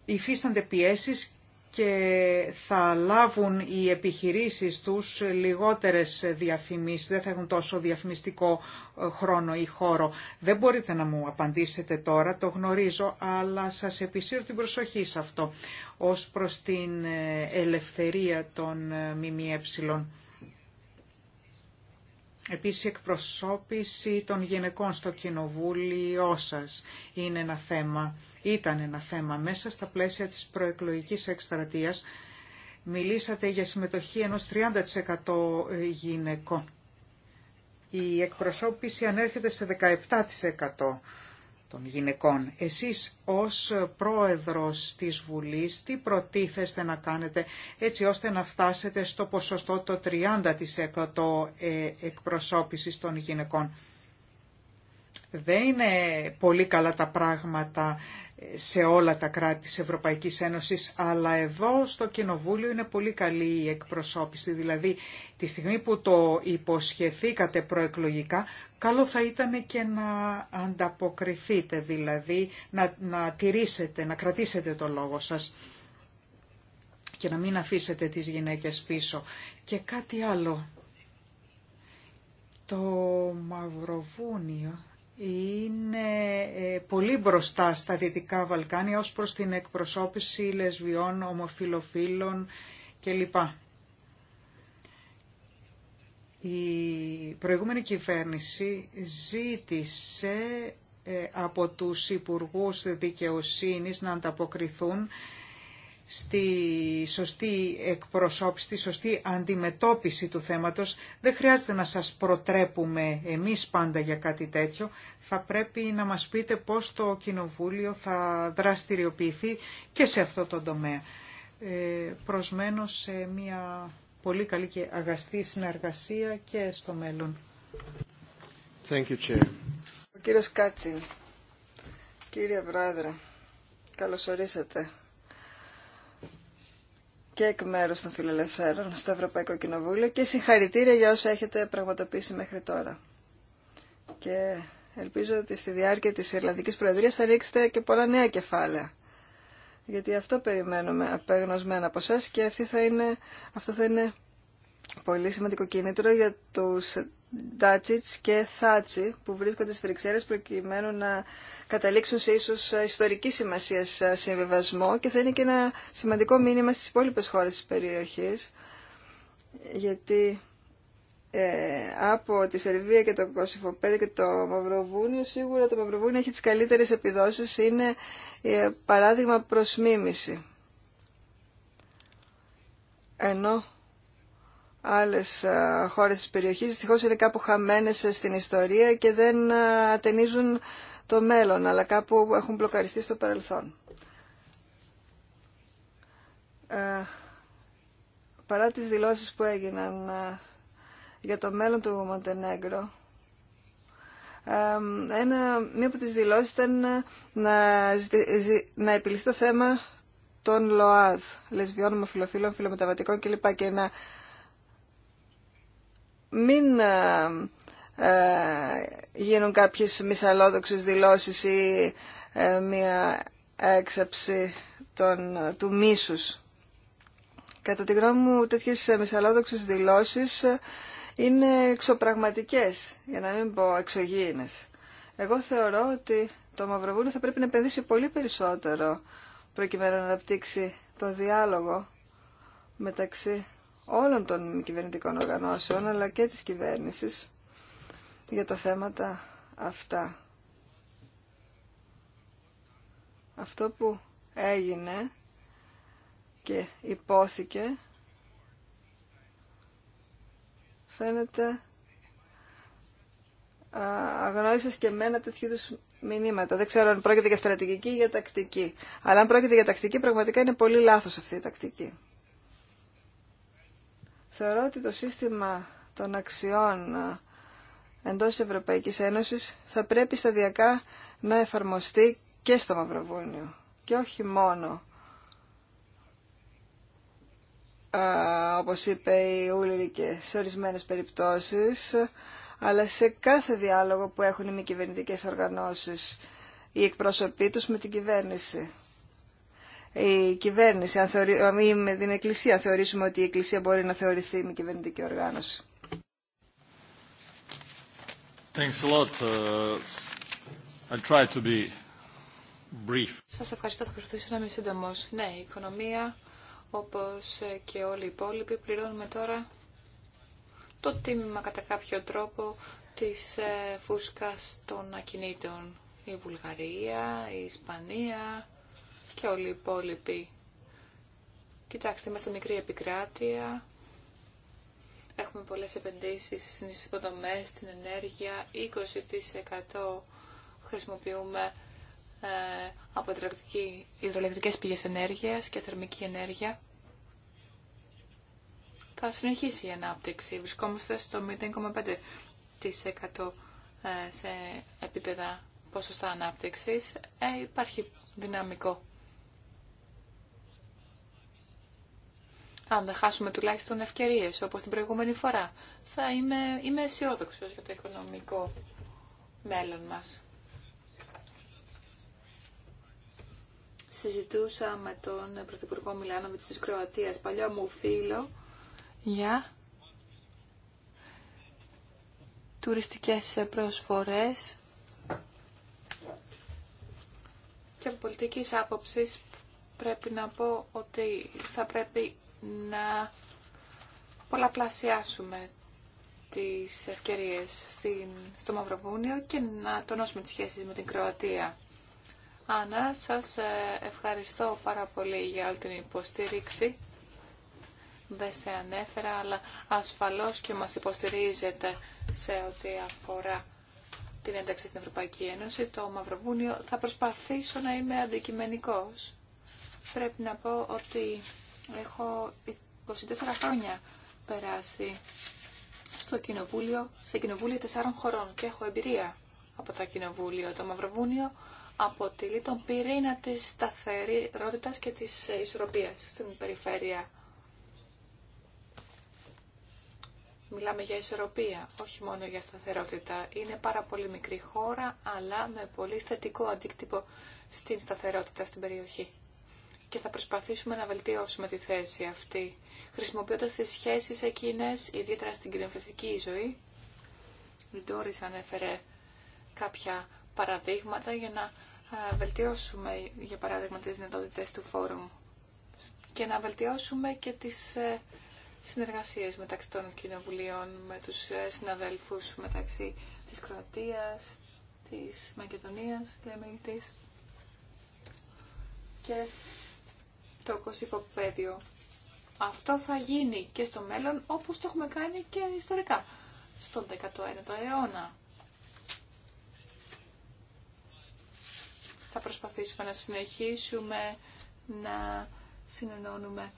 υφίστανται πιέσεις και θα λάβουν οι επιχειρήσεις τους λιγότερες διαφημίσεις, δεν θα έχουν τόσο διαφημιστικό ε, χρόνο ή χώρο. Δεν μπορείτε να μου απαντήσετε τώρα, το γνωρίζω, αλλά σας επισύρω την προσοχή σε αυτό ως προς την ε, ελευθερία των ε, ΜΜΕ. Επίσης η εκπροσώπηση των γυναικών στο κοινοβούλιο σας είναι ένα θέμα ήταν ένα θέμα. Μέσα στα πλαίσια της προεκλογικής εκστρατείας μιλήσατε για συμμετοχή ενός 30% γυναικών. Η εκπροσώπηση ανέρχεται σε 17% των γυναικών. Εσείς ως πρόεδρος της Βουλής τι προτίθεστε να κάνετε έτσι ώστε να φτάσετε στο ποσοστό το 30% ε, εκπροσώπησης των γυναικών. Δεν είναι πολύ καλά τα πράγματα σε όλα τα κράτη της Ευρωπαϊκής Ένωσης, αλλά εδώ στο Κοινοβούλιο είναι πολύ καλή η εκπροσώπηση. Δηλαδή, τη στιγμή που το υποσχεθήκατε προεκλογικά, καλό θα ήταν και να ανταποκριθείτε, δηλαδή να, να τηρήσετε, να κρατήσετε το λόγο σας και να μην αφήσετε τις γυναίκες πίσω. Και κάτι άλλο. Το Μαυροβούνιο είναι ε, πολύ μπροστά στα Δυτικά Βαλκάνια ως προς την εκπροσώπηση λεσβιών, ομοφιλοφίλων κλπ. Η προηγούμενη κυβέρνηση ζήτησε ε, από τους Υπουργούς Δικαιοσύνης να ανταποκριθούν στη σωστή εκπροσώπηση, στη σωστή αντιμετώπιση του θέματος. Δεν χρειάζεται να σας προτρέπουμε εμείς πάντα για κάτι τέτοιο. Θα πρέπει να μας πείτε πώς το Κοινοβούλιο θα δραστηριοποιηθεί και σε αυτό το τομέα. Ε, προσμένω σε μια πολύ καλή και αγαστή συνεργασία και στο μέλλον. Thank you, Chair. Ο κύριος κύριε Πρόεδρε, καλώς και εκ μέρους των φιλελευθέρων στο Ευρωπαϊκό Κοινοβούλιο και συγχαρητήρια για όσα έχετε πραγματοποιήσει μέχρι τώρα. Και ελπίζω ότι στη διάρκεια της Ιρλανδικής Προεδρίας θα ρίξετε και πολλά νέα κεφάλαια. Γιατί αυτό περιμένουμε απεγνωσμένα από εσά και αυτή θα είναι, αυτό θα είναι πολύ σημαντικό κίνητρο για τους Ντάτσιτς και Θάτσι που βρίσκονται στις Βρυξέλλες προκειμένου να καταλήξουν σε ίσως ιστορική σημασία συμβιβασμό και θα είναι και ένα σημαντικό μήνυμα στις υπόλοιπε χώρες της περιοχής γιατί ε, από τη Σερβία και το Κωσυφοπέδιο και το Μαυροβούνιο σίγουρα το Μαυροβούνιο έχει τις καλύτερες επιδόσεις είναι ε, παράδειγμα προς μίμηση. Ενώ άλλες ε, χώρες της περιοχής δυστυχώς είναι κάπου χαμένες ε, στην ιστορία και δεν ε, ατενίζουν το μέλλον, αλλά κάπου έχουν μπλοκαριστεί στο παρελθόν. παρά τις δηλώσεις που έγιναν για το μέλλον του Μοντενέγκρο, ένα, μία από τις δηλώσεις ήταν να, να επιληθεί το θέμα των ΛΟΑΔ, λεσβιών, ομοφιλοφίλων, φιλομεταβατικών κλπ. και να μην ε, ε, γίνουν κάποιες μυσαλόδοξες δηλώσεις ή ε, μια έξαψη των, του μίσους. Κατά τη γνώμη μου τέτοιες μυσαλόδοξες δηλώσεις είναι εξωπραγματικές, για να μην πω εξωγήινες. Εγώ θεωρώ ότι το Μαυροβούλιο θα πρέπει να επενδύσει πολύ περισσότερο προκειμένου να αναπτύξει το διάλογο μεταξύ όλων των κυβερνητικών οργανώσεων αλλά και της κυβέρνησης για τα θέματα αυτά. Αυτό που έγινε και υπόθηκε φαίνεται αγνώρισε και εμένα τέτοιου είδους μηνύματα. Δεν ξέρω αν πρόκειται για στρατηγική ή για τακτική. Αλλά αν πρόκειται για τακτική, πραγματικά είναι πολύ λάθο αυτή η για τακτικη αλλα αν προκειται για τακτικη πραγματικα ειναι πολυ λαθος αυτη η τακτικη Θεωρώ ότι το σύστημα των αξιών ε, εντός της Ευρωπαϊκής Ένωσης θα πρέπει σταδιακά να εφαρμοστεί και στο Μαυροβούνιο και όχι μόνο α, ε, όπως είπε η Ούλρικε σε ορισμένες περιπτώσεις αλλά σε κάθε διάλογο που έχουν οι μη κυβερνητικέ οργανώσεις ή εκπρόσωποι τους με την κυβέρνηση η κυβέρνηση, αν θεωρεί, ή με την Εκκλησία, θεωρήσουμε ότι η Εκκλησία μπορεί να θεωρηθεί με κυβερνητική οργάνωση. Thanks uh, Σας ευχαριστώ. Θα προσπαθήσω να είμαι σύντομο. Ναι, η οικονομία, όπως ε, και όλοι οι υπόλοιποι, πληρώνουμε τώρα το τίμημα κατά κάποιο τρόπο της ε, φούσκας των ακινήτων. Η Βουλγαρία, η Ισπανία, και όλοι οι υπόλοιποι. Κοιτάξτε, είμαστε μικρή επικράτεια. Έχουμε πολλές επενδύσεις στις υποδομές, στην ενέργεια. 20% χρησιμοποιούμε ε, από υδροελεκτρικές πηγές ενέργειας και θερμική ενέργεια. Θα συνεχίσει η ανάπτυξη. Βρισκόμαστε στο 0,5% ε, σε επίπεδα ποσοστά ανάπτυξης. Ε, υπάρχει δυναμικό αν δεν χάσουμε τουλάχιστον ευκαιρίε όπω την προηγούμενη φορά, θα είμαι, είμαι αισιόδοξο για το οικονομικό μέλλον μα. Συζητούσα με τον Πρωθυπουργό Μιλάνο τη Κροατία. παλιό μου φίλο, για τουριστικές προσφορές και από πολιτικής άποψης πρέπει να πω ότι θα πρέπει να πολλαπλασιάσουμε τις ευκαιρίες στο Μαυροβούνιο και να τονώσουμε τις σχέσεις με την Κροατία. Άννα, σας ε, ευχαριστώ πάρα πολύ για όλη την υποστήριξη. Δεν σε ανέφερα, αλλά ασφαλώς και μας υποστηρίζετε σε ό,τι αφορά την ένταξη στην Ευρωπαϊκή Ένωση. Το Μαυροβούνιο θα προσπαθήσω να είμαι αντικειμενικός. Πρέπει να πω ότι Έχω 24 χρόνια περάσει στο κοινοβούλιο, σε κοινοβούλια τεσσάρων χωρών και έχω εμπειρία από τα κοινοβούλια. Το Μαυροβούνιο αποτελεί τον πυρήνα της σταθερότητας και της ισορροπίας στην περιφέρεια. Μιλάμε για ισορροπία, όχι μόνο για σταθερότητα. Είναι πάρα πολύ μικρή χώρα, αλλά με πολύ θετικό αντίκτυπο στην σταθερότητα στην περιοχή και θα προσπαθήσουμε να βελτιώσουμε τη θέση αυτή, χρησιμοποιώντας τις σχέσεις εκείνες, ιδιαίτερα στην κοινωνική ζωή. Η Ντόρις ανέφερε κάποια παραδείγματα για να βελτιώσουμε, για παράδειγμα, τις δυνατότητες του φόρουμ και να βελτιώσουμε και τις ε, συνεργασίες μεταξύ των κοινοβουλίων, με τους ε, συναδέλφους μεταξύ της Κροατίας, της Μακεδονίας, λέμε της. Και το κοσυφοπαίδιο. Αυτό θα γίνει και στο μέλλον όπως το έχουμε κάνει και ιστορικά, στον 19ο αιώνα. Θα προσπαθήσουμε να συνεχίσουμε να συνενώνουμε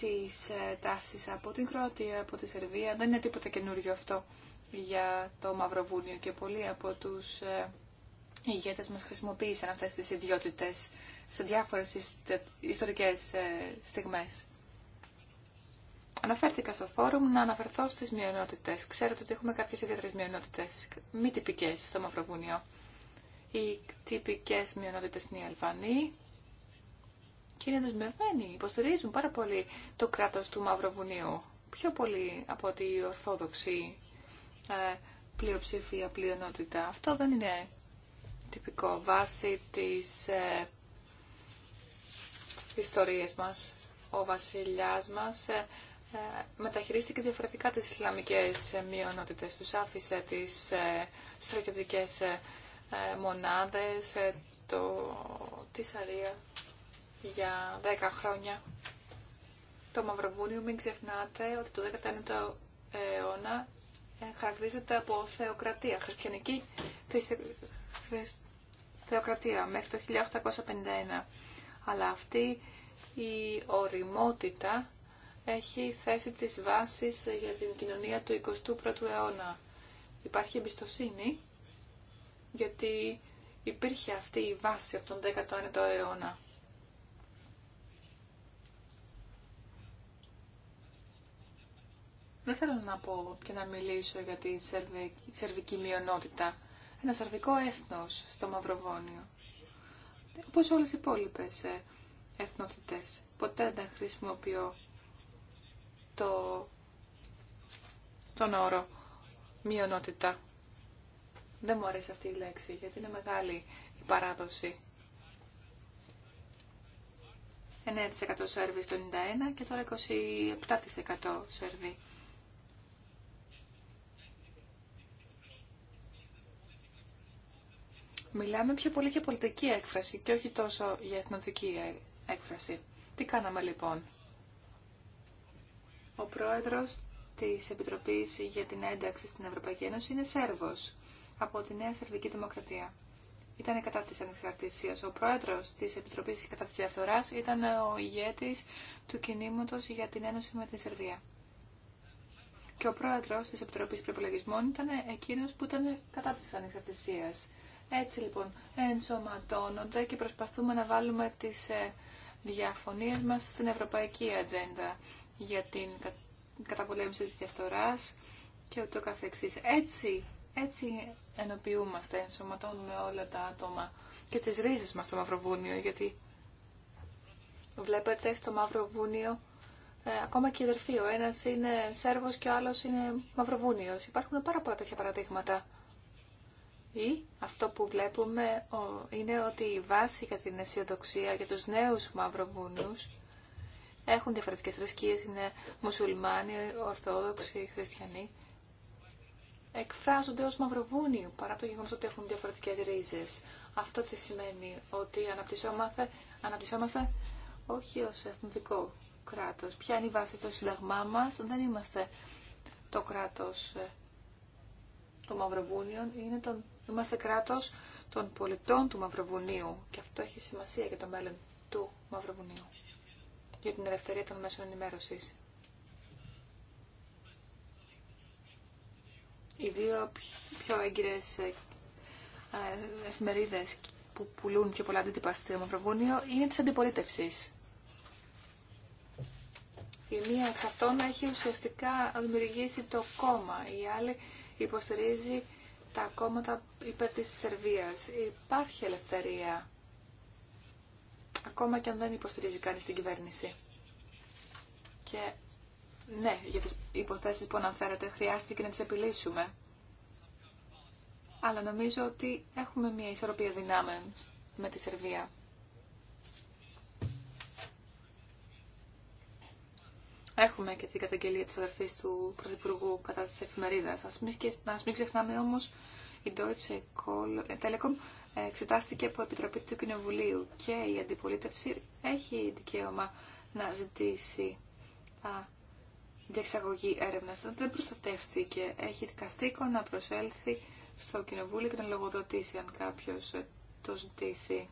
τις ε, τάσεις από την Κροατία, από τη Σερβία. Δεν είναι τίποτα καινούριο αυτό για το Μαυροβούνιο και πολλοί από τους ε, οι ηγέτε μα χρησιμοποίησαν αυτέ τι ιδιότητε σε διάφορε ιστορικές ε, στιγμέ. Αναφέρθηκα στο φόρουμ να αναφερθώ στις μειονότητε. Ξέρετε ότι έχουμε κάποιε ιδιαίτερε μειονότητε, μη τυπικέ στο Μαυροβούνιο. Οι τυπικέ μειονότητες είναι οι Αλβανοί και είναι δεσμευμένοι, υποστηρίζουν πάρα πολύ το κράτο του Μαυροβουνίου. Πιο πολύ από ότι η ορθόδοξη ε, πλειοψηφία, πλειονότητα. Αυτό δεν είναι τυπικό βάση της ε, ιστορίας μας. Ο βασιλιάς μας ε, ε, μεταχειρίστηκε διαφορετικά τις Ισλαμικές ε, μειονότητες. Τους άφησε τις ε, στρατιωτικές μονάδες, το, τη Σαρία για 10 χρόνια. Το Μαυροβούνιο, μην ξεχνάτε ότι το 19ο αιώνα χαρακτηρίζεται από θεοκρατία, χριστιανική θεοκρατία μέχρι το 1851. Αλλά αυτή η οριμότητα έχει θέσει τις βάσεις για την κοινωνία του 21ου αιώνα. Υπάρχει εμπιστοσύνη γιατί υπήρχε αυτή η βάση από τον 19ο αιώνα. Δεν θέλω να πω και να μιλήσω για τη σερβική μειονότητα ένα σαρδικό έθνος στο Μαυροβόνιο. Όπως όλες οι υπόλοιπες ε, εθνότητες. Ποτέ δεν χρησιμοποιώ το, τον όρο μειονότητα. Δεν μου αρέσει αυτή η λέξη, γιατί είναι μεγάλη η παράδοση. 9% Σέρβοι στο 91 και τώρα 27% Σέρβοι. Μιλάμε πιο πολύ για πολιτική έκφραση και όχι τόσο για εθνοτική έκφραση. Τι κάναμε λοιπόν. Ο πρόεδρος της Επιτροπής για την ένταξη στην Ευρωπαϊκή Ένωση είναι Σέρβος από τη Νέα Σερβική Δημοκρατία. Ήταν κατά της ανεξαρτησίας. Ο πρόεδρος της Επιτροπής κατά της διαφθοράς ήταν ο ηγέτης του κινήματος για την Ένωση με την Σερβία. Και ο πρόεδρος της Επιτροπής Προπολογισμών ήταν εκείνος που ήταν κατά της ανεξαρτησίας. Έτσι λοιπόν ενσωματώνονται και προσπαθούμε να βάλουμε τις ε, διαφωνίες μας στην ευρωπαϊκή ατζέντα για την καταπολέμηση της διαφθοράς και ούτω καθεξής. Έτσι, έτσι ενοποιούμαστε, ενσωματώνουμε όλα τα άτομα και τις ρίζες μας στο Μαυροβούνιο, γιατί βλέπετε στο Μαυροβούνιο ε, ακόμα και η Δερφείο. ο ένας είναι Σέρβος και ο άλλος είναι Μαυροβούνιος. Υπάρχουν πάρα πολλά τέτοια παραδείγματα. Ή αυτό που βλέπουμε είναι ότι η βάση για την αισιοδοξία για τους νέους μαυροβούνιους έχουν διαφορετικές θρησκείες, είναι μουσουλμάνοι, ορθόδοξοι, χριστιανοί. Εκφράζονται ως μαυροβούνιοι παρά το γεγονός ότι έχουν διαφορετικές ρίζες. Αυτό τι σημαίνει ότι αναπτυσσόμαστε, αναπτυσσόμαστε όχι ως εθνικό κράτος. Ποια είναι η βάση στο σύνταγμά μας, δεν είμαστε το κράτος ε, των Μαυροβούνιων, είναι των Είμαστε κράτο των πολιτών του Μαυροβουνίου και αυτό έχει σημασία για το μέλλον του Μαυροβουνίου, για την ελευθερία των μέσων ενημέρωση. Οι δύο πιο έγκυρε ε, εφημερίδες που πουλούν πιο πολλά αντίτυπα στο Μαυροβούνιο είναι τη αντιπολίτευσης. Η μία εξ αυτών έχει ουσιαστικά δημιουργήσει το κόμμα, η άλλη υποστηρίζει τα κόμματα υπέρ της Σερβίας. Υπάρχει ελευθερία, ακόμα και αν δεν υποστηρίζει κανείς την κυβέρνηση. Και ναι, για τις υποθέσεις που αναφέρατε χρειάστηκε να τις επιλύσουμε. Αλλά νομίζω ότι έχουμε μια ισορροπία δυνάμεων με τη Σερβία. Έχουμε και την καταγγελία της αδερφής του Πρωθυπουργού κατά της εφημερίδας. Ας μην, μην ξεχνάμε όμως η Deutsche ε, Telekom εξετάστηκε από Επιτροπή του Κοινοβουλίου και η αντιπολίτευση έχει δικαίωμα να ζητήσει α, διεξαγωγή έρευνας. Δεν προστατεύθηκε. Έχει καθήκον να προσέλθει στο Κοινοβούλιο και να λογοδοτήσει αν κάποιος το ζητήσει.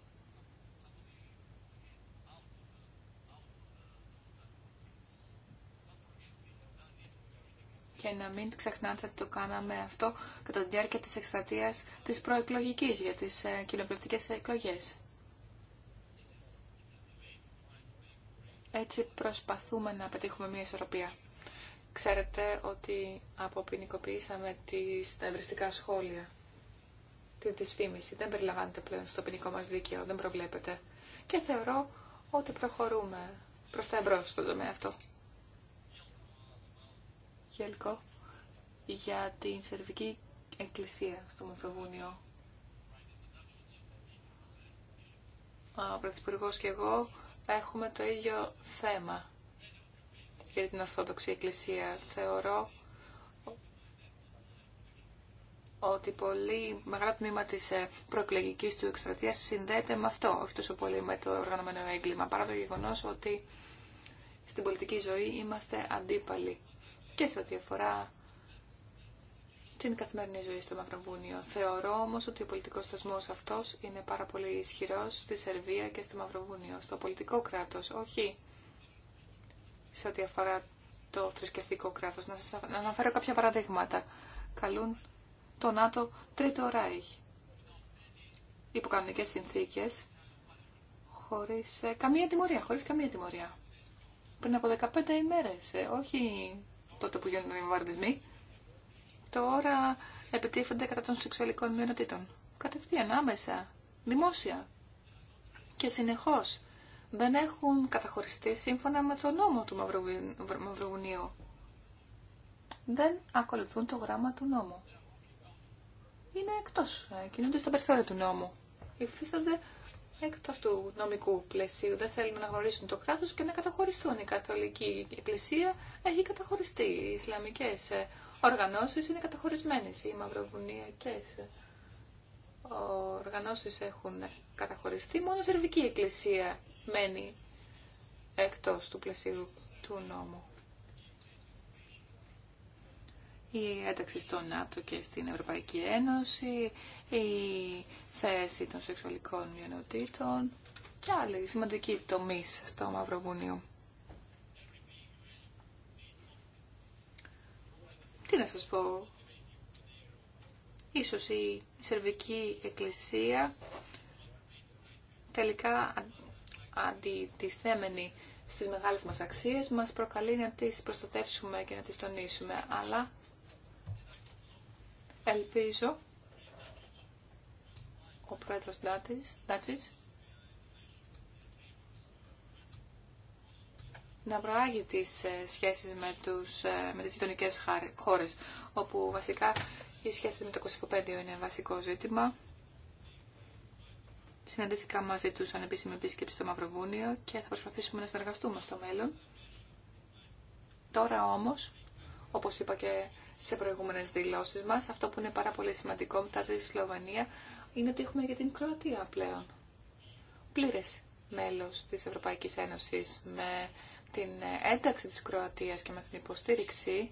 και να μην ξεχνάτε ότι το κάναμε αυτό κατά τη διάρκεια της εκστρατείας της προεκλογικής για τις ε, κοινοβουλευτικές εκλογές. Έτσι προσπαθούμε να πετύχουμε μια ισορροπία. Ξέρετε ότι αποποινικοποιήσαμε τις, τα σχόλια, τη δυσφήμιση. Δεν περιλαμβάνεται πλέον στο ποινικό μας δίκαιο, δεν προβλέπεται. Και θεωρώ ότι προχωρούμε προς τα εμπρός στον τομέα αυτό εκο, για την Σερβική Εκκλησία στο Μεσοβούνιο. Ο Πρωθυπουργό και εγώ έχουμε το ίδιο θέμα για την Ορθόδοξη Εκκλησία. Θεωρώ ότι πολύ μεγάλο τμήμα τη ε, προεκλογική του εκστρατεία συνδέεται με αυτό, όχι τόσο πολύ με το οργανωμένο έγκλημα, παρά το γεγονό ότι στην πολιτική ζωή είμαστε αντίπαλοι και σε ό,τι αφορά την καθημερινή ζωή στο Μαυροβούνιο. Θεωρώ όμως ότι ο πολιτικός θεσμός αυτός είναι πάρα πολύ ισχυρός στη Σερβία και στο Μαυροβούνιο, στο πολιτικό κράτος, όχι σε ό,τι αφορά το θρησκευτικό κράτος. Να σας αναφέρω κάποια παραδείγματα. Καλούν το ΝΑΤΟ Τρίτο Ράιχ. Υπό κανονικέ συνθήκες, χωρί ε, καμία τιμωρία, χωρίς καμία τιμωρία. Πριν από 15 ημέρες, ε, όχι τότε που γίνονταν οι βομβαρδισμοί, τώρα επιτίθενται κατά των σεξουαλικών μειονοτήτων. Κατευθείαν, άμεσα, δημόσια και συνεχώ. δεν έχουν καταχωριστεί σύμφωνα με το νόμο του Μαυροβουνίου. Δεν ακολουθούν το γράμμα του νόμου. Είναι εκτό. Ε, κινούνται στα περιθώρια του νόμου. Υφίστανται εκτός του νομικού πλαισίου. Δεν θέλουν να γνωρίσουν το κράτος και να καταχωριστούν. Η Καθολική Εκκλησία έχει καταχωριστεί. Οι Ισλαμικές ε, οργανώσεις είναι καταχωρισμένες. Οι μαυροβουνιακές ε, οργανώσεις έχουν καταχωριστεί. Μόνο η Σερβική Εκκλησία μένει εκτός του πλαισίου του νόμου. Η ένταξη στο ΝΑΤΟ και στην Ευρωπαϊκή Ένωση, η θέση των σεξουαλικών μειονοτήτων και άλλοι σημαντικοί τομεί στο Μαυροβουνίο. Τι να σας πω, ίσως η Σερβική Εκκλησία τελικά αντιτιθέμενη στις μεγάλες μας αξίες μας προκαλεί να τις προστατεύσουμε και να τις τονίσουμε, αλλά ελπίζω ο πρόεδρος Ντάτσιτς να προάγει τις ε, σχέσεις με, τους, ε, με τις γειτονικέ χώρες, όπου βασικά οι σχέσεις με το Κωσυφοπέδιο είναι βασικό ζήτημα. Συναντήθηκα μαζί τους επίσημη επίσκεψη στο Μαυροβούνιο και θα προσπαθήσουμε να συνεργαστούμε στο μέλλον. Τώρα όμως, όπως είπα και σε προηγούμενες δηλώσεις μας, αυτό που είναι πάρα πολύ σημαντικό μετά τη Σλοβανία είναι ότι έχουμε για την Κροατία πλέον πλήρες μέλος της Ευρωπαϊκής Ένωσης με την ένταξη της Κροατίας και με την υποστήριξη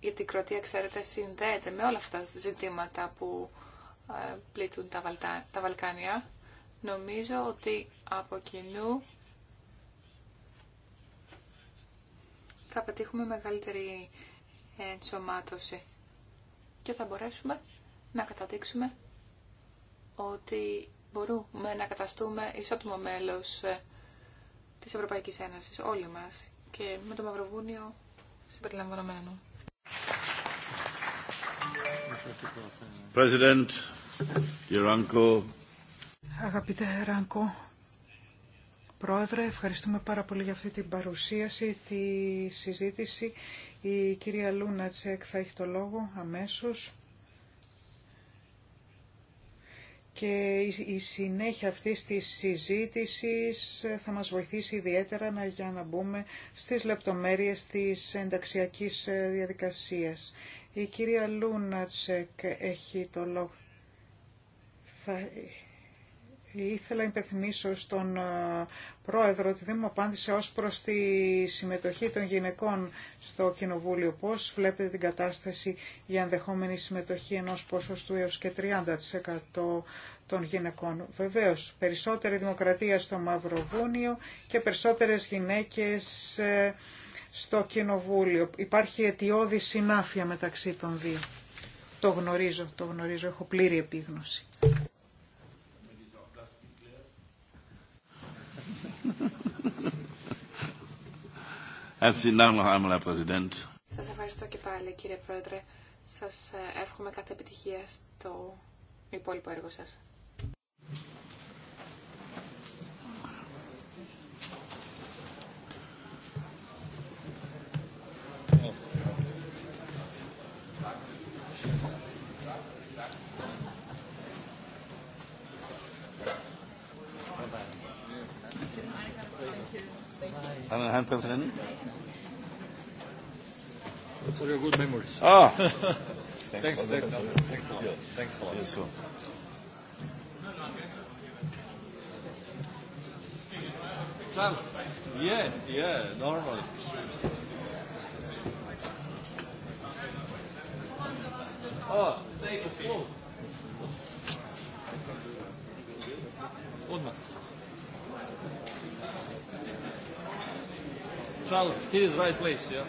γιατί η Κροατία, ξέρετε, συνδέεται με όλα αυτά τα ζητήματα που ε, πλήττουν τα, Βαλτά, τα Βαλκάνια. Νομίζω ότι από κοινού θα πετύχουμε μεγαλύτερη ενσωμάτωση και θα μπορέσουμε να καταδείξουμε ότι μπορούμε να καταστούμε ισότιμο μέλος ε, της Ευρωπαϊκής Ένωσης, όλοι μας, και με το Μαυροβούνιο συμπεριλαμβανομένου. President, Αγαπητέ Ράνκο, Πρόεδρε, ευχαριστούμε πάρα πολύ για αυτή την παρουσίαση, τη συζήτηση. Η κυρία Λούνατσεκ θα έχει το λόγο αμέσως. Και η συνέχεια αυτής της συζήτησης θα μας βοηθήσει ιδιαίτερα να, για να μπούμε στις λεπτομέρειες της ενταξιακής διαδικασίας. Η κυρία Λούνατσεκ έχει το λόγο. Ήθελα να υπενθυμίσω στον ε, πρόεδρο ότι δεν μου απάντησε ως προς τη συμμετοχή των γυναικών στο Κοινοβούλιο. Πώς βλέπετε την κατάσταση για ενδεχόμενη συμμετοχή ενός ποσοστού έως και 30% των γυναικών. Βεβαίως, περισσότερη δημοκρατία στο Μαυροβούνιο και περισσότερες γυναίκες ε, στο Κοινοβούλιο. Υπάρχει αιτιώδη συνάφεια μεταξύ των δύο. Το γνωρίζω, το γνωρίζω, έχω πλήρη επίγνωση. Σας ευχαριστώ και πάλι κύριε Πρόεδρε. Σας ε, εύχομαι κάθε επιτυχία στο υπόλοιπο έργο σας. Dann Herrn Präsidenten. For your good memories. Ah. thanks, thanks, thanks, thanks a lot. Thanks a lot. Yes, sir. Klaus. Yeah, yeah, normal. Oh, save the floor. Und mal. Charles, here is right place, yeah?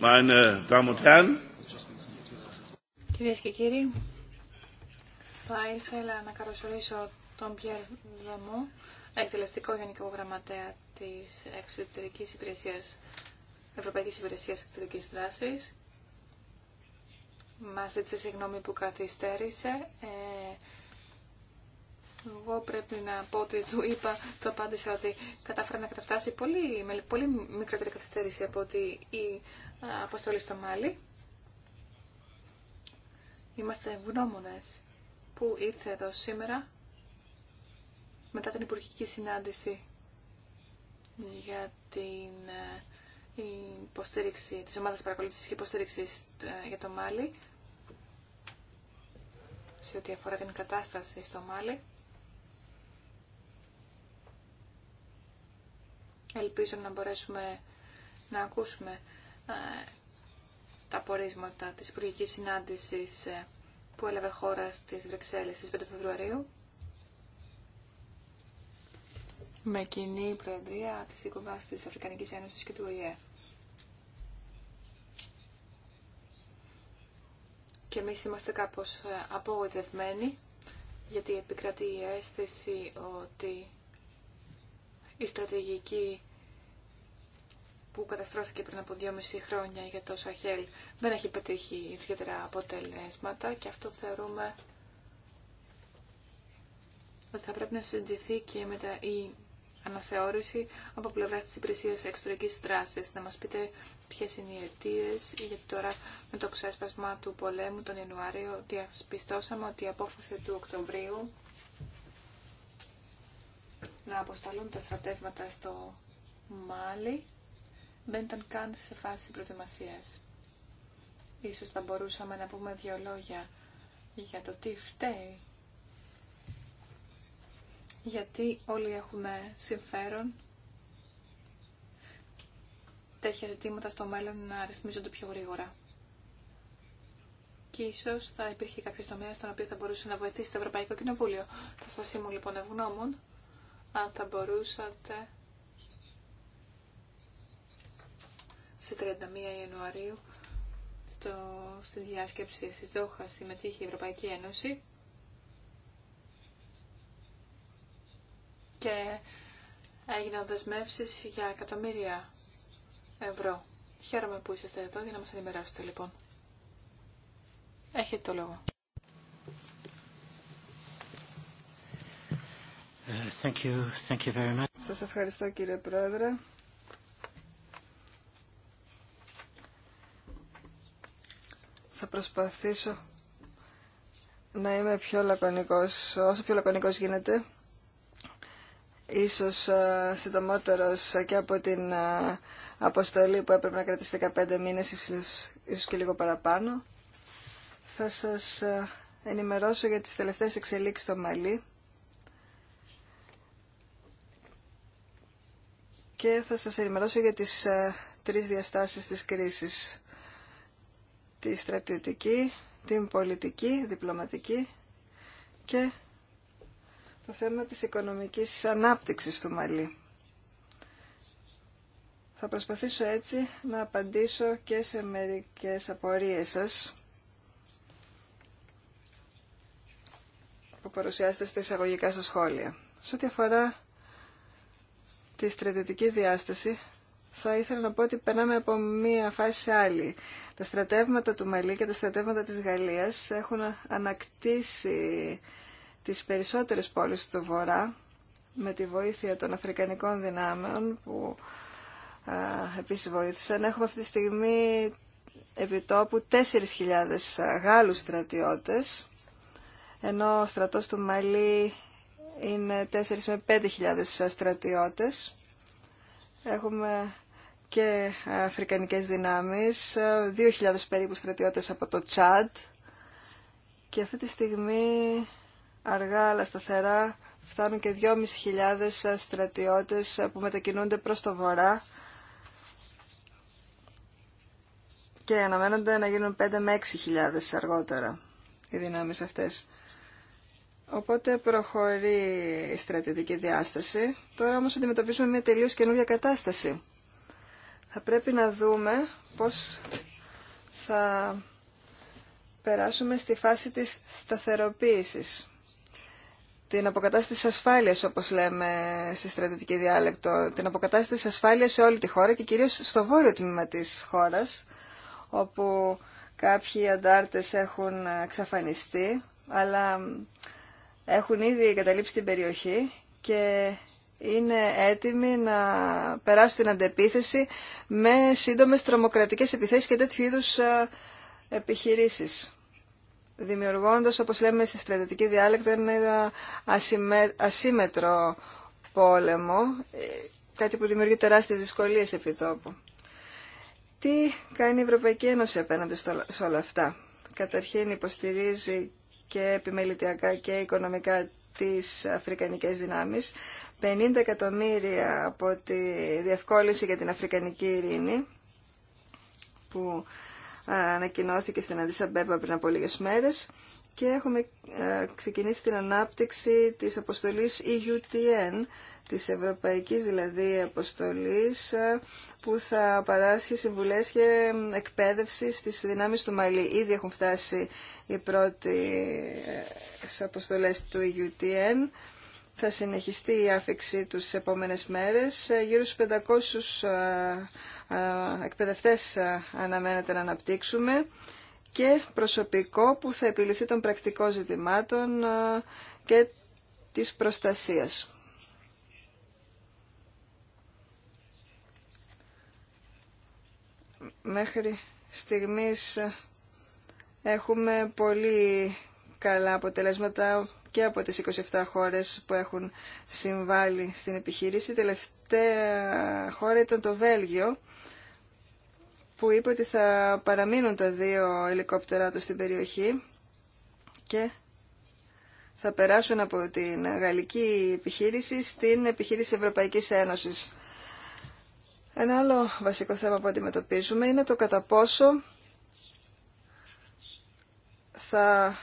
meine Κυρίες και κύριοι, θα ήθελα να καλωσορίσω τον Πιέρ Βεμού, εκτελεστικό γενικό γραμματέα της Εξωτερικής Υπηρεσίας, Ευρωπαϊκής Υπηρεσίας Εξωτερικής Δράσης. Μας ζήτησε συγγνώμη που καθυστέρησε. Ε, εγώ πρέπει να πω ότι του είπα, του απάντησα ότι κατάφερα να καταφτάσει πολύ, με πολύ μικρότερη καθυστέρηση από ότι η αποστολή στο Μάλι. Είμαστε ευγνώμονες που ήρθε εδώ σήμερα μετά την υπουργική συνάντηση για την ε, υποστήριξη της ομάδας παρακολούθησης και υποστήριξης ε, για το Μάλι σε ό,τι αφορά την κατάσταση στο Μάλι. Ελπίζω να μπορέσουμε να ακούσουμε ε, τα πορίσματα της Υπουργική συνάντησης ε, που έλαβε χώρα στις Βρυξέλλες στις 5 Φεβρουαρίου με κοινή προεδρία της ΕΚΟΒΑΣ της Αφρικανικής Ένωσης και του ΟΗΕ. Και εμείς είμαστε κάπως ε, απογοητευμένοι γιατί επικρατεί η αίσθηση ότι η στρατηγική που καταστρώθηκε πριν από 2,5 χρόνια για το Σαχέλ δεν έχει πετύχει ιδιαίτερα αποτελέσματα και αυτό θεωρούμε ότι θα πρέπει να συζητηθεί και μετά η αναθεώρηση από πλευρά της υπηρεσίας εξωτερικής δράσης. Να μας πείτε ποιες είναι οι αιτίες, γιατί τώρα με το ξέσπασμα του πολέμου τον Ιανουάριο διαπιστώσαμε ότι η απόφαση του Οκτωβρίου να αποσταλούν τα στρατεύματα στο Μάλι δεν ήταν καν σε φάση προετοιμασίας. Ίσως θα μπορούσαμε να πούμε δύο λόγια για το τι φταίει. Γιατί όλοι έχουμε συμφέρον τέτοια ζητήματα στο μέλλον να ρυθμίζονται πιο γρήγορα. Και ίσω θα υπήρχε κάποιο τομέα στον οποίο θα μπορούσε να βοηθήσει το Ευρωπαϊκό Κοινοβούλιο. Θα σα ήμουν λοιπόν ευγνώμων αν θα μπορούσατε στις 31 Ιανουαρίου στο, στη διάσκεψη στη Δόχα συμμετείχε η Ευρωπαϊκή Ένωση και έγιναν δεσμεύσεις για εκατομμύρια ευρώ. Χαίρομαι που είσαστε εδώ για να μας ενημερώσετε λοιπόν. Έχετε το λόγο. Ε, thank you. Thank you very much. Σας ευχαριστώ κύριε Πρόεδρε. Θα προσπαθήσω να είμαι πιο λακωνικός, όσο πιο λακωνικός γίνεται. Ίσως συντομότερος και από την αποστολή που έπρεπε να κρατήσει 15 μήνες, ίσως και λίγο παραπάνω. Θα σας ενημερώσω για τις τελευταίες εξελίξεις στο Μαλί. Και θα σας ενημερώσω για τις τρεις διαστάσεις της κρίσης τη στρατιωτική, την πολιτική, διπλωματική και το θέμα της οικονομικής ανάπτυξης του Μαλή. Θα προσπαθήσω έτσι να απαντήσω και σε μερικές απορίες σας που παρουσιάσετε στα εισαγωγικά σας σχόλια. Σε ό,τι αφορά τη στρατιωτική διάσταση, θα ήθελα να πω ότι περνάμε από μία φάση σε άλλη. Τα στρατεύματα του Μαλή και τα στρατεύματα της Γαλλίας έχουν ανακτήσει τις περισσότερες πόλεις του Βορρά με τη βοήθεια των Αφρικανικών δυνάμεων που α, επίσης βοήθησαν. Έχουμε αυτή τη στιγμή επιτόπου 4.000 Γάλλους στρατιώτες ενώ ο στρατός του Μαλή είναι 4 με 5.000 στρατιώτες Έχουμε και αφρικανικές δυνάμεις, 2.000 περίπου στρατιώτες από το Τσάντ και αυτή τη στιγμή αργά αλλά σταθερά φτάνουν και 2.500 στρατιώτες που μετακινούνται προς το βορρά και αναμένονται να γίνουν 5 με 6.000 αργότερα οι δυνάμεις αυτές. Οπότε προχωρεί η στρατιωτική διάσταση. Τώρα όμως αντιμετωπίζουμε μια τελείως καινούργια κατάσταση. Θα πρέπει να δούμε πώς θα περάσουμε στη φάση της σταθεροποίησης. Την αποκατάσταση ασφάλειας, όπως λέμε στη στρατιωτική διάλεκτο, την αποκατάσταση ασφάλειας σε όλη τη χώρα και κυρίως στο βόρειο τμήμα της χώρας, όπου κάποιοι αντάρτες έχουν εξαφανιστεί, αλλά έχουν ήδη εγκαταλείψει την περιοχή και είναι έτοιμοι να περάσουν την αντεπίθεση με σύντομες τρομοκρατικές επιθέσεις και τέτοιου είδους ε, επιχειρήσεις δημιουργώντας, όπως λέμε στη στρατιωτική διάλεκτο, ένα ασύμετρο πόλεμο, ε, κάτι που δημιουργεί τεράστιες δυσκολίες επί τόπου. Τι κάνει η Ευρωπαϊκή Ένωση απέναντι σε όλα αυτά. Καταρχήν υποστηρίζει και επιμελητιακά και οικονομικά τις αφρικανικές δυνάμεις, 50 εκατομμύρια από τη διευκόλυνση για την αφρικανική ειρήνη που ανακοινώθηκε στην Αντισαμπέμπα πριν από λίγες μέρες και έχουμε ε, ξεκινήσει την ανάπτυξη της αποστολής EUTN της ευρωπαϊκής δηλαδή αποστολής ε, που θα παράσχει συμβουλές και εκπαίδευση στις δυνάμεις του Μαλή. Ήδη έχουν φτάσει οι πρώτες αποστολές του e UTN Θα συνεχιστεί η άφηξή τους στις επόμενες μέρες. Ε, γύρω στους 500 ε, εκπαιδευτές αναμένεται να αναπτύξουμε και προσωπικό που θα επιληθεί των πρακτικών ζητημάτων και της προστασίας. Μέχρι στιγμής έχουμε πολύ καλά αποτελέσματα και από τις 27 χώρες που έχουν συμβάλει στην επιχείρηση. Η τελευταία χώρα ήταν το Βέλγιο που είπε ότι θα παραμείνουν τα δύο ελικόπτερά του στην περιοχή και θα περάσουν από την γαλλική επιχείρηση στην επιχείρηση Ευρωπαϊκής Ένωσης. Ένα άλλο βασικό θέμα που αντιμετωπίζουμε είναι το κατά πόσο θα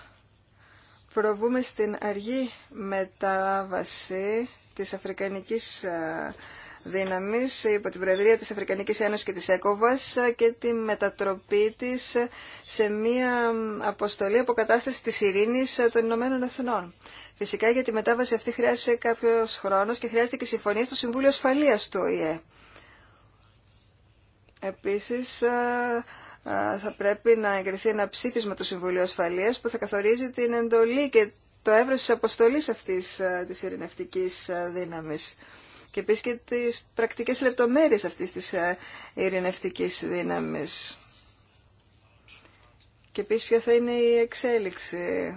προβούμε στην αργή μετάβαση της Αφρικανικής ε, δύναμης υπό την Προεδρία της Αφρικανικής Ένωσης και της ΕΚΟΒΑΣ και τη μετατροπή της σε μια αποστολή αποκατάσταση της ειρήνης ε, των Ηνωμένων Εθνών. Φυσικά για τη μετάβαση αυτή χρειάζεται κάποιος χρόνος και χρειάζεται και συμφωνία στο Συμβούλιο Ασφαλείας του ΟΗΕ. Επίσης, ε, ε, θα πρέπει να εγκριθεί ένα ψήφισμα του Συμβουλίου Ασφαλείας που θα καθορίζει την εντολή και το έβρος της αποστολής αυτής ε, της ειρηνευτικής δύναμης και επίσης και τις πρακτικές λεπτομέρειες αυτής της ειρηνευτικής δύναμης. Και επίσης ποια θα είναι η εξέλιξη.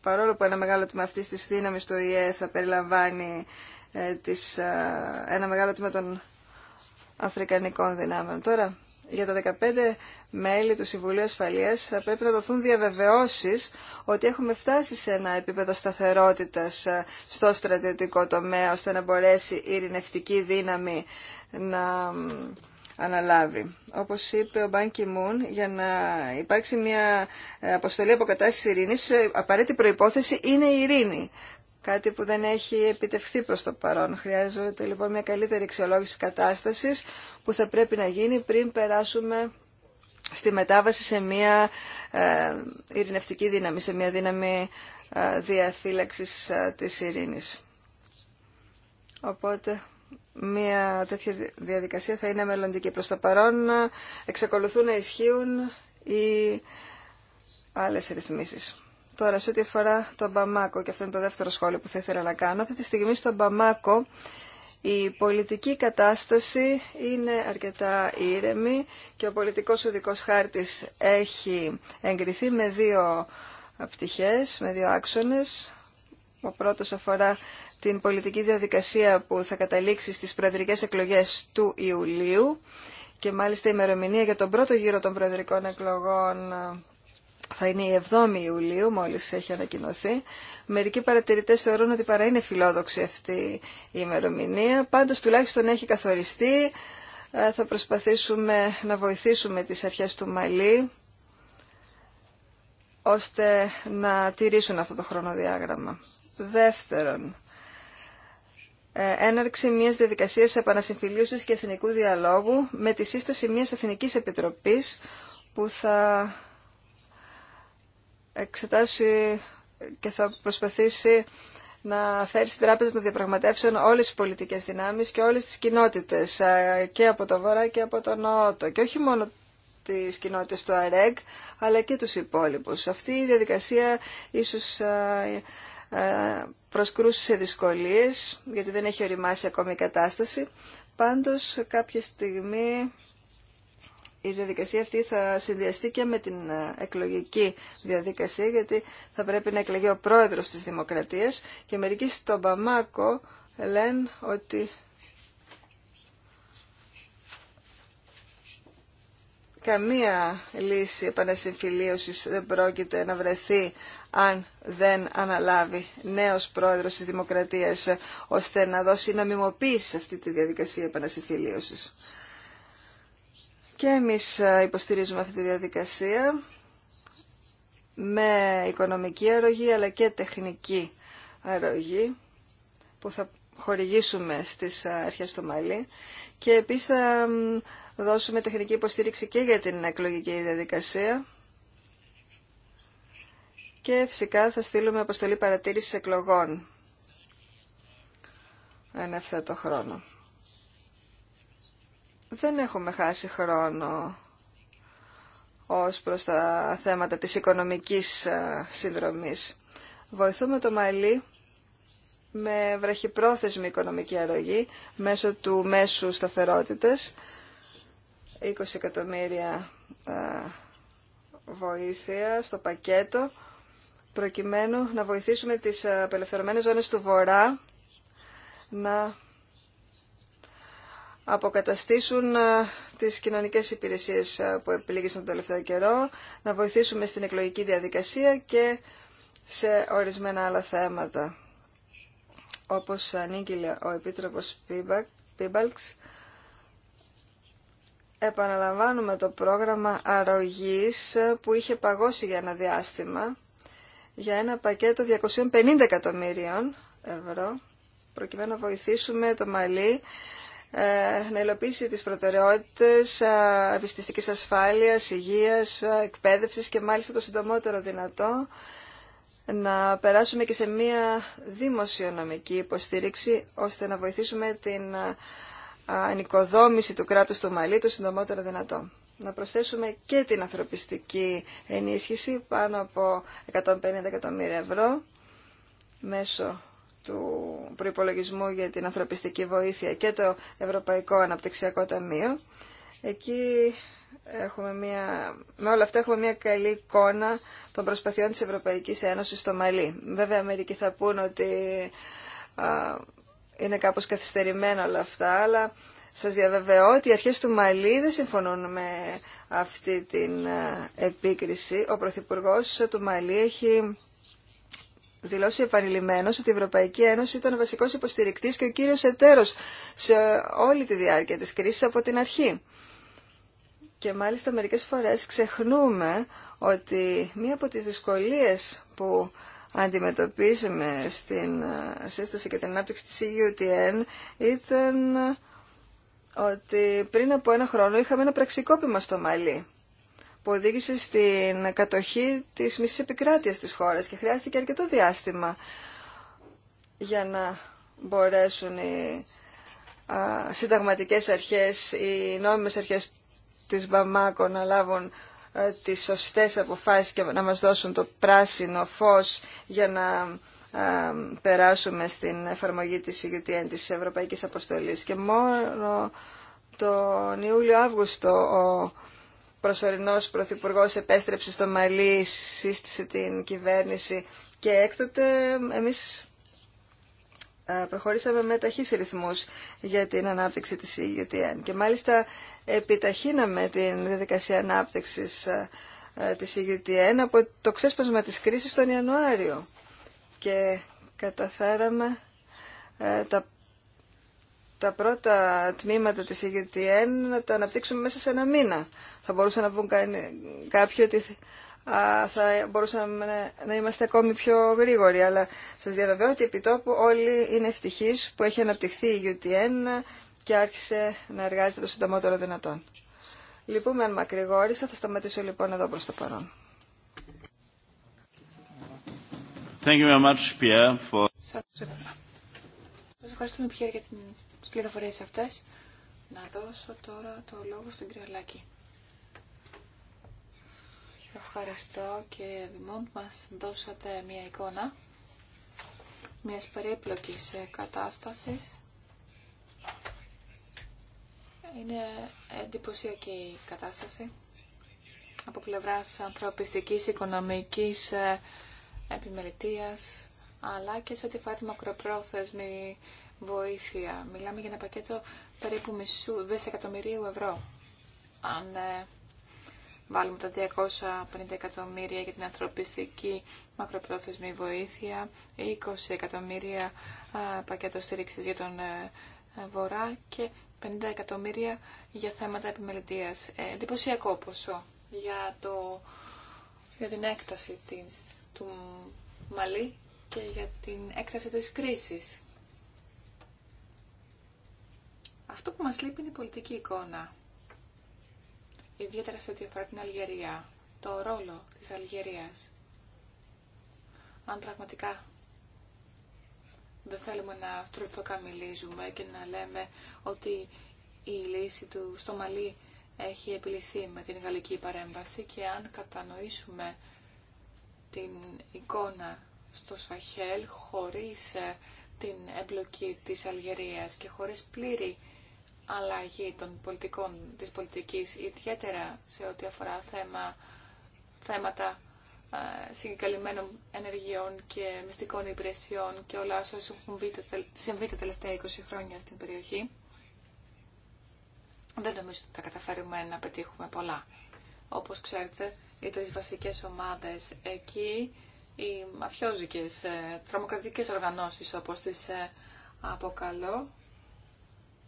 Παρόλο που ένα μεγάλο τμήμα αυτής της δύναμης του ΙΕ θα περιλαμβάνει ε, της, ε, ένα μεγάλο τμήμα των αφρικανικών δυνάμεων. Τώρα, για τα 15 μέλη του Συμβουλίου Ασφαλείας θα πρέπει να δοθούν διαβεβαιώσεις ότι έχουμε φτάσει σε ένα επίπεδο σταθερότητας ε, στο στρατιωτικό τομέα ώστε να μπορέσει η ειρηνευτική δύναμη να αναλάβει. Όπως είπε ο Μπάνκι Μουν, για να υπάρξει μια αποστολή αποκατάστασης ειρήνης, απαραίτητη προϋπόθεση είναι η ειρήνη κάτι που δεν έχει επιτευχθεί προς το παρόν. Χρειάζεται λοιπόν μια καλύτερη αξιολόγηση κατάστασης που θα πρέπει να γίνει πριν περάσουμε στη μετάβαση σε μια ε, ειρηνευτική δύναμη, σε μια δύναμη ε, διαφύλαξης ε, της ειρήνης. Οπότε μια τέτοια διαδικασία θα είναι μελλοντική. Προς το παρόν εξακολουθούν να ισχύουν οι άλλες ρυθμίσεις. Τώρα, σε ό,τι αφορά τον Μπαμάκο, και αυτό είναι το δεύτερο σχόλιο που θα ήθελα να κάνω, αυτή τη στιγμή στον Μπαμάκο η πολιτική κατάσταση είναι αρκετά ήρεμη και ο πολιτικός οδικός χάρτης έχει εγκριθεί με δύο πτυχές, με δύο άξονες. Ο πρώτος αφορά την πολιτική διαδικασία που θα καταλήξει στις προεδρικές εκλογές του Ιουλίου και μάλιστα η ημερομηνία για τον πρώτο γύρο των προεδρικών εκλογών θα είναι η 7η Ιουλίου, μόλις έχει ανακοινωθεί. Μερικοί παρατηρητές θεωρούν ότι παρά είναι φιλόδοξη αυτή η ημερομηνία. Πάντως τουλάχιστον έχει καθοριστεί. Ε, θα προσπαθήσουμε να βοηθήσουμε τις αρχές του Μαλή ώστε να τηρήσουν αυτό το χρονοδιάγραμμα. Δεύτερον, ε, έναρξη μιας διαδικασίας επανασυμφιλίωσης και εθνικού διαλόγου με τη σύσταση μιας Εθνικής Επιτροπής που θα εξετάσει και θα προσπαθήσει να φέρει στην τράπεζα των διαπραγματεύσεων όλες τις πολιτικές δυνάμεις και όλες τις κοινότητες και από το Βορρά και από το Νότο και όχι μόνο τις κοινότητες του ΑΡΕΓ αλλά και τους υπόλοιπους. Αυτή η διαδικασία ίσως προσκρούσε σε δυσκολίες γιατί δεν έχει οριμάσει ακόμη η κατάσταση. Πάντως κάποια στιγμή η διαδικασία αυτή θα συνδυαστεί και με την ε, εκλογική διαδικασία γιατί θα πρέπει να εκλεγεί ο πρόεδρος της Δημοκρατίας και μερικοί στον Παμάκο λένε ότι καμία λύση επανασυμφιλίωσης δεν πρόκειται να βρεθεί αν δεν αναλάβει νέος πρόεδρος της Δημοκρατίας ώστε να δώσει να μιμοποιήσει αυτή τη διαδικασία επανασυμφιλίωσης. Και εμείς ε, υποστηρίζουμε αυτή τη διαδικασία με οικονομική αρρωγή αλλά και τεχνική αρρωγή που θα χορηγήσουμε στις ε, αρχές του Μαλή και επίσης θα δώσουμε τεχνική υποστήριξη και για την εκλογική διαδικασία και φυσικά θα στείλουμε αποστολή παρατήρησης εκλογών εν το χρόνο δεν έχουμε χάσει χρόνο ως προς τα θέματα της οικονομικής ε, συνδρομής. Βοηθούμε το Μαλί με βραχυπρόθεσμη οικονομική αρρωγή μέσω του μέσου σταθερότητας 20 εκατομμύρια ε, βοήθεια στο πακέτο προκειμένου να βοηθήσουμε τις απελευθερωμένες ζώνες του Βορρά να αποκαταστήσουν ε, τις κοινωνικές υπηρεσίες ε, που επιλήγησαν τον τελευταίο καιρό, να βοηθήσουμε στην εκλογική διαδικασία και σε ορισμένα άλλα θέματα. Όπως ανήγγειλε ο Επίτροπος Πίμπαλξ, επαναλαμβάνουμε το πρόγραμμα αρρωγής ε, που είχε παγώσει για ένα διάστημα για ένα πακέτο 250 εκατομμύριων ευρώ προκειμένου να βοηθήσουμε το Μαλί ε, να υλοποιήσει τις προτεραιότητες ε, επιστηστικής ασφάλειας, υγείας, ε, εκπαίδευσης και μάλιστα το συντομότερο δυνατό να περάσουμε και σε μία δημοσιονομική υποστήριξη ώστε να βοηθήσουμε την ανοικοδόμηση του κράτους του Μαλή το συντομότερο δυνατό. Να προσθέσουμε και την ανθρωπιστική ενίσχυση πάνω από 150 εκατομμύρια ευρώ μέσω του προϋπολογισμού για την ανθρωπιστική βοήθεια και το Ευρωπαϊκό Αναπτυξιακό Ταμείο. Εκεί έχουμε μια, με όλα αυτά έχουμε μια καλή εικόνα των προσπαθειών της Ευρωπαϊκής Ένωσης στο Μαλί. Βέβαια, μερικοί θα πούν ότι α, είναι κάπως καθυστερημένα όλα αυτά, αλλά σας διαβεβαιώ ότι οι αρχές του Μαλί δεν συμφωνούν με αυτή την επίκριση. Ο Πρωθυπουργός του Μαλί έχει δηλώσει επανειλημμένω ότι η Ευρωπαϊκή Ένωση ήταν ο βασικό υποστηρικτή και ο κύριο εταίρο σε όλη τη διάρκεια τη κρίση από την αρχή. Και μάλιστα μερικέ φορέ ξεχνούμε ότι μία από τι δυσκολίε που αντιμετωπίσαμε στην ε, σύσταση και την ανάπτυξη της EUTN ήταν ότι πριν από ένα χρόνο είχαμε ένα πραξικόπημα στο Μαλί που οδήγησε στην κατοχή της μισής επικράτειας της χώρας και χρειάστηκε αρκετό διάστημα για να μπορέσουν οι συνταγματικές αρχές, οι νόμιμες αρχές της Μπαμάκο να λάβουν τις σωστές αποφάσεις και να μας δώσουν το πράσινο φως για να περάσουμε στην εφαρμογή της e UTN της Ευρωπαϊκής Αποστολής. Και μόνο τον Ιούλιο-Αύγουστο προσωρινός πρωθυπουργός επέστρεψε στο Μαλί, σύστησε την κυβέρνηση και έκτοτε εμείς ε, προχωρήσαμε με ταχύς ρυθμούς για την ανάπτυξη της EUTN και μάλιστα επιταχύναμε την διαδικασία ανάπτυξης ε, ε, της EUTN από το ξέσπασμα της κρίσης τον Ιανουάριο και καταφέραμε τα τα πρώτα τμήματα της UTN να τα αναπτύξουμε μέσα σε ένα μήνα. Θα μπορούσαν να πούν κάποιοι ότι θα μπορούσαμε να είμαστε ακόμη πιο γρήγοροι, αλλά σας διαβεβαιώ ότι επί τόπου όλοι είναι ευτυχείς που έχει αναπτυχθεί η UTN και άρχισε να εργάζεται το συντομότερο δυνατόν. Λυπούμε λοιπόν, αν μακρηγόρησα, θα σταματήσω λοιπόν εδώ προς το παρόν. Thank you very much, Pierre, for... Σας ευχαριστούμε, Πιέρ, για την πληροφορίες αυτές, να δώσω τώρα το λόγο στον κύριο Λάκη. Ευχαριστώ κύριε Δημόντ, μας δώσατε μια εικόνα μιας περίπλοκης κατάστασης. Είναι εντυπωσιακή η κατάσταση από πλευράς ανθρωπιστικής, οικονομικής επιμελητίας, αλλά και σε ό,τι φάει μακροπρόθεσμη βοήθεια. Μιλάμε για ένα πακέτο περίπου μισού δισεκατομμυρίου ευρώ. Αν ε, βάλουμε τα 250 εκατομμύρια για την ανθρωπιστική μακροπρόθεσμη βοήθεια, 20 εκατομμύρια πακέτο στήριξης για τον ε, Βορρά και 50 εκατομμύρια για θέματα επιμελητίας. Ε, εντυπωσιακό ποσό για, το, για την έκταση της, του Μαλή και για την έκταση της κρίσης. Αυτό που μας λείπει είναι η πολιτική εικόνα. Ιδιαίτερα σε ό,τι αφορά την Αλγερία, το ρόλο της Αλγερίας. Αν πραγματικά δεν θέλουμε να στρουθοκαμιλίζουμε και να λέμε ότι η λύση του στο Μαλί έχει επιληθεί με την γαλλική παρέμβαση και αν κατανοήσουμε την εικόνα στο Σαχέλ χωρίς ε, την εμπλοκή της Αλγερίας και χωρίς πλήρη αλλαγή των πολιτικών, της πολιτικής, ιδιαίτερα σε ό,τι αφορά θέμα, θέματα ε, συγκαλυμμένων ενεργειών και μυστικών υπηρεσιών και όλα όσα έχουν συμβεί τα τελευταία 20 χρόνια στην περιοχή. Δεν νομίζω ότι θα καταφέρουμε να πετύχουμε πολλά. Όπως ξέρετε, οι τρεις βασικές ομάδες εκεί, οι μαφιόζικες, ε, τρομοκρατικές οργανώσεις όπως τις ε, αποκαλώ,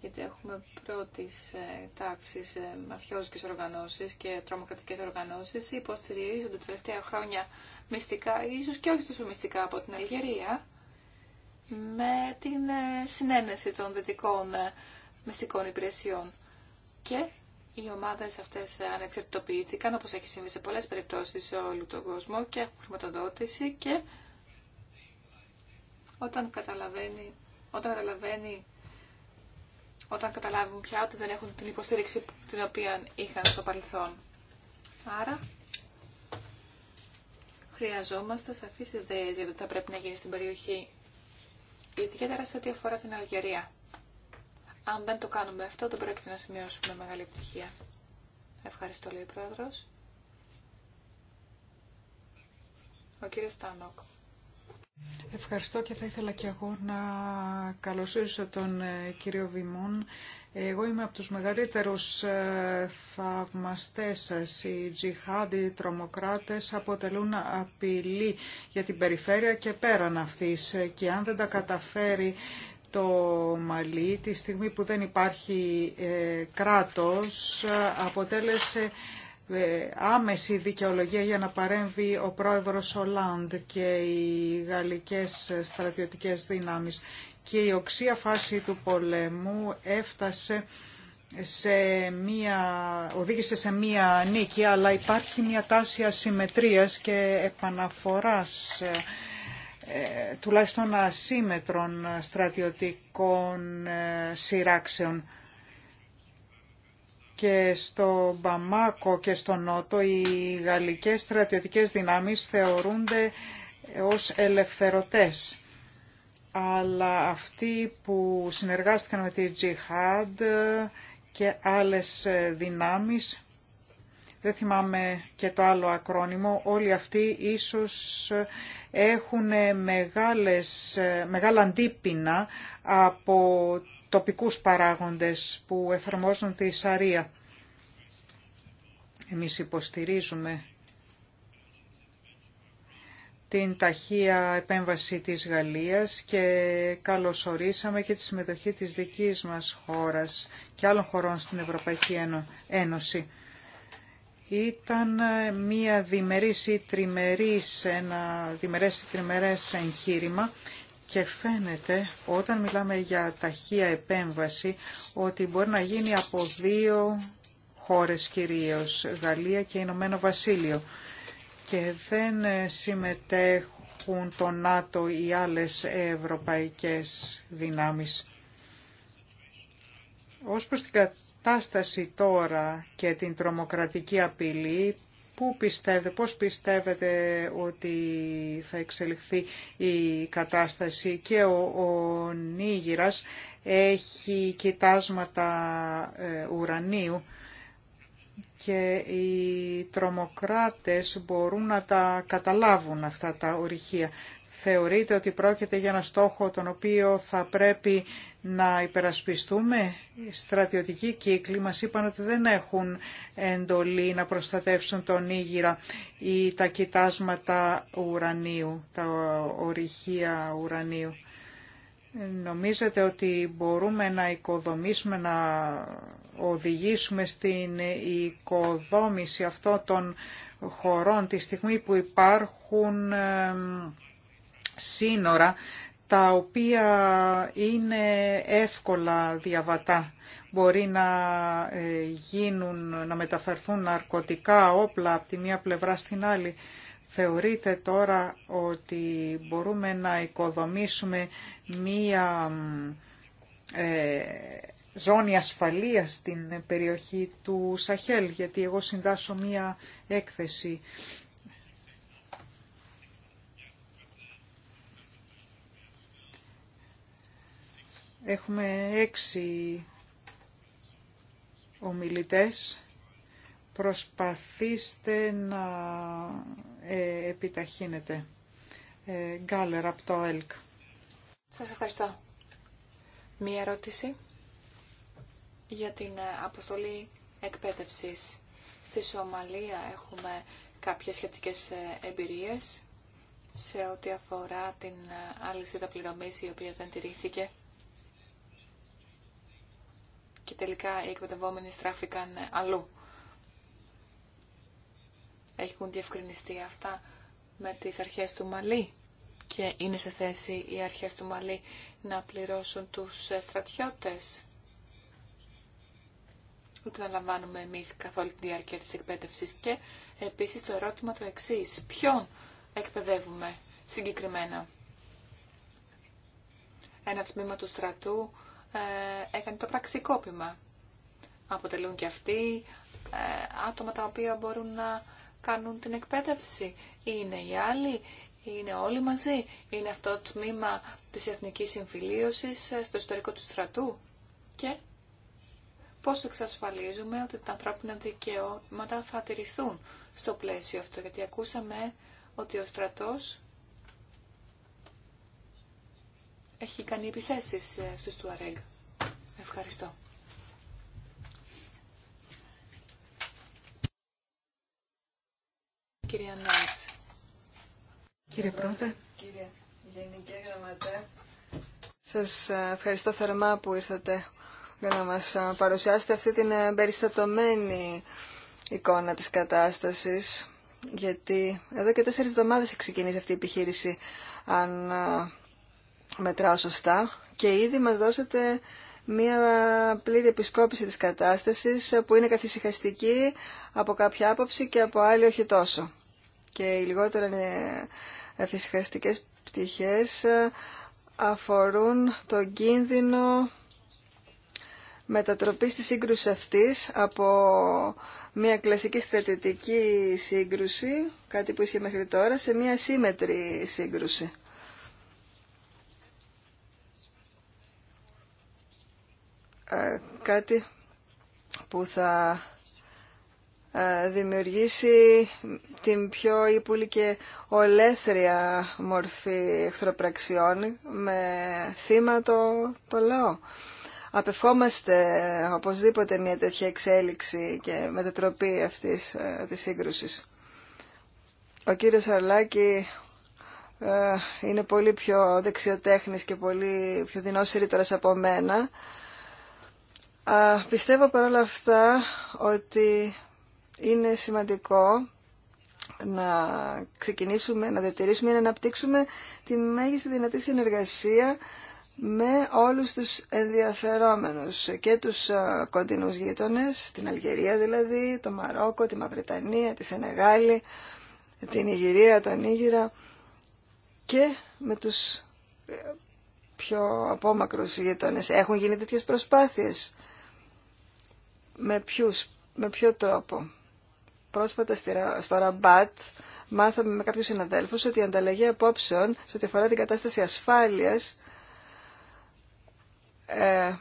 γιατί έχουμε πρώτης ε, τάξης ε, μαφιόζικες οργανώσεις και τρομοκρατικές οργανώσεις, υποστηρίζονται τα τελευταία χρόνια μυστικά, ίσως και όχι τόσο μυστικά από την Αλγερία, με την ε, συνένεση των δυτικών μυστικών υπηρεσιών. Και οι ομάδες αυτές ανεξαρτητοποιήθηκαν, όπως έχει συμβεί σε πολλές περιπτώσεις σε όλο τον κόσμο και έχουν χρηματοδότηση και όταν καταλαβαίνει, όταν καταλαβαίνει όταν καταλάβουν πια ότι δεν έχουν την υποστήριξη την οποία είχαν στο παρελθόν. Άρα, χρειαζόμαστε σαφείς ιδέες για το τι θα πρέπει να γίνει στην περιοχή, ιδιαίτερα σε ό,τι αφορά την Αλγερία. Αν δεν το κάνουμε αυτό, δεν πρόκειται να σημειώσουμε μεγάλη επιτυχία. Ευχαριστώ, λέει ο Πρόεδρος. Ο κύριος Τάνοκ. Ευχαριστώ και θα ήθελα και εγώ να καλωσορίσω τον ε, κύριο Βημών. Εγώ είμαι από τους μεγαλύτερους ε, θαυμαστές σας. Οι τζιχάντι, οι τρομοκράτες αποτελούν απειλή για την περιφέρεια και πέραν αυτής. Ε, και αν δεν τα καταφέρει το Μαλί, τη στιγμή που δεν υπάρχει κράτος, αποτέλεσε ε, άμεση δικαιολογία για να παρέμβει ο πρόεδρος Ολάντ και οι γαλλικές στρατιωτικές δυνάμεις. Και η οξία φάση του πολέμου έφτασε σε μία, οδήγησε σε μία νίκη, αλλά υπάρχει μία τάση ασυμμετρίας και επαναφοράς ε, ε, τουλάχιστον ασύμετρων στρατιωτικών σειράξεων και στο Μπαμάκο και στο Νότο οι γαλλικές στρατιωτικές δυνάμεις θεωρούνται ως ελευθερωτές. Αλλά αυτοί που συνεργάστηκαν με τη Τζιχάντ και άλλες δυνάμεις, δεν θυμάμαι και το άλλο ακρόνιμο, όλοι αυτοί ίσως έχουν μεγάλες, μεγάλα αντίπεινα από τοπικούς παράγοντες που εφαρμόζουν τη Σαρία. Εμείς υποστηρίζουμε την ταχεία επέμβαση της Γαλλίας και καλωσορίσαμε και τη συμμετοχή της δικής μας χώρας και άλλων χωρών στην Ευρωπαϊκή Ένωση. Ήταν μία διμερής ή τριμερής, ένα διμερές ή εγχείρημα και φαίνεται όταν μιλάμε για ταχεία επέμβαση ότι μπορεί να γίνει από δύο χώρες κυρίως, Γαλλία και Ηνωμένο Βασίλειο. Και δεν ε, συμμετέχουν το ΝΑΤΟ ή άλλες ευρωπαϊκές δυνάμεις. Ως προς την κατάσταση τώρα και την τρομοκρατική απειλή Πού πιστεύετε, πώς πιστεύετε ότι θα εξελιχθεί η κατάσταση και ο, ο έχει κοιτάσματα ε, ουρανίου και οι τρομοκράτες μπορούν να τα καταλάβουν αυτά τα ορυχεία. Θεωρείτε ότι πρόκειται για ένα στόχο τον οποίο θα πρέπει να υπερασπιστούμε. Οι στρατιωτικοί κύκλοι μας είπαν ότι δεν έχουν εντολή να προστατεύσουν τον Ήγυρα ή τα κοιτάσματα ουρανίου, τα ορυχεία ουρανίου. Νομίζετε ότι μπορούμε να οικοδομήσουμε, να οδηγήσουμε στην οικοδόμηση αυτών των χωρών τη στιγμή που υπάρχουν σύνορα τα οποία είναι εύκολα διαβατά. Μπορεί να, ε, γίνουν, να μεταφερθούν ναρκωτικά όπλα από τη μία πλευρά στην άλλη. Θεωρείτε τώρα ότι μπορούμε να οικοδομήσουμε μία ε, ζώνη ασφαλείας στην περιοχή του Σαχέλ, γιατί εγώ συντάσω μία έκθεση Έχουμε έξι ομιλητές. Προσπαθήστε να ε, επιταχύνετε. Ε, Γκάλερ από το ΕΛΚ. Σας ευχαριστώ. Μία ερώτηση για την ε, αποστολή εκπαίδευσης. Στη Σομαλία έχουμε κάποιες σχετικές ε, εμπειρίες σε ό,τι αφορά την αλυσίδα πληρωμής η οποία δεν τηρήθηκε και τελικά οι εκπαιδευόμενοι στράφηκαν αλλού. Έχουν διευκρινιστεί αυτά με τις αρχές του Μαλή και είναι σε θέση οι αρχές του Μαλή να πληρώσουν τους στρατιώτες. Ούτε να λαμβάνουμε εμείς καθ' όλη τη διάρκεια της εκπαίδευσης και επίσης το ερώτημα το εξής. Ποιον εκπαιδεύουμε συγκεκριμένα. Ένα τμήμα του στρατού ε, έκανε το πραξικόπημα. Αποτελούν και αυτοί ε, άτομα τα οποία μπορούν να κάνουν την εκπαίδευση. Είναι οι άλλοι, είναι όλοι μαζί. Είναι αυτό το τμήμα της εθνικής συμφιλίωσης ε, στο ιστορικό του στρατού. Και πώς εξασφαλίζουμε ότι τα ανθρώπινα δικαιώματα θα τηρηθούν στο πλαίσιο αυτό. Γιατί ακούσαμε ότι ο στρατός έχει κάνει επιθέσεις ε, στους Τουαρέγ. Ευχαριστώ. Κυρία Νάτς. Κύριε Πρόεδρε. Κύριε Γενική Γραμματέ. Σας ε, ευχαριστώ θερμά που ήρθατε για να μας ε, παρουσιάσετε αυτή την περιστατωμένη εικόνα της κατάστασης γιατί εδώ και τέσσερις εβδομάδες ξεκινήσει αυτή η επιχείρηση αν μετράω σωστά και ήδη μας δώσετε μία πλήρη επισκόπηση της κατάστασης που είναι καθησυχαστική από κάποια άποψη και από άλλη όχι τόσο. Και οι λιγότερο εφησυχαστικές πτυχές αφορούν το κίνδυνο μετατροπής της σύγκρουσης αυτής από μια κλασική στρατιωτική σύγκρουση, κάτι που είχε μέχρι τώρα, σε μια σύμμετρη σύγκρουση. Ε, κάτι που θα ε, δημιουργήσει την πιο ύπουλη και ολέθρια μορφή εχθροπραξιών με θύμα το, το λαό. Απευχόμαστε οπωσδήποτε μια τέτοια εξέλιξη και μετατροπή αυτής ε, της σύγκρουσης. Ο κύριος Αρλάκη είναι πολύ πιο δεξιοτέχνης και πολύ πιο τώρα από μένα Α, πιστεύω παρόλα αυτά ότι είναι σημαντικό να ξεκινήσουμε, να διατηρήσουμε να αναπτύξουμε τη μέγιστη δυνατή συνεργασία με όλους τους ενδιαφερόμενους και τους κοντινούς γείτονες, την Αλγερία δηλαδή, το Μαρόκο, τη Μαυριτανία, τη Σενεγάλη, την Ιγυρία, τον Ήγυρα και με τους ε, πιο απόμακρους γείτονες. Έχουν γίνει τέτοιες προσπάθειες με, ποιους, με ποιο τρόπο. Πρόσφατα στο Ραμπάτ μάθαμε με κάποιους συναδέλφους ότι η ανταλλαγή απόψεων σε ό,τι αφορά την κατάσταση ασφάλειας ε,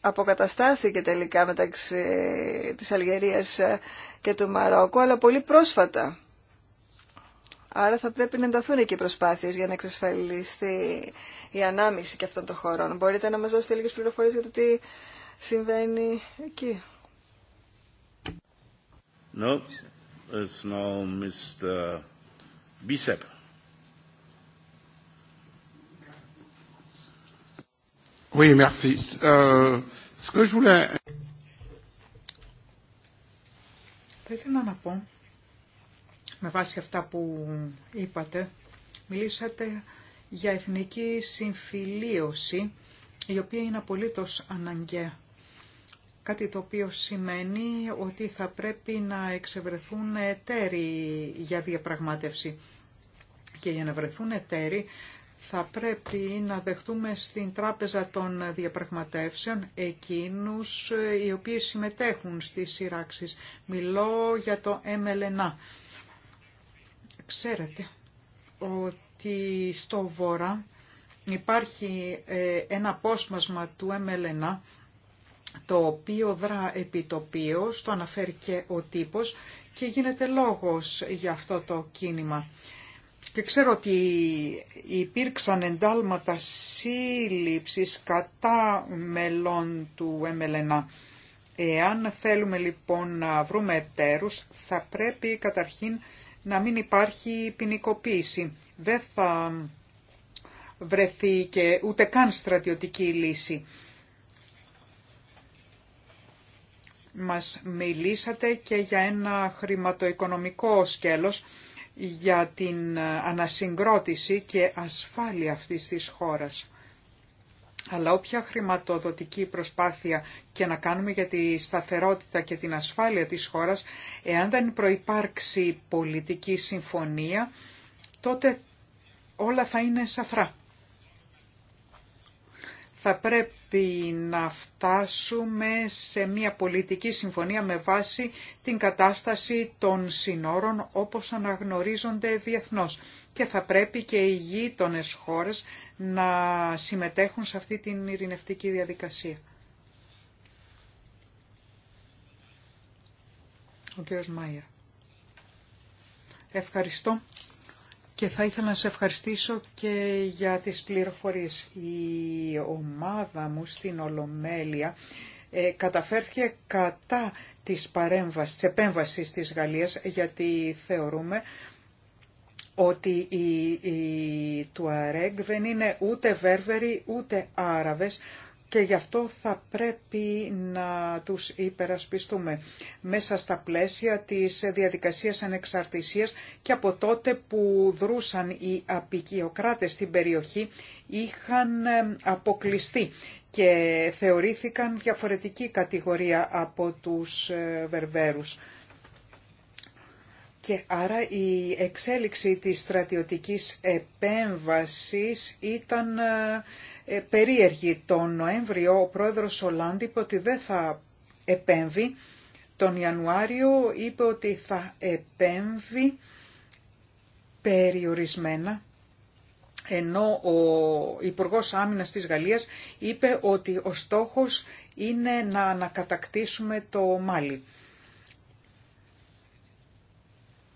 αποκαταστάθηκε τελικά μεταξύ της Αλγερίας ε, και του Μαρόκου, αλλά πολύ πρόσφατα. Άρα θα πρέπει να ενταθούν εκεί οι προσπάθειες για να εξασφαλιστεί η ανάμιση και αυτών των χωρών. Μπορείτε να μας δώσετε λίγες πληροφορίες για το τι συμβαίνει εκεί. No, it's now Mr. Bicep. Oui, merci. Euh, ce que je voulais... Θα ήθελα να πω, με βάση αυτά που είπατε, μιλήσατε για εθνική συμφιλίωση, η οποία είναι απολύτως αναγκαία. Κάτι το οποίο σημαίνει ότι θα πρέπει να εξευρεθούν εταίροι για διαπραγμάτευση. Και για να βρεθούν εταίροι θα πρέπει να δεχτούμε στην Τράπεζα των Διαπραγματεύσεων εκείνους ε, οι οποίοι συμμετέχουν στις σειράξεις. Μιλώ για το MLNA. Ξέρετε ότι στο Βόρα υπάρχει ε, ένα πόσμασμα του MLNA το οποίο δρά επιτοπίως, το αναφέρει και ο τύπος και γίνεται λόγος για αυτό το κίνημα. Και ξέρω ότι υπήρξαν εντάλματα σύλληψης κατά μελών του ΕΜΕΛΕΝΑ. Εάν θέλουμε λοιπόν να βρούμε τέρους θα πρέπει καταρχήν να μην υπάρχει ποινικοποίηση. Δεν θα βρεθεί και ούτε καν στρατιωτική λύση. Μας μιλήσατε και για ένα χρηματοοικονομικό σκέλος για την ανασυγκρότηση και ασφάλεια αυτής της χώρας. Αλλά όποια χρηματοδοτική προσπάθεια και να κάνουμε για τη σταθερότητα και την ασφάλεια της χώρας, εάν δεν προϋπάρξει πολιτική συμφωνία, τότε όλα θα είναι σαφρά θα πρέπει να φτάσουμε σε μια πολιτική συμφωνία με βάση την κατάσταση των συνόρων όπως αναγνωρίζονται διεθνώς και θα πρέπει και οι γείτονε χώρες να συμμετέχουν σε αυτή την ειρηνευτική διαδικασία. Ο κύριος Ευχαριστώ και θα ήθελα να σε ευχαριστήσω και για τις πληροφορίες. Η ομάδα μου στην Ολομέλεια ε, καταφέρθηκε κατά της, παρέμβασης, της επέμβασης της Γαλλίας γιατί θεωρούμε ότι οι, οι δεν είναι ούτε Βέρβεροι ούτε Άραβες και γι' αυτό θα πρέπει να τους υπερασπιστούμε μέσα στα πλαίσια της διαδικασίας ανεξαρτησίας και από τότε που δρούσαν οι απικιοκράτες στην περιοχή είχαν αποκλειστεί και θεωρήθηκαν διαφορετική κατηγορία από τους ε, Βερβέρους. Και άρα η εξέλιξη της στρατιωτικής επέμβασης ήταν ε, ε, περίεργη. Τον Νοέμβριο ο πρόεδρος Ολάντη είπε ότι δεν θα επέμβει. Τον Ιανουάριο είπε ότι θα επέμβει περιορισμένα ενώ ο Υπουργός Άμυνας της Γαλλίας είπε ότι ο στόχος είναι να ανακατακτήσουμε το Μάλι.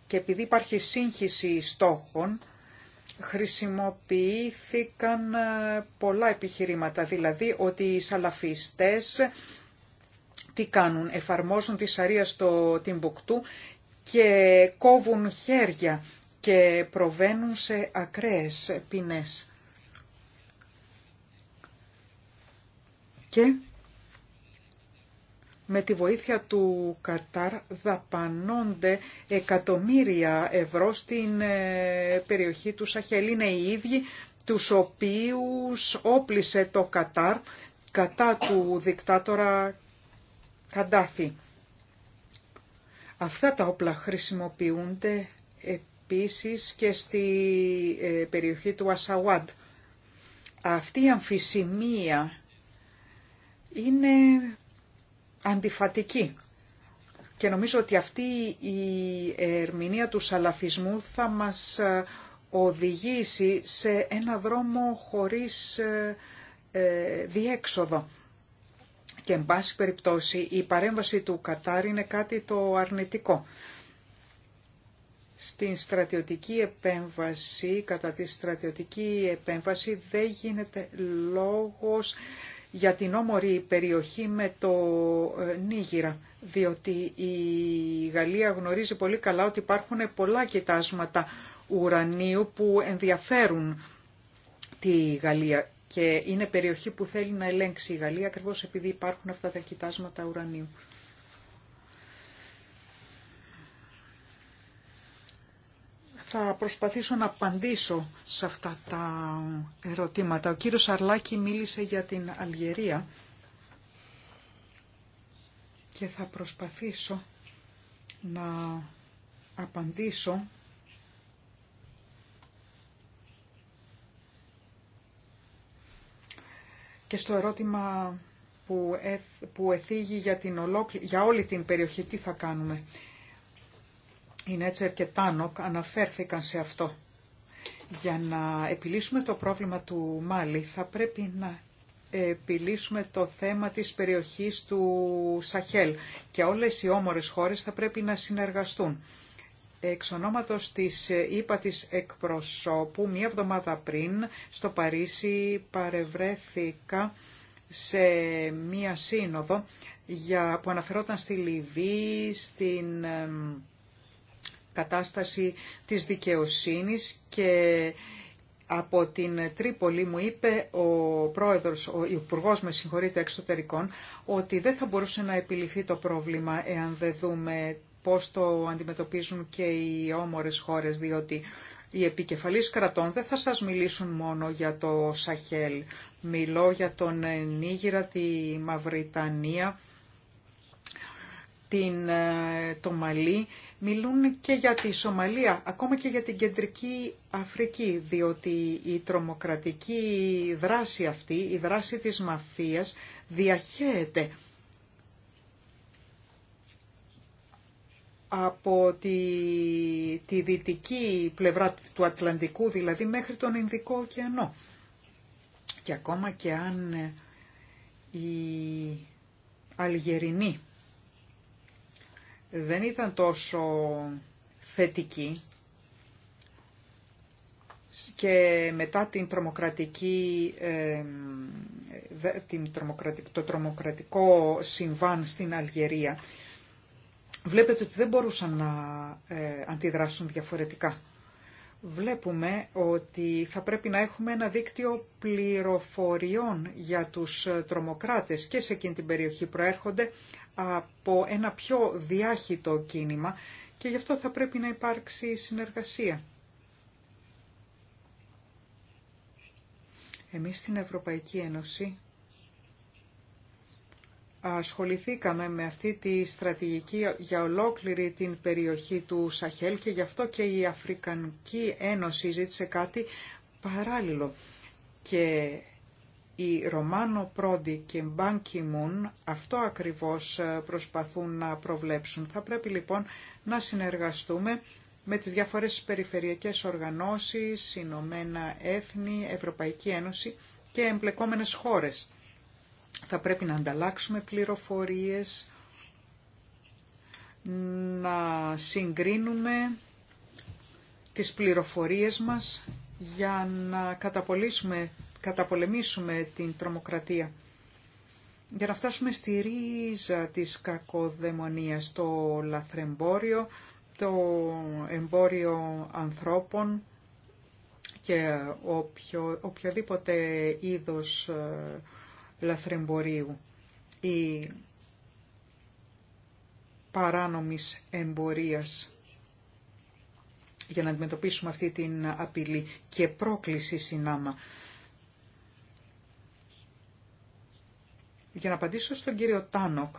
Και επειδή υπάρχει σύγχυση στόχων, χρησιμοποιήθηκαν ε, πολλά επιχειρήματα, δηλαδή ότι οι σαλαφιστές τι κάνουν, εφαρμόζουν τη σαρία στο Τιμπουκτού και κόβουν χέρια και προβαίνουν σε ακραίες ποινές. Και με τη βοήθεια του Κατάρ δαπανώνται εκατομμύρια ευρώ στην ε, περιοχή του Σαχέλ. Είναι οι ίδιοι τους οποίους όπλησε το Κατάρ κατά του δικτάτορα Καντάφη. Αυτά τα όπλα χρησιμοποιούνται επίσης και στη ε, περιοχή του Ασαουάντ. Αυτή η αμφισημία είναι αντιφατική. Και νομίζω ότι αυτή η ερμηνεία του σαλαφισμού θα μας ε, οδηγήσει σε ένα δρόμο χωρίς ε, ε, διέξοδο. Και εν πάση περιπτώσει η παρέμβαση του Κατάρ είναι κάτι το αρνητικό. Στην στρατιωτική επέμβαση, κατά τη στρατιωτική επέμβαση δεν γίνεται λόγος για την όμορφη περιοχή με το ε, Νίγηρα, διότι η Γαλλία γνωρίζει πολύ καλά ότι υπάρχουν πολλά κοιτάσματα ουρανίου που ενδιαφέρουν τη Γαλλία και είναι περιοχή που θέλει να ελέγξει η Γαλλία ακριβώς επειδή υπάρχουν αυτά τα κοιτάσματα ουρανίου. Θα προσπαθήσω να απαντήσω σε αυτά τα ερωτήματα. Ο κύριος Αρλάκη μίλησε για την Αλγερία και θα προσπαθήσω να απαντήσω και στο ερώτημα που, εθίγει για, την για όλη την περιοχή τι θα κάνουμε. Η Νέτσερ και Τάνοκ αναφέρθηκαν σε αυτό. Για να επιλύσουμε το πρόβλημα του Μάλι θα πρέπει να επιλύσουμε το θέμα της περιοχής του Σαχέλ και όλες οι όμορες χώρες θα πρέπει να συνεργαστούν. Εξ ονόματος της ε, είπα της εκπροσώπου, μία εβδομάδα πριν στο Παρίσι παρευρέθηκα σε μία σύνοδο για, που αναφερόταν στη Λιβύη, στην κατάσταση της δικαιοσύνης και από την Τρίπολη μου είπε ο πρόεδρος, ο υπουργό με συγχωρείτε εξωτερικών, ότι δεν θα μπορούσε να επιληθεί το πρόβλημα εάν δεν δούμε πώς το αντιμετωπίζουν και οι όμορες χώρες, διότι οι επικεφαλής κρατών δεν θα σας μιλήσουν μόνο για το Σαχέλ. Μιλώ για τον Νίγηρα, τη Μαυριτανία, την, ε, το Μαλί μιλούν και για τη Σομαλία, ακόμα και για την Κεντρική Αφρική, διότι η τρομοκρατική δράση αυτή, η δράση της μαφίας, διαχέεται από τη, τη δυτική πλευρά του Ατλαντικού, δηλαδή μέχρι τον Ινδικό ωκεανό. Και ακόμα και αν οι Αλγερινοί δεν ήταν τόσο θετική και μετά την τρομοκρατική, το τρομοκρατικό συμβάν στην Αλγερία, βλέπετε ότι δεν μπορούσαν να ε, αντιδράσουν διαφορετικά βλέπουμε ότι θα πρέπει να έχουμε ένα δίκτυο πληροφοριών για τους ε, τρομοκράτες και σε εκείνη την περιοχή προέρχονται από ένα πιο διάχυτο κίνημα και γι' αυτό θα πρέπει να υπάρξει συνεργασία. Εμείς στην Ευρωπαϊκή Ένωση ασχοληθήκαμε με αυτή τη στρατηγική για ολόκληρη την περιοχή του Σαχέλ και γι' αυτό και η Αφρικανική Ένωση ζήτησε κάτι παράλληλο. Και οι Ρωμάνο Πρόντι και Μπάνκι Μουν αυτό ακριβώς ε, προσπαθούν να προβλέψουν. Θα πρέπει λοιπόν να συνεργαστούμε με τις διαφορές περιφερειακές οργανώσεις, Ηνωμένα Έθνη, Ευρωπαϊκή Ένωση και εμπλεκόμενες χώρες θα πρέπει να ανταλλάξουμε πληροφορίες, να συγκρίνουμε τις πληροφορίες μας για να καταπολεμήσουμε, καταπολεμήσουμε την τρομοκρατία. Για να φτάσουμε στη ρίζα της κακοδαιμονίας, το λαθρεμπόριο, το εμπόριο ανθρώπων και οποιοδήποτε είδος ε, λαθρεμπορίου ή παράνομης εμπορίας για να αντιμετωπίσουμε αυτή την απειλή και πρόκληση συνάμα. Για να απαντήσω στον κύριο Τάνοκ,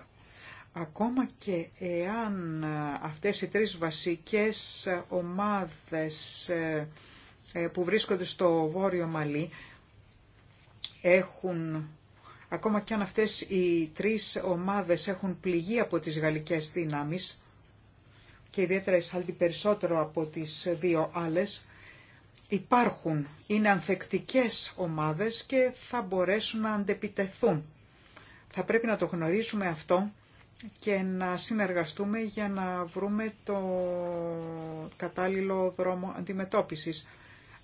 ακόμα και εάν αυτές οι τρεις βασικές ομάδες ε, που βρίσκονται στο Βόρειο Μαλί έχουν Ακόμα και αν αυτές οι τρεις ομάδες έχουν πληγεί από τις γαλλικές δυνάμεις και ιδιαίτερα εισάλτη περισσότερο από τις δύο άλλες, υπάρχουν, είναι ανθεκτικές ομάδες και θα μπορέσουν να αντεπιτεθούν. Θα πρέπει να το γνωρίσουμε αυτό και να συνεργαστούμε για να βρούμε το κατάλληλο δρόμο αντιμετώπισης.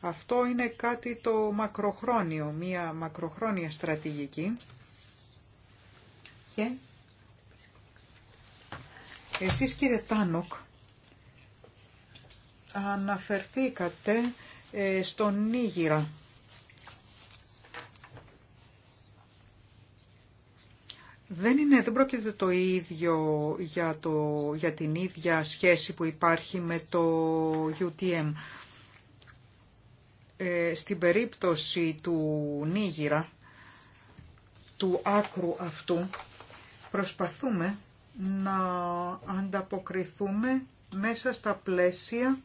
Αυτό είναι κάτι το μακροχρόνιο, μία μακροχρόνια στρατηγική. Και εσείς κύριε Τάνοκ αναφερθήκατε ε, στον Νίγηρα. Δεν, είναι, δεν πρόκειται το ίδιο για, το, για την ίδια σχέση που υπάρχει με το UTM. Ε, στην περίπτωση του Νίγηρα, του άκρου αυτού, προσπαθούμε να ανταποκριθούμε μέσα στα πλαίσια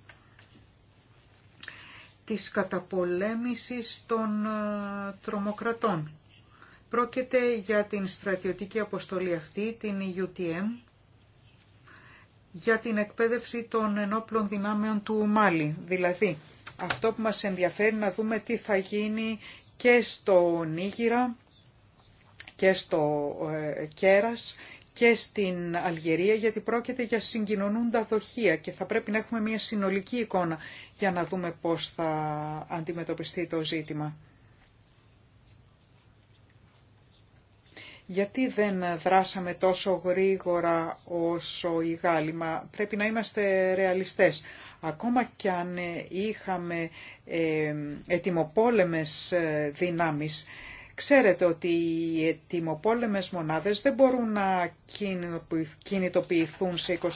της καταπολέμησης των ε, τρομοκρατών. Πρόκειται για την στρατιωτική αποστολή αυτή, την UTM, για την εκπαίδευση των ενόπλων δυνάμεων του Μάλι, δηλαδή αυτό που μας ενδιαφέρει να δούμε τι θα γίνει και στο Νίγηρα και στο ε, Κέρας και στην Αλγερία γιατί πρόκειται για συγκοινωνούντα δοχεία και θα πρέπει να έχουμε μια συνολική εικόνα για να δούμε πώς θα αντιμετωπιστεί το ζήτημα. Γιατί δεν δράσαμε τόσο γρήγορα όσο η Γάλλοι, μα πρέπει να είμαστε ρεαλιστές. Ακόμα κι αν ε, είχαμε ε, ετοιμοπόλεμες ε, δυνάμεις, ξέρετε ότι οι ετοιμοπόλεμες μονάδες δεν μπορούν να κινητοποιηθούν σε 24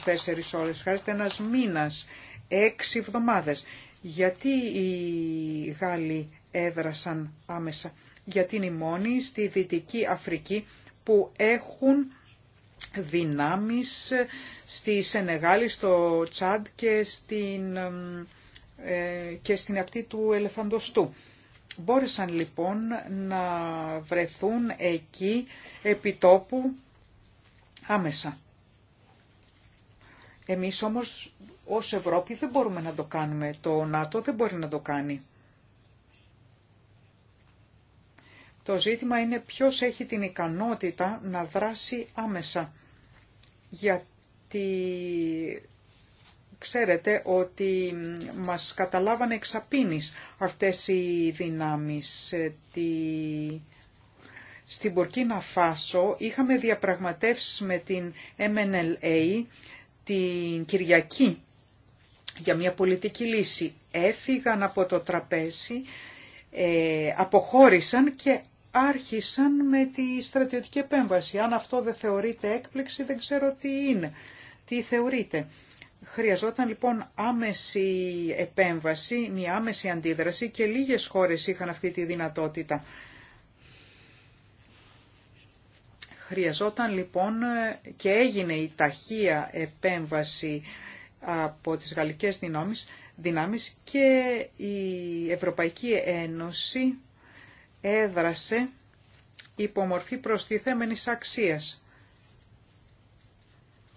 ώρες, χάρη ένας μήνας, έξι εβδομάδες. Γιατί οι Γάλλοι έδρασαν άμεσα. Γιατί είναι οι μόνοι στη Δυτική Αφρική που έχουν δυνάμεις στη Σενεγάλη, στο Τσάντ και στην, ε, και στην ακτή του Ελεφαντοστού. Μπόρεσαν λοιπόν να βρεθούν εκεί επιτόπου άμεσα. Εμείς όμως ως Ευρώπη δεν μπορούμε να το κάνουμε. Το ΝΑΤΟ δεν μπορεί να το κάνει. Το ζήτημα είναι ποιος έχει την ικανότητα να δράσει άμεσα γιατί ξέρετε ότι μας καταλάβανε εξαπίνης αυτές οι δυνάμεις. Στην Πορκίνα Φάσο είχαμε διαπραγματεύσεις με την MNLA την Κυριακή για μια πολιτική λύση. Έφυγαν από το τραπέζι, ε, αποχώρησαν και άρχισαν με τη στρατιωτική επέμβαση. Αν αυτό δεν θεωρείται έκπληξη δεν ξέρω τι είναι, τι θεωρείται. Χρειαζόταν λοιπόν άμεση επέμβαση, μια άμεση αντίδραση και λίγες χώρες είχαν αυτή τη δυνατότητα. Χρειαζόταν λοιπόν και έγινε η ταχεία επέμβαση από τις γαλλικές δυνάμεις, και η Ευρωπαϊκή Ένωση έδρασε υπομορφή προστιθέμενης αξίας,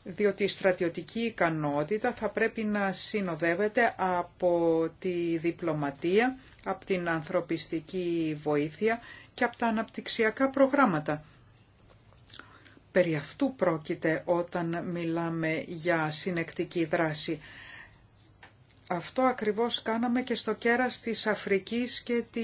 διότι η στρατιωτική ικανότητα θα πρέπει να συνοδεύεται από τη διπλωματία, από την ανθρωπιστική βοήθεια και από τα αναπτυξιακά προγράμματα. Περί αυτού πρόκειται όταν μιλάμε για συνεκτική δράση. Αυτό ακριβώς κάναμε και στο κέρας της Αφρικής και τη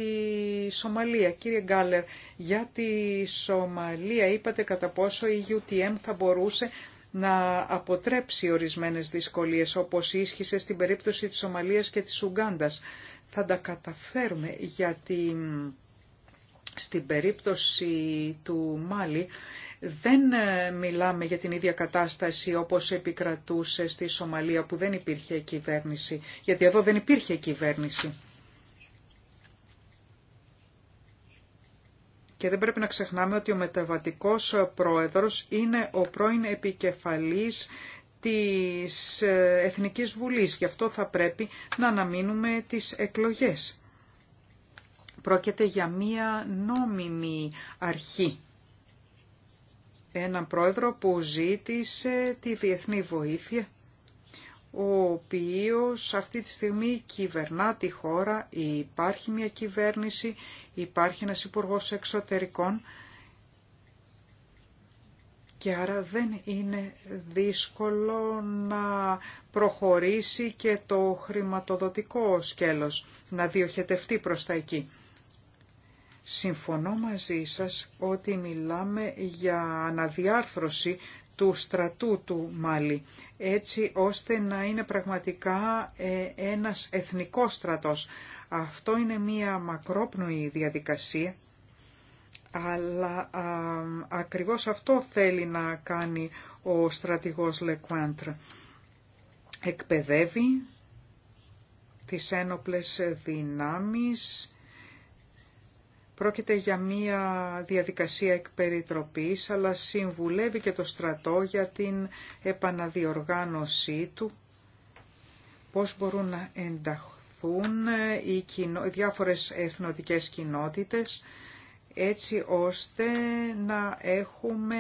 Σομαλία. Κύριε Γκάλερ, για τη Σομαλία είπατε κατά πόσο η UTM θα μπορούσε να αποτρέψει ορισμένες δυσκολίες, όπως ίσχυσε στην περίπτωση της Σομαλίας και της Ουγκάντας. Θα τα καταφέρουμε, γιατί στην περίπτωση του Μάλι δεν ε, μιλάμε για την ίδια κατάσταση όπως επικρατούσε στη Σομαλία που δεν υπήρχε κυβέρνηση, γιατί εδώ δεν υπήρχε κυβέρνηση. Και δεν πρέπει να ξεχνάμε ότι ο μεταβατικός πρόεδρος είναι ο πρώην επικεφαλής της ε, Εθνικής Βουλής. Γι' αυτό θα πρέπει να αναμείνουμε τις εκλογές. Πρόκειται για μία νόμιμη αρχή έναν πρόεδρο που ζήτησε τη διεθνή βοήθεια, ο οποίος αυτή τη στιγμή κυβερνά τη χώρα, υπάρχει μια κυβέρνηση, υπάρχει ένας υπουργός εξωτερικών και άρα δεν είναι δύσκολο να προχωρήσει και το χρηματοδοτικό σκέλος, να διοχετευτεί προς τα εκεί. Συμφωνώ μαζί σας ότι μιλάμε για αναδιάρθρωση του στρατού του Μάλι, έτσι ώστε να είναι πραγματικά ε, ένας εθνικός στρατός. Αυτό είναι μία μακρόπνοη διαδικασία, αλλά α, ακριβώς αυτό θέλει να κάνει ο στρατηγός Λεκουάντρ. Εκπαιδεύει τις ένοπλες δυνάμεις Πρόκειται για μία διαδικασία εκπεριτροπής, αλλά συμβουλεύει και το στρατό για την επαναδιοργάνωσή του, πώς μπορούν να ενταχθούν οι, διάφορες εθνοτικές κοινότητες, έτσι ώστε να έχουμε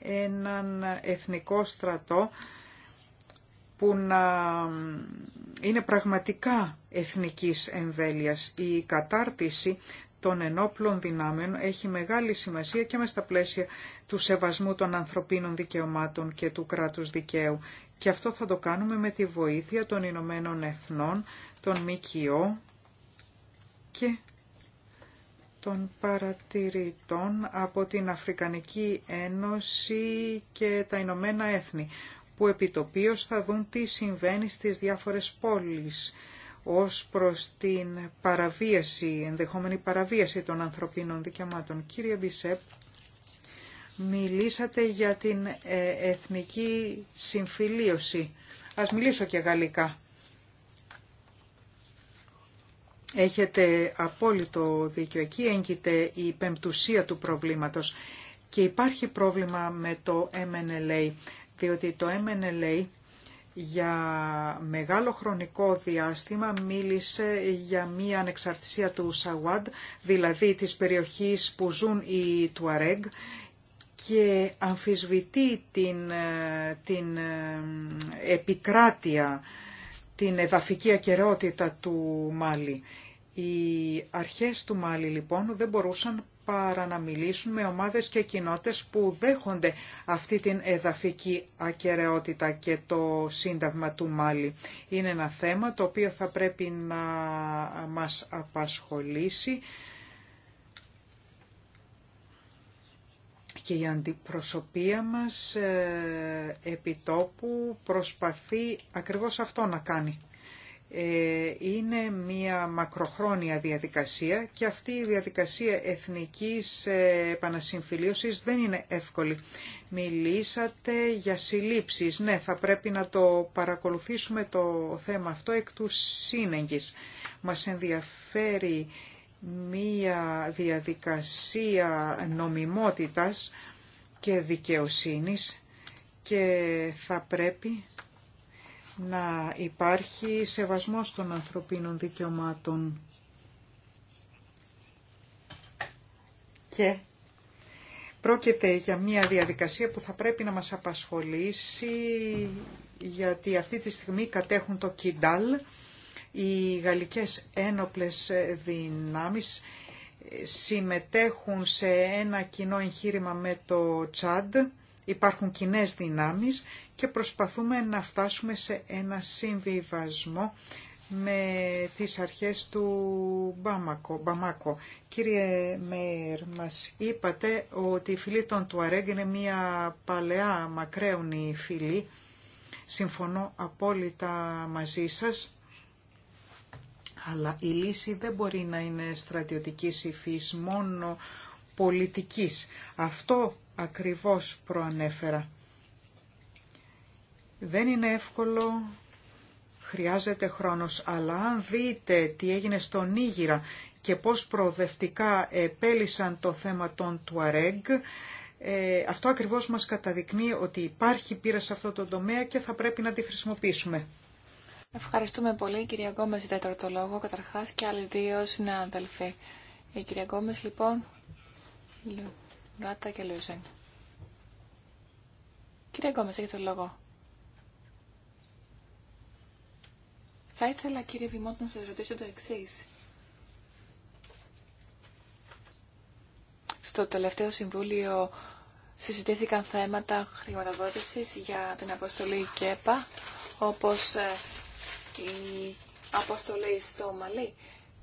έναν εθνικό στρατό που να είναι πραγματικά εθνικής εμβέλειας. Η κατάρτιση των ενόπλων δυνάμεων έχει μεγάλη σημασία και με στα πλαίσια του σεβασμού των ανθρωπίνων δικαιωμάτων και του κράτους δικαίου. Και αυτό θα το κάνουμε με τη βοήθεια των Ηνωμένων Εθνών, των ΜΚΟ και των παρατηρητών από την Αφρικανική Ένωση και τα Ηνωμένα Έθνη, που επιτοπίως θα δουν τι συμβαίνει στις διάφορες πόλεις ως προς την παραβίαση, ενδεχόμενη παραβίαση των ανθρωπίνων δικαιωμάτων. Κύριε Μπισέπ, μιλήσατε για την ε, εθνική συμφιλίωση. Ας μιλήσω και γαλλικά. Έχετε απόλυτο δίκιο. Εκεί έγκυται η πεμπτουσία του προβλήματος. Και υπάρχει πρόβλημα με το MNLA, διότι το MNLA για μεγάλο χρονικό διάστημα μίλησε για μία ανεξαρτησία του Σαουάντ, δηλαδή της περιοχής που ζουν οι Τουαρέγ και αμφισβητεί την, ε, την ε, επικράτεια, την εδαφική ακαιρεότητα του Μάλι. Οι αρχές του Μάλι λοιπόν δεν μπορούσαν παρά να μιλήσουν με ομάδες και κοινότητες που δέχονται αυτή την εδαφική ακαιρεότητα και το σύνταγμα του Μάλι. Είναι ένα θέμα το οποίο θα πρέπει να μας απασχολήσει και η αντιπροσωπεία μας ε, επιτόπου προσπαθεί ακριβώς αυτό να κάνει. Ε, είναι μία μακροχρόνια διαδικασία και αυτή η διαδικασία εθνικής ε, επανασυμφιλίωσης δεν είναι εύκολη. Μιλήσατε για συλλήψεις. Ναι, θα πρέπει να το παρακολουθήσουμε το θέμα αυτό εκ του σύνεγγης. Μας ενδιαφέρει μία διαδικασία νομιμότητας και δικαιοσύνης και θα πρέπει να υπάρχει σεβασμός των ανθρωπίνων δικαιωμάτων και πρόκειται για μια διαδικασία που θα πρέπει να μας απασχολήσει γιατί αυτή τη στιγμή κατέχουν το Κιντάλ οι γαλλικές ένοπλες δυνάμεις συμμετέχουν σε ένα κοινό εγχείρημα με το Τσάντ υπάρχουν κοινέ δυνάμεις και προσπαθούμε να φτάσουμε σε ένα συμβιβασμό με τις αρχές του Μπαμακο. Μπαμάκο. Κύριε Μέιρ, μας είπατε ότι η φυλή των Τουαρέγκ είναι μια παλαιά μακραίωνη φυλή. Συμφωνώ απόλυτα μαζί σας, αλλά η λύση δεν μπορεί να είναι στρατιωτικής υφής, μόνο πολιτικής. Αυτό ακριβώς προανέφερα. Δεν είναι εύκολο, χρειάζεται χρόνος, αλλά αν δείτε τι έγινε στον Νίγηρα και πώς προοδευτικά επέλυσαν το θέμα των Τουαρέγ, ε, αυτό ακριβώς μας καταδεικνύει ότι υπάρχει πείρα σε αυτό το τομέα και θα πρέπει να τη χρησιμοποιήσουμε. Ευχαριστούμε πολύ. κυρία Γκόμες για το λόγο καταρχάς και άλλοι δύο συνάδελφοι. Η κυρία Γκόμες λοιπόν, Λουράτα και Λουζέν. Κυρία Γκόμες, έχετε λόγο. Θα ήθελα κύριε Δημότ να σας ρωτήσω το εξής. Στο τελευταίο Συμβούλιο συζητήθηκαν θέματα χρηματοδότησης για την αποστολή ΚΕΠΑ, όπως ε, η αποστολή στο Μαλί.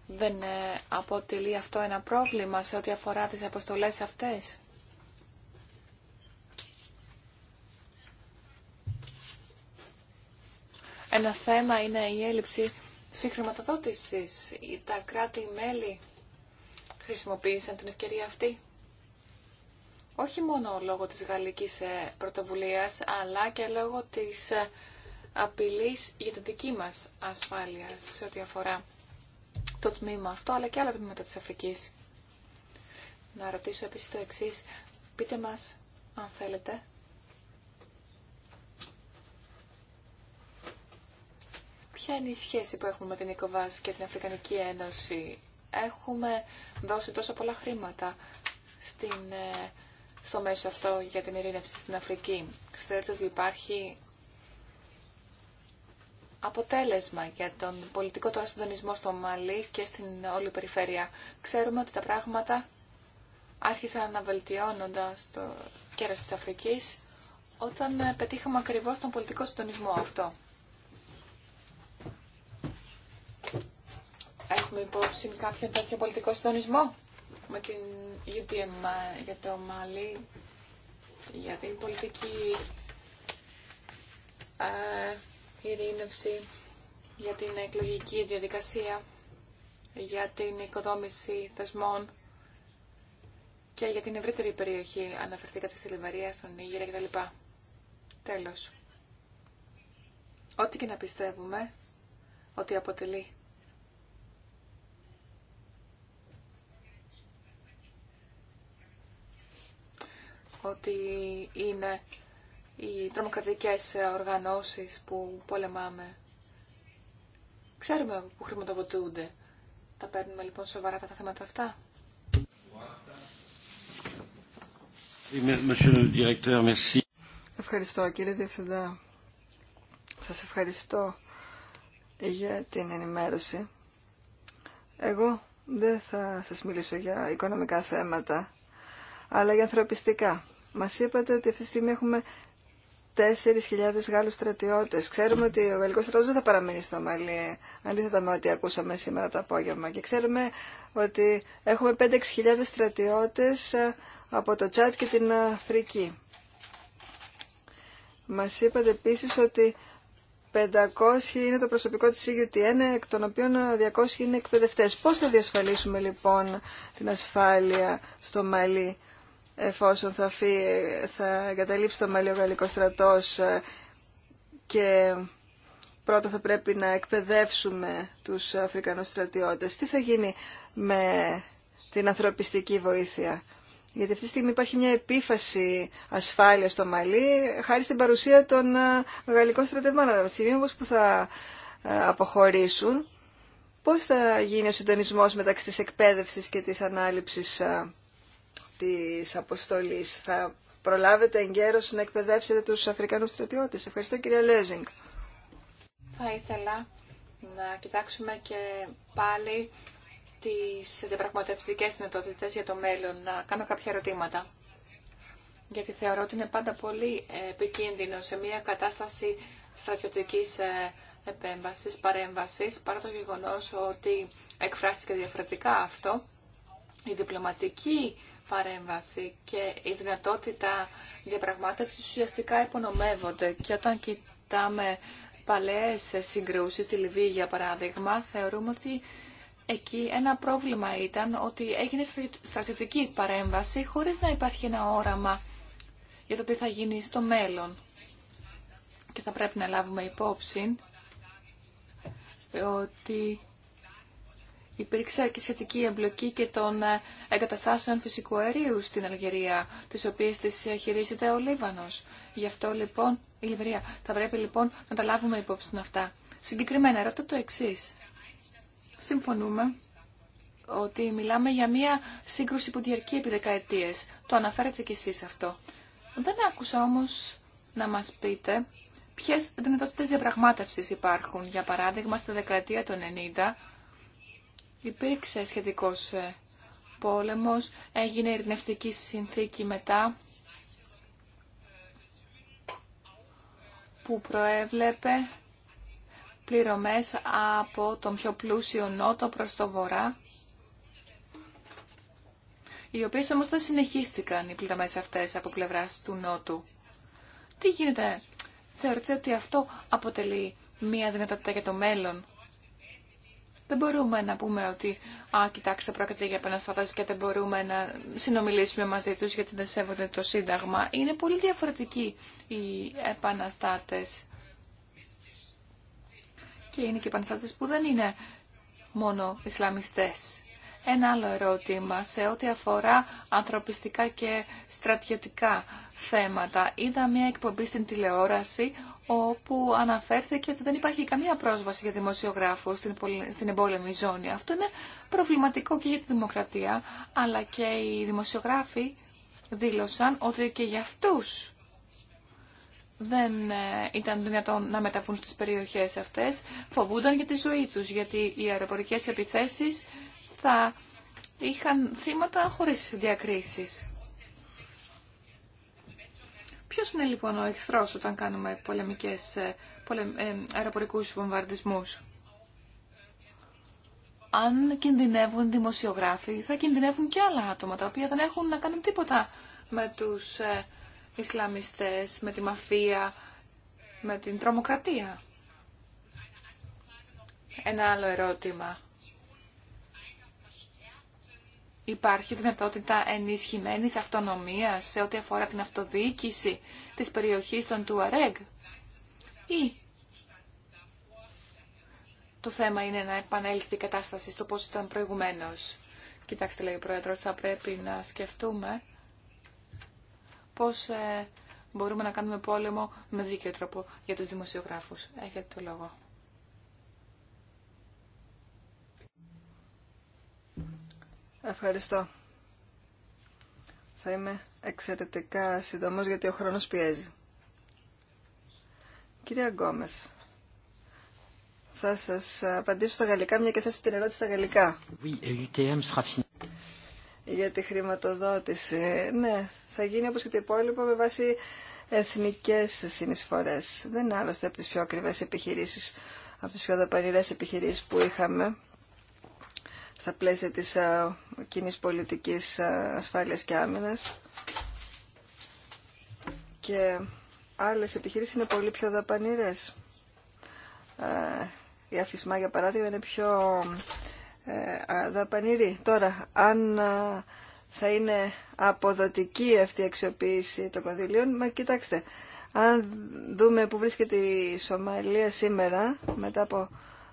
Δεν ε, αποτελεί αυτό ένα πρόβλημα σε ό,τι αφορά τις αποστολές αυτές. Ένα θέμα είναι η έλλειψη συγχρηματοδότησης. Τα κράτη-μέλη χρησιμοποίησαν την ευκαιρία αυτή. Όχι μόνο λόγω της γαλλικής ε, πρωτοβουλίας, αλλά και λόγω της ε, απειλής για την δική μας ασφάλεια σε ό,τι αφορά το τμήμα αυτό, αλλά και άλλα τμήματα της Αφρικής. Να ρωτήσω επίσης το εξής. Πείτε μας, αν θέλετε, ποια είναι η σχέση που έχουμε με την ΕΚΟΒΑΣ και την Αφρικανική Ένωση. Έχουμε δώσει τόσα πολλά χρήματα ε, στο μέσο αυτό για την ειρήνευση στην Αφρική. Θεωρείτε ότι υπάρχει αποτέλεσμα για τον πολιτικό τώρα συντονισμό στο Μαλί και στην όλη περιφέρεια. Ξέρουμε ότι τα πράγματα άρχισαν να βελτιώνονται στο κέρας της Αφρικής όταν ε, πετύχαμε ακριβώς τον πολιτικό συντονισμό αυτό. Έχουμε υπόψη κάποιο τέτοιο πολιτικό συντονισμό με την UTM ε, για το Μαλί, για την πολιτική ε, ειρήνευση, για την εκλογική διαδικασία, για την οικοδόμηση θεσμών και για την ευρύτερη περιοχή. Αναφερθήκατε στη Λιβερία, στον Ήγηρα κτλ. Τέλος. Ό,τι και να πιστεύουμε ότι αποτελεί ότι είναι οι τρομοκρατικές οργανώσεις που πολεμάμε. Ξέρουμε που χρηματοδοτούνται. Τα παίρνουμε λοιπόν σοβαρά τα θέματα αυτά. Ευχαριστώ κύριε Διευθυντά. Σας ευχαριστώ για την ενημέρωση. Εγώ δεν θα σας μιλήσω για οικονομικά θέματα, αλλά για ανθρωπιστικά. Μας είπατε ότι αυτή τη στιγμή έχουμε 4.000 Γάλλους στρατιώτες. Ξέρουμε ότι ο Γαλλικός στρατός δεν θα παραμείνει στο Μαλί, αντίθετα με ό,τι ακούσαμε σήμερα το απόγευμα. Και ξέρουμε ότι έχουμε 5-6.000 στρατιώτες ε, από το Τσάτ και την Αφρική. Μας είπατε επίσης ότι 500 είναι το προσωπικό της EUTN, εκ των οποίων 200 είναι εκπαιδευτές. Πώς θα διασφαλίσουμε λοιπόν την ασφάλεια στο Μαλί εφόσον θα, φύ, θα εγκαταλείψει το Μαλίο Γαλλικό στρατός ε, και πρώτα θα πρέπει να εκπαιδεύσουμε τους Αφρικανούς στρατιώτες. Τι θα γίνει με την ανθρωπιστική βοήθεια. Γιατί αυτή τη στιγμή υπάρχει μια επίφαση ασφάλεια στο Μαλί χάρη στην παρουσία των ε, γαλλικών στρατευμάτων. Από τη στιγμή που θα ε, αποχωρήσουν, πώς θα γίνει ο συντονισμός μεταξύ της εκπαίδευσης και της ανάληψης της αποστολής. Θα προλάβετε εγκαίρως να εκπαιδεύσετε τους Αφρικανούς στρατιώτες. Ευχαριστώ κυρία Λέζινγκ. Θα ήθελα να κοιτάξουμε και πάλι τις διαπραγματευτικές δυνατότητε για το μέλλον. Να κάνω κάποια ερωτήματα. Γιατί θεωρώ ότι είναι πάντα πολύ επικίνδυνο σε μια κατάσταση στρατιωτικής ε, επέμβασης, παρέμβασης, παρά το γεγονός ότι εκφράστηκε διαφορετικά αυτό. Η διπλωματική παρέμβαση και η δυνατότητα διαπραγμάτευσης ουσιαστικά υπονομεύονται. Και όταν κοιτάμε παλαιές συγκρούσεις στη Λιβύη, για παράδειγμα, θεωρούμε ότι εκεί ένα πρόβλημα ήταν ότι έγινε στρατιωτική παρέμβαση χωρίς να υπάρχει ένα όραμα για το τι θα γίνει στο μέλλον. Και θα πρέπει να λάβουμε υπόψη ότι Υπήρξε και σχετική εμπλοκή και των ε, εγκαταστάσεων φυσικού αερίου στην Αλγερία, τις οποίες τις χειρίζεται ο Λίβανος. Γι' αυτό λοιπόν, η Λιβρία, θα πρέπει λοιπόν να τα λάβουμε υπόψη αυτά. Συγκεκριμένα, ρωτώ το εξή. Συμφωνούμε ότι μιλάμε για μια σύγκρουση που διαρκεί επί δεκαετίες. Το αναφέρετε κι εσείς αυτό. Δεν άκουσα όμως να μας πείτε ποιες δυνατότητες διαπραγμάτευσης υπάρχουν. Για παράδειγμα, στη δεκαετία των 90 υπήρξε σχετικός ε, πόλεμος, έγινε ειρηνευτική συνθήκη μετά που προέβλεπε πληρωμές από τον πιο πλούσιο νότο προς το βορρά οι οποίες όμως δεν συνεχίστηκαν οι πληρωμές αυτές από πλευράς του νότου. Τι γίνεται, θεωρείτε ότι αυτό αποτελεί μία δυνατότητα για το μέλλον δεν μπορούμε να πούμε ότι «Α, κοιτάξτε, πρόκειται για επαναστάτες και δεν μπορούμε να συνομιλήσουμε μαζί τους γιατί δεν σέβονται το Σύνταγμα». Είναι πολύ διαφορετικοί οι επαναστάτες. Και είναι και επαναστάτες που δεν είναι μόνο Ισλαμιστές. Ένα άλλο ερώτημα σε ό,τι αφορά ανθρωπιστικά και στρατιωτικά θέματα. Είδα μια εκπομπή στην τηλεόραση όπου αναφέρθηκε ότι δεν υπάρχει καμία πρόσβαση για δημοσιογράφους στην, στην εμπόλεμη ζώνη. Αυτό είναι προβληματικό και για τη δημοκρατία, αλλά και οι δημοσιογράφοι δήλωσαν ότι και για αυτούς δεν ε, ήταν δυνατόν να μεταφούν στις περιοχές αυτές. Φοβούνταν για τη ζωή τους, γιατί οι αεροπορικές επιθέσεις θα είχαν θύματα χωρίς διακρίσεις. Ποιος είναι λοιπόν ο εχθρός όταν κάνουμε πολεμικές, ε, πολεμ, ε, αεροπορικούς βομβαρδισμούς. Αν κινδυνεύουν δημοσιογράφοι, θα κινδυνεύουν και άλλα άτομα, τα οποία δεν έχουν να κάνουν τίποτα με τους ε, Ισλαμιστές, με τη μαφία, με την τρομοκρατία. Ένα άλλο ερώτημα. Υπάρχει δυνατότητα ενισχυμένης αυτονομίας σε ό,τι αφορά την αυτοδιοίκηση της περιοχής των Τουαρέγ ή το θέμα είναι να επανέλθει η κατάσταση στο πώς ήταν προηγουμένως. Κοιτάξτε, λέει ο Πρόεδρος, θα πρέπει να σκεφτούμε πώς ε, μπορούμε να κάνουμε πόλεμο με δίκαιο τρόπο για τους δημοσιογράφους. Έχετε το λόγο. Ευχαριστώ. Θα είμαι εξαιρετικά σύντομος γιατί ο χρόνος πιέζει. Κυρία Γκόμες, θα σας απαντήσω στα γαλλικά, μια και θέσετε την ερώτηση στα γαλλικά. Oui, Για τη χρηματοδότηση. Ναι, θα γίνει όπως και το υπόλοιπο με βάση εθνικές συνεισφορές. Δεν είναι άλλωστε από τις πιο ακριβές επιχειρήσεις, από τις πιο δαπανηρές επιχειρήσεις που είχαμε στα πλαίσια της α, ε, κοινής πολιτικής ε, ασφάλειας και άμυνας και άλλες επιχειρήσεις είναι πολύ πιο δαπανήρες. Ε, η αφισμά, για παράδειγμα, είναι πιο δαπανήρη. Τώρα, αν θα είναι αποδοτική αυτή η αξιοποίηση των κονδυλίων, μα κοιτάξτε, αν δούμε που βρίσκεται η Σομαλία σήμερα, μετά από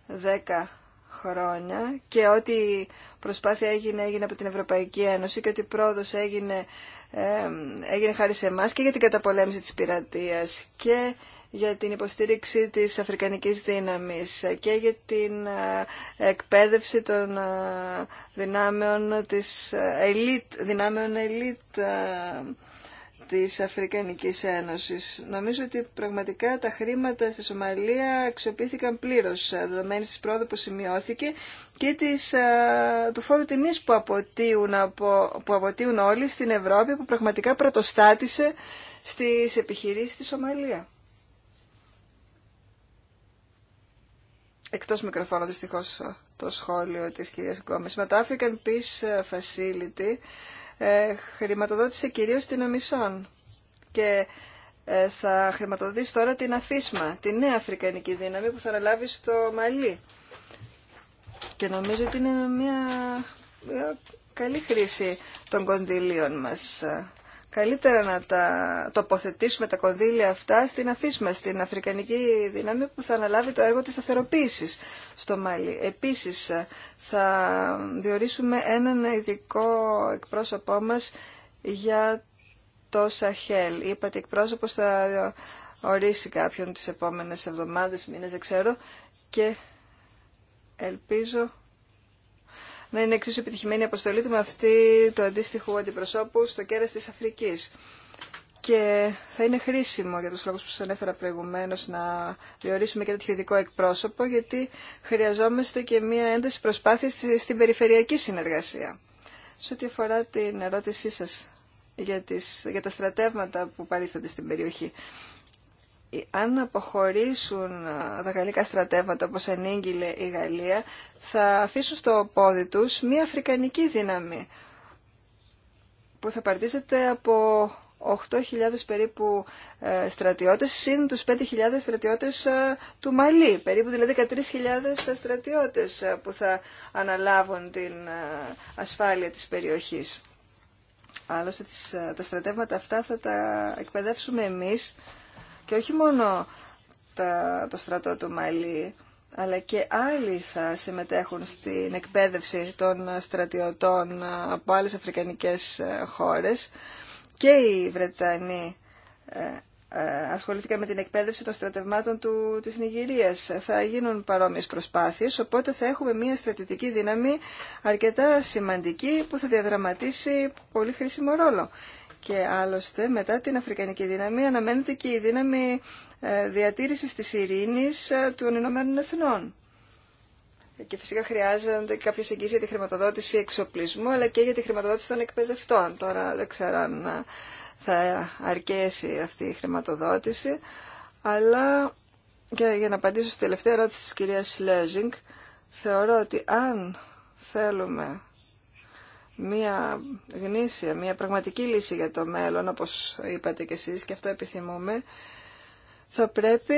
δέκα, χρόνια και ό,τι προσπάθεια έγινε, έγινε από την Ευρωπαϊκή Ένωση και ότι πρόοδος έγινε, έγινε χάρη σε εμά και για την καταπολέμηση της πειρατείας και για την υποστήριξη της αφρικανικής δύναμης και για την ε, εκπαίδευση των ε, δυνάμεων της ε, ελίτ, δυνάμεων ελίτ της Αφρικανικής Ένωσης. Νομίζω ότι πραγματικά τα χρήματα στη Σομαλία αξιοποιήθηκαν πλήρως, ε, δεδομένη της πρόοδου που σημειώθηκε και της, ε, του φόρου τιμής που αποτείουν, από, που αποτείουν όλοι στην Ευρώπη που πραγματικά πρωτοστάτησε στις επιχειρήσεις στη Σομαλία. Εκτός μικροφόνο δυστυχώς ε, το σχόλιο της κυρίας Γκόμες. Με το African Peace Facility ε, χρηματοδότησε κυρίως την Αμισόν και ε, θα χρηματοδοτήσει τώρα την Αφίσμα, την νέα αφρικανική δύναμη που θα αναλάβει στο Μαλί. Και νομίζω ότι είναι μια καλή χρήση των κονδυλίων μας καλύτερα να τα τοποθετήσουμε τα κονδύλια αυτά στην αφήσμα στην Αφρικανική Δύναμη που θα αναλάβει το έργο της σταθεροποίησης στο Μάλι. Επίσης θα διορίσουμε έναν ειδικό εκπρόσωπό μας για το Σαχέλ. Είπατε εκπρόσωπος θα ορίσει κάποιον τις επόμενες εβδομάδες, μήνες, δεν ξέρω και ελπίζω να είναι εξίσου επιτυχημένη η αποστολή του με αυτή του αντίστοιχου αντιπροσώπου στο κέρα τη Αφρικής. Και θα είναι χρήσιμο για τους λόγους που σας ανέφερα προηγουμένως να διορίσουμε και τέτοιο ειδικό εκπρόσωπο, γιατί χρειαζόμαστε και μία ένταση προσπάθειας στην περιφερειακή συνεργασία. Σε ό,τι αφορά την ερώτησή σας για, για τα στρατεύματα που παρίστανται στην περιοχή αν αποχωρήσουν τα γαλλικά στρατεύματα όπως ανήγγειλε η Γαλλία θα αφήσουν στο πόδι τους μία αφρικανική δύναμη που θα παρτίζεται από 8.000 περίπου ε, στρατιώτες συν τους 5.000 στρατιώτες ε, του Μαλή, περίπου δηλαδή 13.000 ε, στρατιώτες που θα αναλάβουν την ασφάλεια της περιοχής. Άλλωστε τα στρατεύματα αυτά θα τα εκπαιδεύσουμε εμείς και όχι μόνο το στρατό του Μαλή, αλλά και άλλοι θα συμμετέχουν στην εκπαίδευση των στρατιωτών από άλλες αφρικανικές ε, χώρες και οι Βρετανοί ε, ε, ασχολήθηκαν με την εκπαίδευση των στρατευμάτων του, της Νιγηρίας. Θα γίνουν παρόμοιες προσπάθειες, οπότε θα έχουμε μια στρατιωτική δύναμη αρκετά σημαντική που θα διαδραματίσει πολύ χρήσιμο ρόλο. Και άλλωστε μετά την Αφρικανική δύναμη αναμένεται και η δύναμη ε, διατήρησης της ειρήνης ε, των Ηνωμένων Εθνών. Και φυσικά χρειάζονται κάποιε εγγύσει για τη χρηματοδότηση εξοπλισμού, αλλά και για τη χρηματοδότηση των εκπαιδευτών. Τώρα δεν ξέρω αν ε, θα αρκέσει αυτή η χρηματοδότηση, αλλά για, για να απαντήσω στη τελευταία ερώτηση της κυρίας Λέζινγκ, θεωρώ ότι αν θέλουμε μία γνήσια, μία πραγματική λύση για το μέλλον, όπως είπατε κι εσείς και αυτό επιθυμούμε, θα πρέπει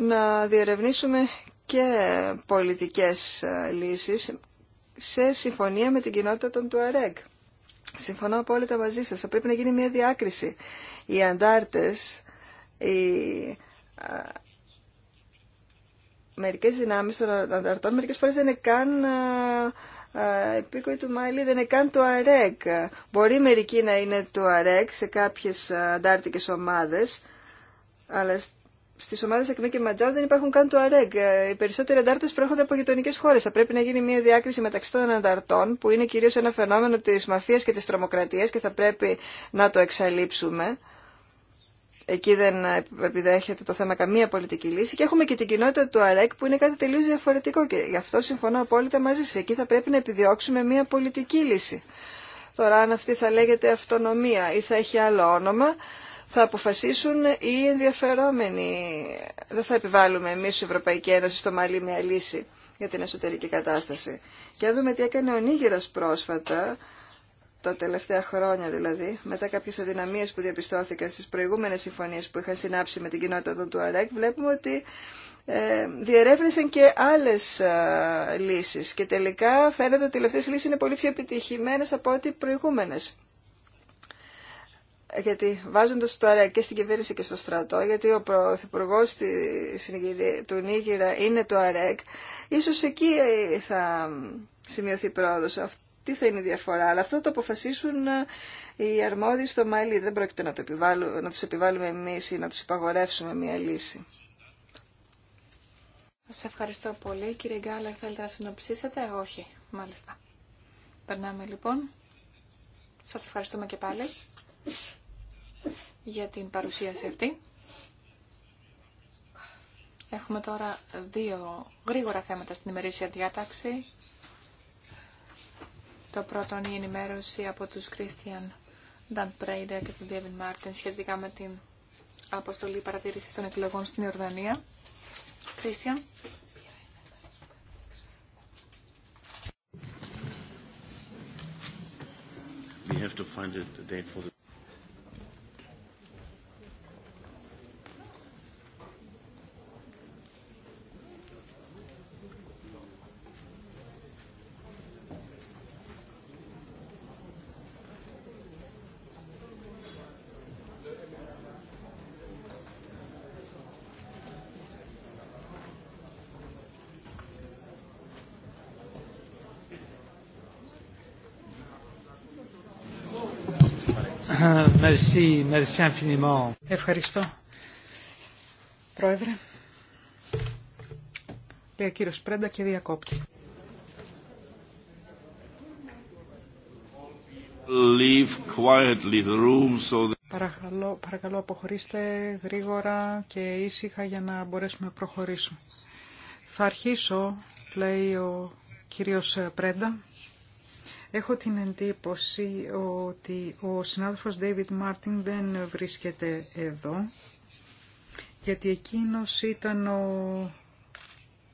να διερευνήσουμε και πολιτικές ε, λύσεις σε συμφωνία με την κοινότητα των Τουαρέγ. Συμφωνώ απόλυτα μαζί σας. Θα πρέπει να γίνει μια διάκριση. Οι αντάρτες, οι... Ε, μερικές δυνάμεις των ανταρτών μερικές φορές δεν είναι καν ε, ε, επίκοη του Μάιλι δεν είναι καν του ΑΡΕΚ. Μπορεί μερικοί να είναι το ΑΡΕΚ σε κάποιες ε, αντάρτικες ομάδες, αλλά στις ομάδες Ακμή και Ματζάου δεν υπάρχουν καν του ΑΡΕΚ. Ε, οι περισσότεροι αντάρτες προέρχονται από γειτονικέ χώρες. Θα πρέπει να γίνει μια διάκριση μεταξύ των ανταρτών, που είναι κυρίως ένα φαινόμενο της μαφίας και της τρομοκρατίας και θα πρέπει να το εξαλείψουμε εκεί δεν επιδέχεται το θέμα καμία πολιτική λύση και έχουμε και την κοινότητα του ΑΡΕΚ που είναι κάτι τελείως διαφορετικό και γι' αυτό συμφωνώ απόλυτα μαζί σας. Εκεί θα πρέπει να επιδιώξουμε μια πολιτική λύση. Τώρα αν αυτή θα λέγεται αυτονομία ή θα έχει άλλο όνομα θα αποφασίσουν οι ενδιαφερόμενοι. Δεν θα επιβάλλουμε εμείς η Ευρωπαϊκή Ένωση στο Μαλί μια λύση για την εσωτερική κατάσταση. Και αν δούμε τι έκανε ο Νίγηρας πρόσφατα, τα τελευταία χρόνια δηλαδή, μετά κάποιες αδυναμίες που διαπιστώθηκαν στις προηγούμενες συμφωνίες που είχαν συνάψει με την κοινότητα των Τουαρέκ, βλέπουμε ότι ε, διερεύνησαν και άλλες ε, λύσεις και τελικά φαίνεται ότι οι τελευταίες λύσεις είναι πολύ πιο επιτυχημένες από ό,τι προηγούμενες. Γιατί βάζοντα ΑΡΕΚ και στην κυβέρνηση και στο στρατό, γιατί ο πρωθυπουργό του Νίγηρα είναι το ΑΡΕΚ, ίσω εκεί θα ε, σημειωθεί πρόοδο τι θα είναι η διαφορά. Αλλά αυτό το αποφασίσουν ε, οι αρμόδιοι στο Μαλί. Δεν πρόκειται να, το να τους επιβάλλουμε εμείς ή να τους υπαγορεύσουμε μια λύση. Σας ευχαριστώ πολύ. Κύριε Γκάλερ, θέλετε να συνοψίσετε. Όχι, μάλιστα. Περνάμε λοιπόν. Σας ευχαριστούμε και πάλι για την παρουσίαση αυτή. Έχουμε τώρα δύο γρήγορα θέματα στην ημερήσια διάταξη. Το πρώτο είναι η ενημέρωση από τους Κρίστιαν Νταν και τον Ντέβιν Μάρτιν σχετικά με την αποστολή παρατήρησης των εκλογών στην Ιορδανία. Κρίστιαν. Merci, merci infiniment. Ευχαριστώ. Πρόεδρε. Λέει ο κύριος Πρέντα και διακόπτη. Leave quietly the room so that... Παρακαλώ, παρακαλώ αποχωρήστε γρήγορα και ήσυχα για να μπορέσουμε να προχωρήσουμε. Θα αρχίσω, λέει ο κύριος Πρέντα, Έχω την εντύπωση ότι ο συνάδελφος David Μάρτιν δεν βρίσκεται εδώ, γιατί εκείνος ήταν ο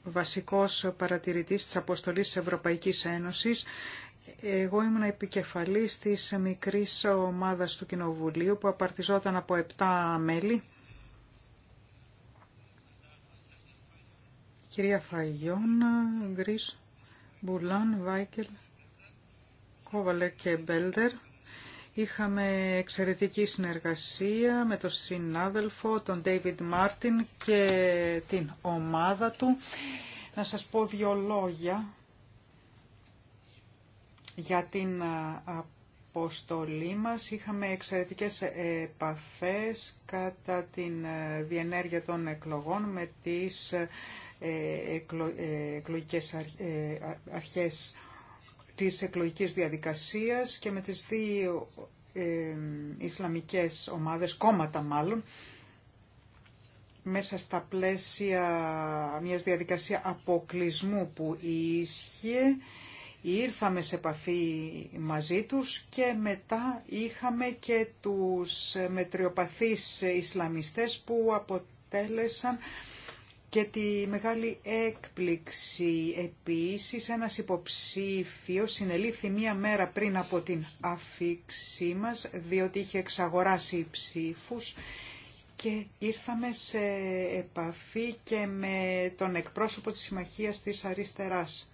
βασικός παρατηρητής της Αποστολής της Ευρωπαϊκής Ένωσης. Εγώ ήμουν επικεφαλής της μικρής ομάδας του Κοινοβουλίου που απαρτιζόταν από 7 μέλη. Κυρία Φαγιόν, Γκρίς, Μπουλάν, Βάικελ, Κόβαλε και Μπέλτερ. Είχαμε εξαιρετική συνεργασία με τον συνάδελφο, τον David Μάρτιν και την ομάδα του. Να σας πω δύο λόγια για την αποστολή μας. Είχαμε εξαιρετικές επαφές κατά την διενέργεια των εκλογών με τις ε, ε, εκλογικές ε, αρχές της εκλογικής διαδικασίας και με τις δύο ε, Ισλαμικές ομάδες, κόμματα μάλλον, μέσα στα πλαίσια μιας διαδικασία αποκλεισμού που ίσχυε, ήρθαμε σε επαφή μαζί τους και μετά είχαμε και τους μετριοπαθείς Ισλαμιστές που αποτέλεσαν και τη μεγάλη έκπληξη επίσης ένας υποψήφιος συνελήφθη μία μέρα πριν από την αφήξή μας διότι είχε εξαγοράσει ψήφους και ήρθαμε σε επαφή και με τον εκπρόσωπο της Συμμαχίας της Αριστεράς.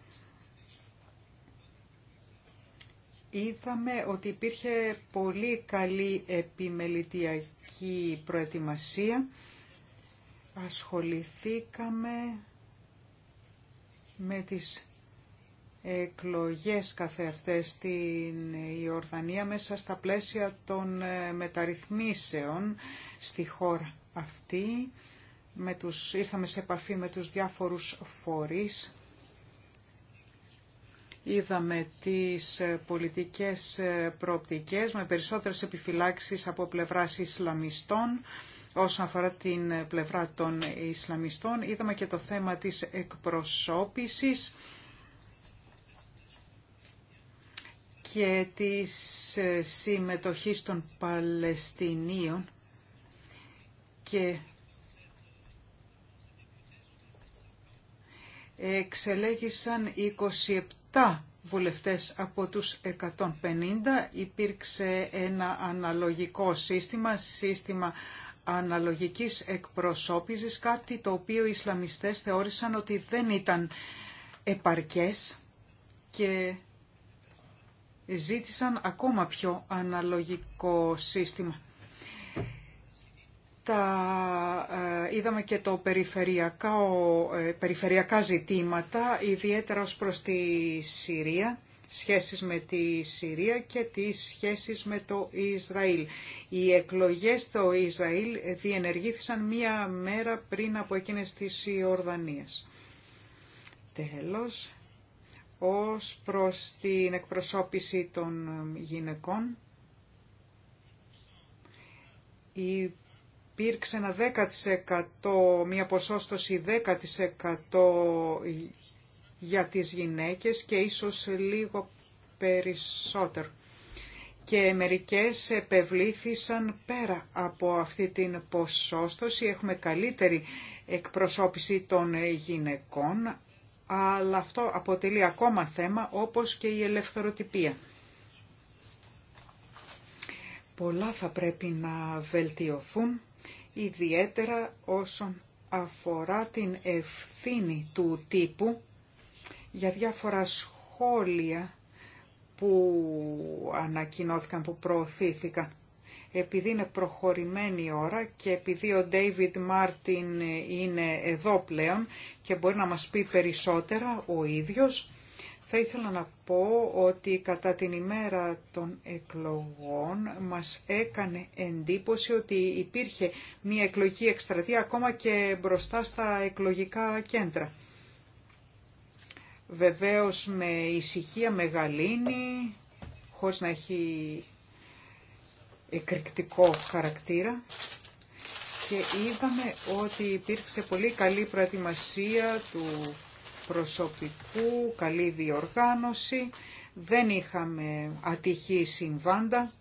Είδαμε ότι υπήρχε πολύ καλή επιμελητιακή προετοιμασία ασχοληθήκαμε με τις εκλογές καθεαυτές στην Ιορδανία μέσα στα πλαίσια των ε, μεταρρυθμίσεων στη χώρα αυτή. Με τους, ήρθαμε σε επαφή με τους διάφορους φορείς. Είδαμε τις ε, πολιτικές ε, προοπτικές με περισσότερες επιφυλάξεις από πλευράς Ισλαμιστών Όσον αφορά την πλευρά των Ισλαμιστών, είδαμε και το θέμα της εκπροσώπησης και της συμμετοχής των Παλαιστινίων και εξελέγησαν 27 βουλευτές από τους 150. Υπήρξε ένα αναλογικό σύστημα, σύστημα αναλογικής εκπροσώπησης, κάτι το οποίο οι Ισλαμιστές θεώρησαν ότι δεν ήταν επαρκές και ζήτησαν ακόμα πιο αναλογικό σύστημα. Τα ε, είδαμε και το περιφερειακά, ο, ε, περιφερειακά ζητήματα, ιδιαίτερα ως προς τη Συρία σχέσεις με τη Συρία και τις σχέσεις με το Ισραήλ. Οι εκλογές στο Ισραήλ διενεργήθησαν μία μέρα πριν από εκείνες της Ιορδανίας. Τέλος, ως προς την εκπροσώπηση των γυναικών, υπήρξε ένα 10% μια ποσόστοση 10% για τις γυναίκες και ίσως λίγο περισσότερο. Και μερικές επευλήθησαν πέρα από αυτή την ποσόστοση. Έχουμε καλύτερη εκπροσώπηση των γυναικών, αλλά αυτό αποτελεί ακόμα θέμα όπως και η ελευθεροτυπία. Πολλά θα πρέπει να βελτιωθούν, ιδιαίτερα όσον αφορά την ευθύνη του τύπου για διάφορα σχόλια που ανακοινώθηκαν, που προωθήθηκαν. Επειδή είναι προχωρημένη ώρα και επειδή ο David Μάρτιν είναι εδώ πλέον και μπορεί να μας πει περισσότερα ο ίδιος, θα ήθελα να πω ότι κατά την ημέρα των εκλογών μας έκανε εντύπωση ότι υπήρχε μια εκλογική εκστρατεία ακόμα και μπροστά στα εκλογικά κέντρα βεβαίως με ησυχία μεγαλύνει, χωρίς να έχει εκρηκτικό χαρακτήρα και είδαμε ότι υπήρξε πολύ καλή προετοιμασία του προσωπικού, καλή διοργάνωση, δεν είχαμε ατυχή συμβάντα.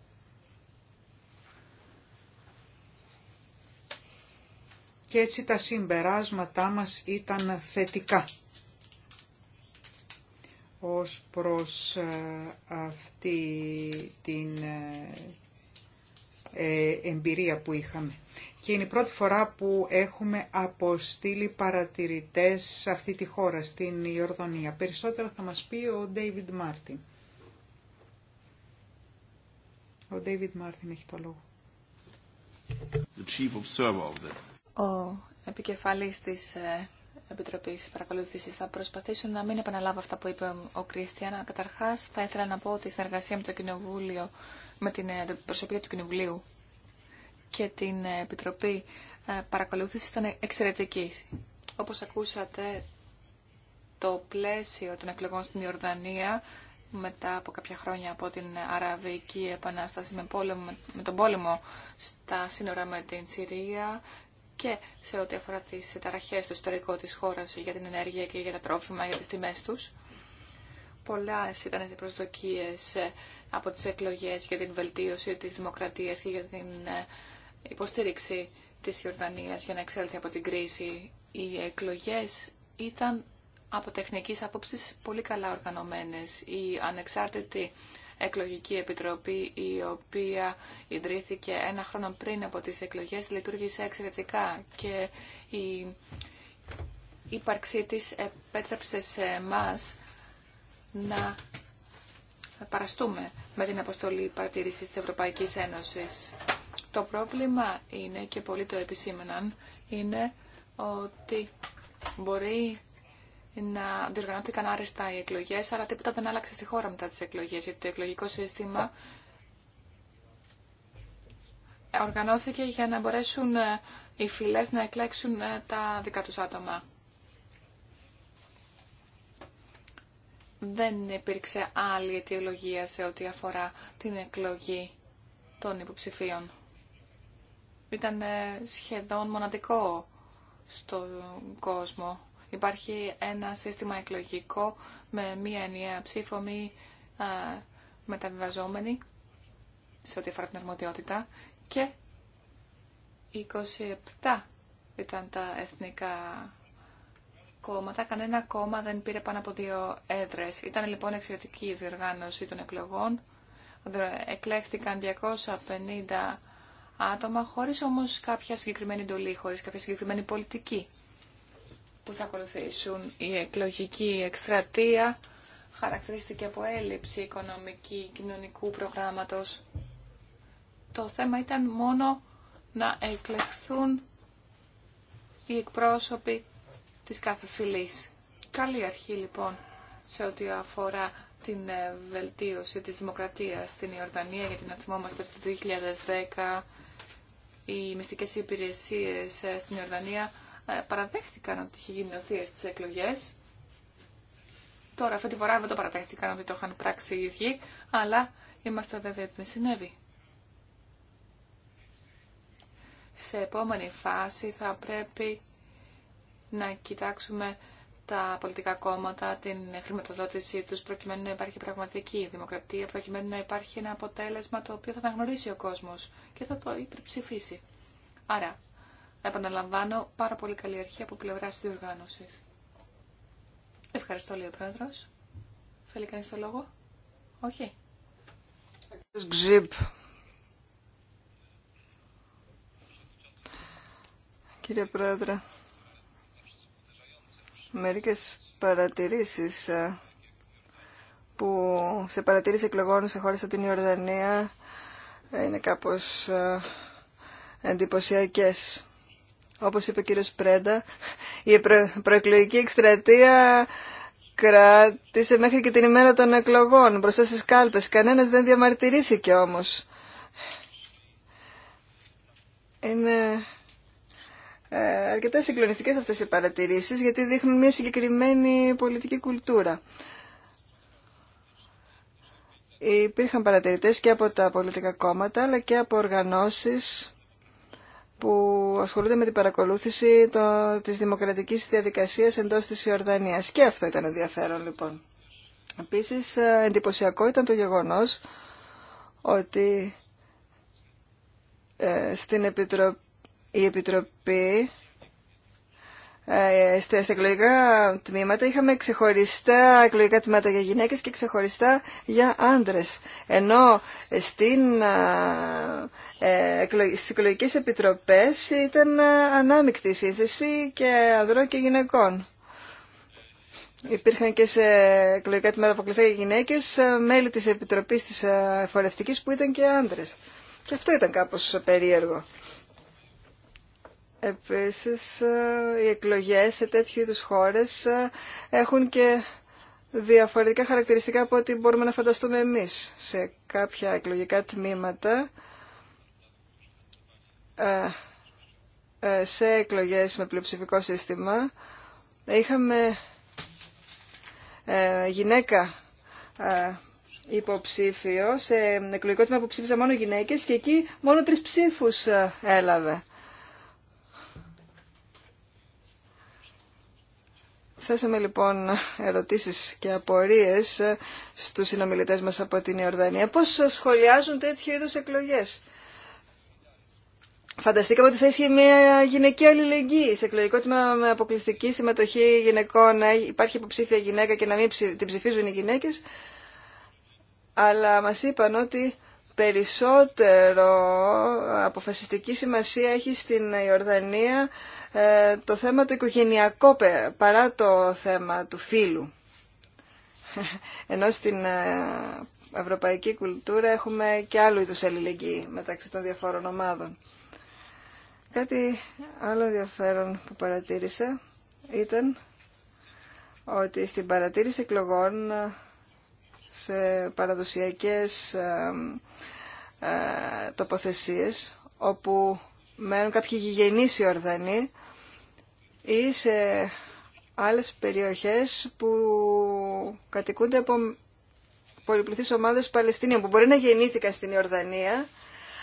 Και έτσι τα συμπεράσματά μας ήταν θετικά ως προς ε, αυτή την ε, ε, εμπειρία που είχαμε. Και είναι η πρώτη φορά που έχουμε αποστείλει παρατηρητές σε αυτή τη χώρα, στην Ιορδανία. Περισσότερο θα μας πει ο David Μάρτιν. Ο David Μάρτιν έχει το λόγο. chief observer of Ο επικεφαλής της Επιτροπή Παρακολούθησης. Θα προσπαθήσω να μην επαναλάβω αυτά που είπε ο Κρίστιαν. Καταρχάς, θα ήθελα να πω ότι η συνεργασία με το Κοινοβούλιο, με την ε, προσωπία του Κοινοβουλίου και την ε, Επιτροπή ε, παρακολούθηση ήταν εξαιρετική. Όπω ακούσατε, το πλαίσιο των εκλογών στην Ιορδανία μετά από κάποια χρόνια από την Αραβική Επανάσταση με, πόλεμο, με τον πόλεμο στα σύνορα με την Συρία και σε ό,τι αφορά τι ταραχές στο ιστορικό της χώρας για την ενέργεια και για τα τρόφιμα, για τις τιμές τους. Πολλά ήταν οι προσδοκίε ε, από τις εκλογές για την βελτίωση της δημοκρατίας και για την ε, υποστήριξη της Ιορδανίας για να εξέλθει από την κρίση. Οι εκλογές ήταν από τεχνικής άποψης πολύ καλά οργανωμένες. Οι ανεξάρτητοι εκλογική επιτροπή η οποία ιδρύθηκε ένα χρόνο πριν από τις εκλογές λειτουργήσε εξαιρετικά και η ύπαρξή της επέτρεψε σε εμάς να παραστούμε με την αποστολή παρατήρησης της Ευρωπαϊκής Ένωσης. Το πρόβλημα είναι, και πολύ το επισήμεναν, είναι ότι μπορεί να διοργανώθηκαν άριστα οι εκλογέ, αλλά τίποτα δεν άλλαξε στη χώρα μετά τις εκλογές, γιατί το εκλογικό σύστημα οργανώθηκε για να μπορέσουν ε, οι φυλέ να εκλέξουν ε, τα δικά του άτομα. Δεν υπήρξε άλλη αιτιολογία σε ό,τι αφορά την εκλογή των υποψηφίων. Ήταν ε, σχεδόν μοναδικό στον κόσμο Υπάρχει ένα σύστημα εκλογικό με μία ενιαία ψήφο μη μεταβιβαζόμενη σε ό,τι αφορά την αρμοδιότητα και 27 ήταν τα εθνικά κόμματα. Κανένα κόμμα δεν πήρε πάνω από δύο έδρες. Ήταν λοιπόν εξαιρετική η διοργάνωση των εκλογών. Εκλέχθηκαν 250 άτομα χωρίς όμως κάποια συγκεκριμένη εντολή, χωρίς κάποια συγκεκριμένη πολιτική που θα ακολουθήσουν. Η εκλογική εκστρατεία χαρακτηρίστηκε από έλλειψη οικονομική κοινωνικού προγράμματος. Το θέμα ήταν μόνο να εκλεχθούν οι εκπρόσωποι της κάθε φυλής. Καλή αρχή λοιπόν σε ό,τι αφορά την ε, βελτίωση της δημοκρατίας στην Ιορδανία, γιατί να θυμόμαστε το 2010 οι μυστικές υπηρεσίες ε, στην Ιορδανία ε, παραδέχτηκαν ότι είχε γίνει νοθεία στις εκλογές. Τώρα αυτή τη φορά δεν το παραδέχτηκαν ότι το είχαν πράξει οι ίδιοι, αλλά είμαστε βέβαιοι ότι δεν συνέβη. Σε επόμενη φάση θα πρέπει να κοιτάξουμε τα πολιτικά κόμματα, την χρηματοδότησή τους, προκειμένου να υπάρχει πραγματική δημοκρατία, προκειμένου να υπάρχει ένα αποτέλεσμα το οποίο θα αναγνωρίσει ο κόσμος και θα το υπερψηφίσει. Άρα, Επαναλαμβάνω, πάρα πολύ καλή αρχή από πλευρά τη διοργάνωση. Ευχαριστώ, λέει ο πρόεδρο. Θέλει κανεί το λόγο, Όχι. Κύριε Πρόεδρε, μερικές παρατηρήσεις ε, που σε παρατηρήσει εκλογών σε χώρες σαν την Ιορδανία ε, είναι κάπως ε, εντυπωσιακές όπως είπε ο κύριος Πρέντα, η προεκλογική εκστρατεία κράτησε μέχρι και την ημέρα των εκλογών μπροστά στις κάλπες. Κανένας δεν διαμαρτυρήθηκε όμως. Είναι ε, αρκετά συγκλονιστικές αυτές οι παρατηρήσεις γιατί δείχνουν μια συγκεκριμένη πολιτική κουλτούρα. Υπήρχαν παρατηρητές και από τα πολιτικά κόμματα αλλά και από οργανώσεις που ασχολούνται με την παρακολούθηση τη της δημοκρατικής διαδικασίας εντός της Ιορδανίας. Και αυτό ήταν ενδιαφέρον λοιπόν. Επίσης ε, εντυπωσιακό ήταν το γεγονός ότι ε, στην η Επιτροπή ε, στα εκλογικά τμήματα είχαμε ξεχωριστά εκλογικά τμήματα για γυναίκες και ξεχωριστά για άντρες. Ενώ στην, ε, στις εκλογικές επιτροπές ήταν ανάμεικτη η σύνθεση και ανδρών και γυναικών. Υπήρχαν και σε εκλογικά τμήματα που για γυναίκες ε, μέλη της Επιτροπής της ε, Φορευτικής που ήταν και άντρες. Και αυτό ήταν κάπως περίεργο. Επίσης, ε, οι εκλογές σε τέτοιου είδους χώρες ε, έχουν και διαφορετικά χαρακτηριστικά από ό,τι μπορούμε να φανταστούμε εμείς. Σε κάποια εκλογικά τμήματα, ε, σε εκλογές με πλειοψηφικό σύστημα, είχαμε γυναίκα υποψήφιο, σε εκλογικό τμήμα που μόνο γυναίκες και εκεί μόνο τρεις ψήφους έλαβε. Θέσαμε λοιπόν ερωτήσεις και απορίες στους συνομιλητές μας από την Ιορδανία. Πώς σχολιάζουν τέτοιου είδους εκλογές. Φανταστήκαμε ότι θα ίσχυε μια γυναική αλληλεγγύη σε εκλογικό τμήμα με αποκλειστική συμμετοχή γυναικών, να ε, υπάρχει υποψήφια γυναίκα και να μην την ψηφίζουν οι γυναίκες. Αλλά μας είπαν ότι περισσότερο αποφασιστική σημασία έχει στην Ιορδανία ε, το θέμα του οικογενειακό παρά το θέμα του φίλου. Ενώ στην ε, ευρωπαϊκή κουλτούρα έχουμε και άλλου είδους αλληλεγγύη μεταξύ των διαφόρων ομάδων. Κάτι άλλο ενδιαφέρον που παρατήρησα ήταν ότι στην παρατήρηση εκλογών ε, σε παραδοσιακές τοποθεσίες όπου μένουν κάποιοι γηγενείς Ορδανοί ή σε άλλες περιοχές που κατοικούνται από πολυπληθείς ομάδες Παλαιστινίων που μπορεί να γεννήθηκαν στην Ιορδανία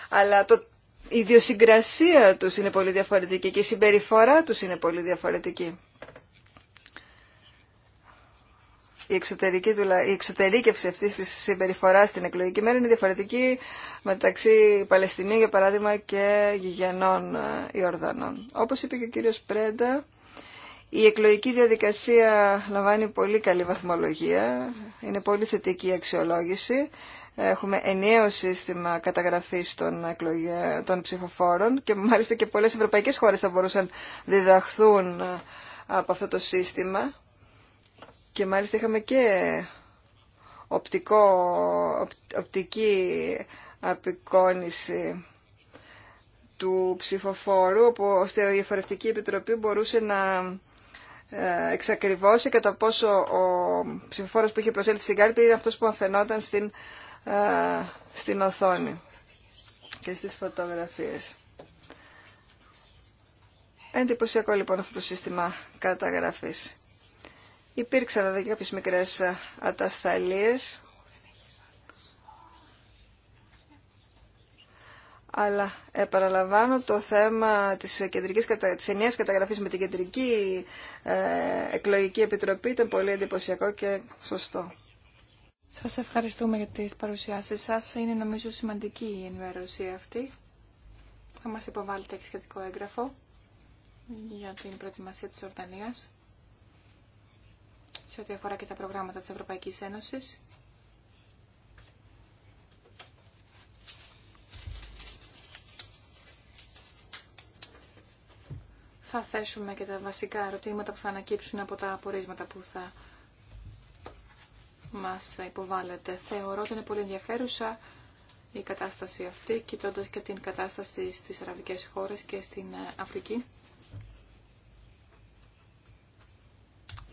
αλλά το, η ιδιοσυγκρασία τους είναι πολύ διαφορετική και η συμπεριφορά τους είναι πολύ διαφορετική. η εξωτερική, η εξωτερήκευση αυτή τη συμπεριφορά στην εκλογική μέρα είναι διαφορετική μεταξύ Παλαιστινίων, για παράδειγμα, και Γηγενών ε, Ιορδανών. Όπω είπε και ο κύριο Πρέντα, η εκλογική διαδικασία λαμβάνει πολύ καλή βαθμολογία, είναι πολύ θετική η αξιολόγηση. Έχουμε ενιαίο σύστημα καταγραφής των, των ψηφοφόρων και μάλιστα και πολλές ευρωπαϊκές χώρες θα μπορούσαν να διδαχθούν ε, από αυτό το σύστημα και μάλιστα είχαμε και οπτικό, οπτική απεικόνηση του ψηφοφόρου, όπου, ώστε η Εφορευτική Επιτροπή μπορούσε να ε, εξακριβώσει κατά πόσο ο ψηφοφόρος που είχε προσέλθει στην κάλπη είναι αυτός που αφαινόταν στην, ε, στην οθόνη και στις φωτογραφίες. Εντυπωσιακό λοιπόν αυτό το σύστημα καταγραφής. Υπήρξαν βέβαια και κάποιες μικρές ε, ατασταλίες, αλλά επαναλαμβάνω το θέμα της, κεντρικής, της ενιαίας καταγραφής με την Κεντρική ε, Εκλογική Επιτροπή ήταν πολύ εντυπωσιακό και σωστό. Σας ευχαριστούμε για τις παρουσιάσεις σας. Είναι νομίζω σημαντική η ενημέρωση αυτή. Θα μας υποβάλλετε και σχετικό έγγραφο για την προετοιμασία της Ορδανίας σε ό,τι αφορά και τα προγράμματα της Ευρωπαϊκής Ένωσης. Θα θέσουμε και τα βασικά ερωτήματα που θα ανακύψουν από τα απορίσματα που θα μας υποβάλλεται. Θεωρώ ότι είναι πολύ ενδιαφέρουσα η κατάσταση αυτή, κοιτώντα και την κατάσταση στις αραβικές χώρες και στην Αφρική.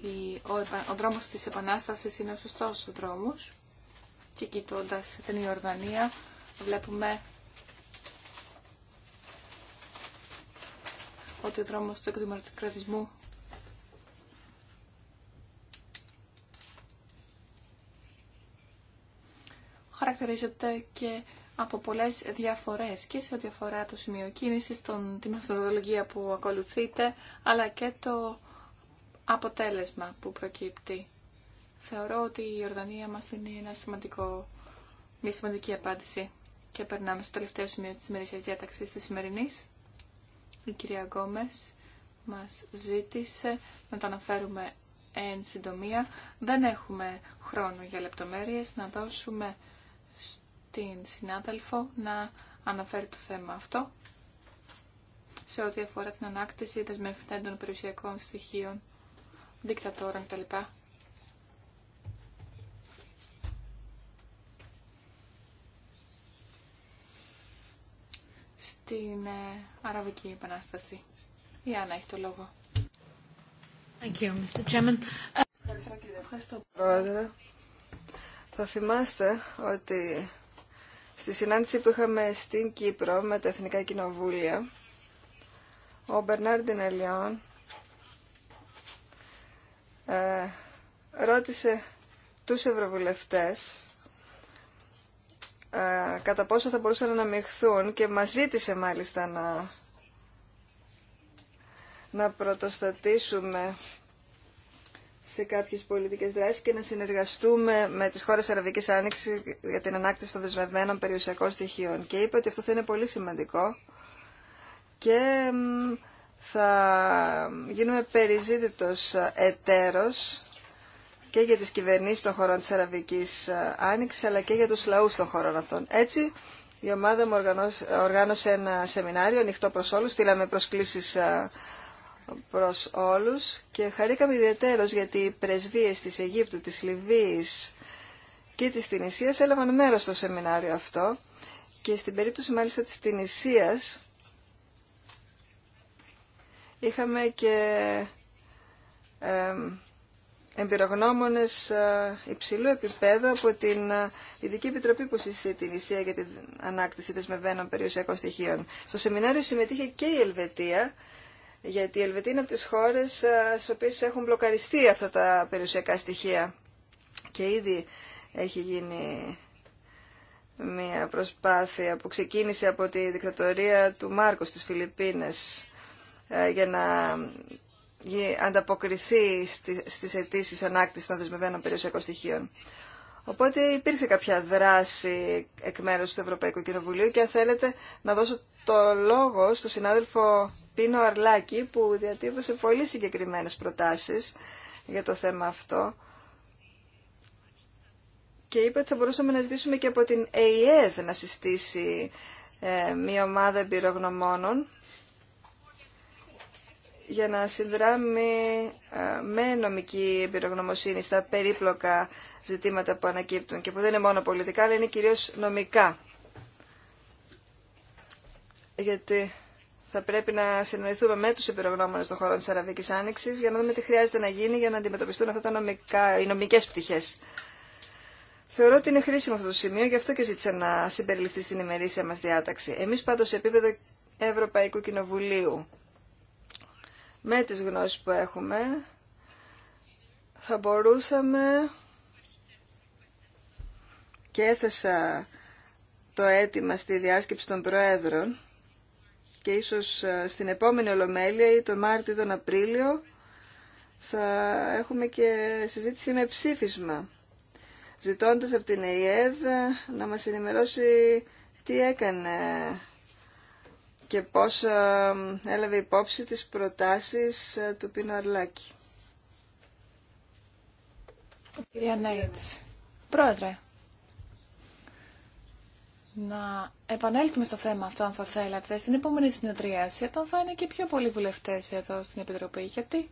ο, ο δρόμος της Επανάστασης είναι ο σωστός δρόμος και κοιτώντα την Ιορδανία βλέπουμε ότι ο δρόμος του εκδημοκρατισμού χαρακτηρίζεται και από πολλές διαφορές και σε ό,τι αφορά το σημείο κίνησης, τον, τη μεθοδολογία που ακολουθείτε, αλλά και το αποτέλεσμα που προκύπτει. Θεωρώ ότι η Ιορδανία μας δίνει ένα σημαντικό, μια σημαντική απάντηση. Και περνάμε στο τελευταίο σημείο της σημερινής διάταξης της σημερινής. Η κυρία Γκόμες μας ζήτησε να το αναφέρουμε εν συντομία. Δεν έχουμε χρόνο για λεπτομέρειες να δώσουμε στην συνάδελφο να αναφέρει το θέμα αυτό σε ό,τι αφορά την ανάκτηση δεσμευθέντων περιουσιακών στοιχείων δικτατόρων κτλ. Στην ε, Αραβική Επανάσταση. Η Άννα έχει το λόγο. Thank you, Mr. Chairman. Ευχαριστώ, κύριε. Ευχαριστώ, Πρόεδρε. Θα θυμάστε ότι στη συνάντηση που είχαμε στην Κύπρο με τα Εθνικά Κοινοβούλια, ο Μπερνάρντιν Ελιόν ε, ρώτησε τους ευρωβουλευτές ε, κατά πόσο θα μπορούσαν να μειχθούν και μας ζήτησε μάλιστα να, να πρωτοστατήσουμε σε κάποιες πολιτικές δράσεις και να συνεργαστούμε με τις χώρες Αραβικής Άνοιξης για την ανάκτηση των δεσμευμένων περιουσιακών στοιχείων. Και είπε ότι αυτό θα είναι πολύ σημαντικό και θα γίνουμε περιζήτητος εταίρος και για τις κυβερνήσεις των χωρών της Αραβικής Άνοιξης αλλά και για τους λαούς των χωρών αυτών. Έτσι, η ομάδα μου οργάνωσε ένα σεμινάριο ανοιχτό προς όλους, στείλαμε προσκλήσεις ε, προς όλους και χαρήκαμε ιδιαίτερως γιατί οι πρεσβείες της Αιγύπτου, της Λιβύης και της Τινησίας έλαβαν μέρος στο σεμινάριο αυτό και στην περίπτωση μάλιστα της Τινησίας είχαμε και εμπειρογνώμονες ε, υψηλού επίπεδου από την ε, Ειδική Επιτροπή που συστήθηκε την Ισία για την ανάκτηση δεσμευμένων περιουσιακών στοιχείων. Στο σεμινάριο συμμετείχε και η Ελβετία, γιατί η Ελβετία είναι από τις χώρες ε, στις οποίες έχουν μπλοκαριστεί αυτά τα περιουσιακά στοιχεία. Και ήδη έχει γίνει μια προσπάθεια που ξεκίνησε από τη δικτατορία του Μάρκος στις Φιλιππίνες ε, για να ανταποκριθεί στις αιτήσει ανάκτησης των δεσμευμένων περιουσιακών στοιχείων. Οπότε υπήρξε κάποια δράση εκ μέρους του Ευρωπαϊκού Κοινοβουλίου και αν θέλετε να δώσω το λόγο στον συνάδελφο Πίνο Αρλάκη που διατύπωσε πολύ συγκεκριμένες προτάσεις για το θέμα αυτό και είπε ότι θα μπορούσαμε να ζητήσουμε και από την ΕΙΕΔ να συστήσει ε, μια ομάδα εμπειρογνωμόνων για να συνδράμει με νομική εμπειρογνωμοσύνη στα περίπλοκα ζητήματα που ανακύπτουν και που δεν είναι μόνο πολιτικά αλλά είναι κυρίως νομικά. Γιατί θα πρέπει να συνοηθούμε με τους εμπειρογνώμονες των χωρών της Αραβικής Άνοιξης για να δούμε τι χρειάζεται να γίνει για να αντιμετωπιστούν αυτά τα νομικά, οι νομικές πτυχές. Θεωρώ ότι είναι χρήσιμο αυτό το σημείο, γι' αυτό και ζήτησα να συμπεριληφθεί στην ημερήσια μας διάταξη. Εμείς πάντως σε επίπεδο Ευρωπαϊκού Κοινοβουλίου με τις γνώσεις που έχουμε θα μπορούσαμε και έθεσα το αίτημα στη διάσκεψη των Προέδρων και ίσως ε, στην επόμενη Ολομέλεια ή τον Μάρτιο ή τον Απρίλιο θα έχουμε και συζήτηση με ψήφισμα ζητώντας από την ΕΙΕΔ να μας ενημερώσει τι έκανε και πώς ε, έλαβε υπόψη τις προτάσεις ε, του Πίνο Αρλάκη. Κυρία Νέιτς, πρόεδρε, να επανέλθουμε στο θέμα αυτό αν θα θέλατε στην επόμενη συνεδρίαση όταν θα είναι και πιο πολλοί βουλευτές εδώ στην Επιτροπή γιατί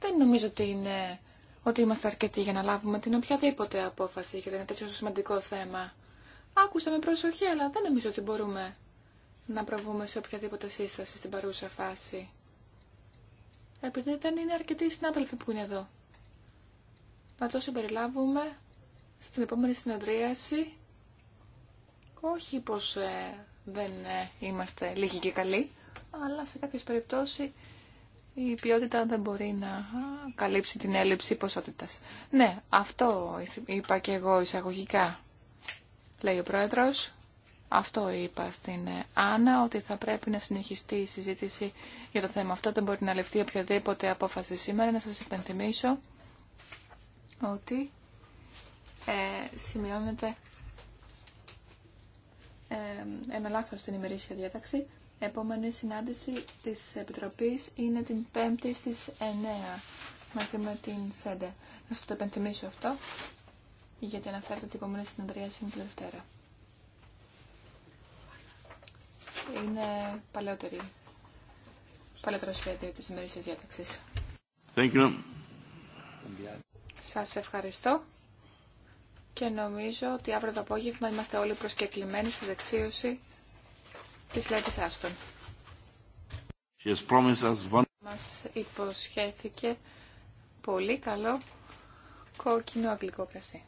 δεν νομίζω ότι είναι ότι είμαστε αρκετοί για να λάβουμε την οποιαδήποτε απόφαση για ένα τέτοιο σημαντικό θέμα. Άκουσα με προσοχή, αλλά δεν νομίζω ότι μπορούμε να προβούμε σε οποιαδήποτε σύσταση στην παρούσα φάση. Επειδή δεν είναι αρκετοί συνάδελφοι που είναι εδώ. Να το συμπεριλάβουμε στην επόμενη συνεδρίαση. Όχι πως ε, δεν ε, είμαστε λίγοι και καλοί, αλλά σε κάποιες περιπτώσεις η ποιότητα δεν μπορεί να καλύψει την έλλειψη ποσότητας. Ναι, αυτό είπα και εγώ εισαγωγικά λέει ο Πρόεδρος. Αυτό είπα στην Άννα, ότι θα πρέπει να συνεχιστεί η συζήτηση για το θέμα αυτό. Δεν μπορεί να ληφθεί οποιαδήποτε απόφαση σήμερα. Να σας υπενθυμίσω ότι ε, σημειώνεται ε, ένα λάθος στην ημερήσια διάταξη. Επόμενη συνάντηση της Επιτροπής είναι την 5η στις 9 μαζί με την ΣΕΝΤΕ. Να σας το υπενθυμίσω αυτό γιατί αναφέρεται ότι η επόμενη συνεδρία είναι τη Δευτέρα. Είναι παλαιότερη, παλαιότερο σχέδιο της ημερήσιας διάταξης. Thank you. Σας ευχαριστώ και νομίζω ότι αύριο το απόγευμα είμαστε όλοι προσκεκλημένοι στη δεξίωση της Λέτης Άστον. She Μας υποσχέθηκε πολύ καλό κόκκινο αγγλικό κρασί.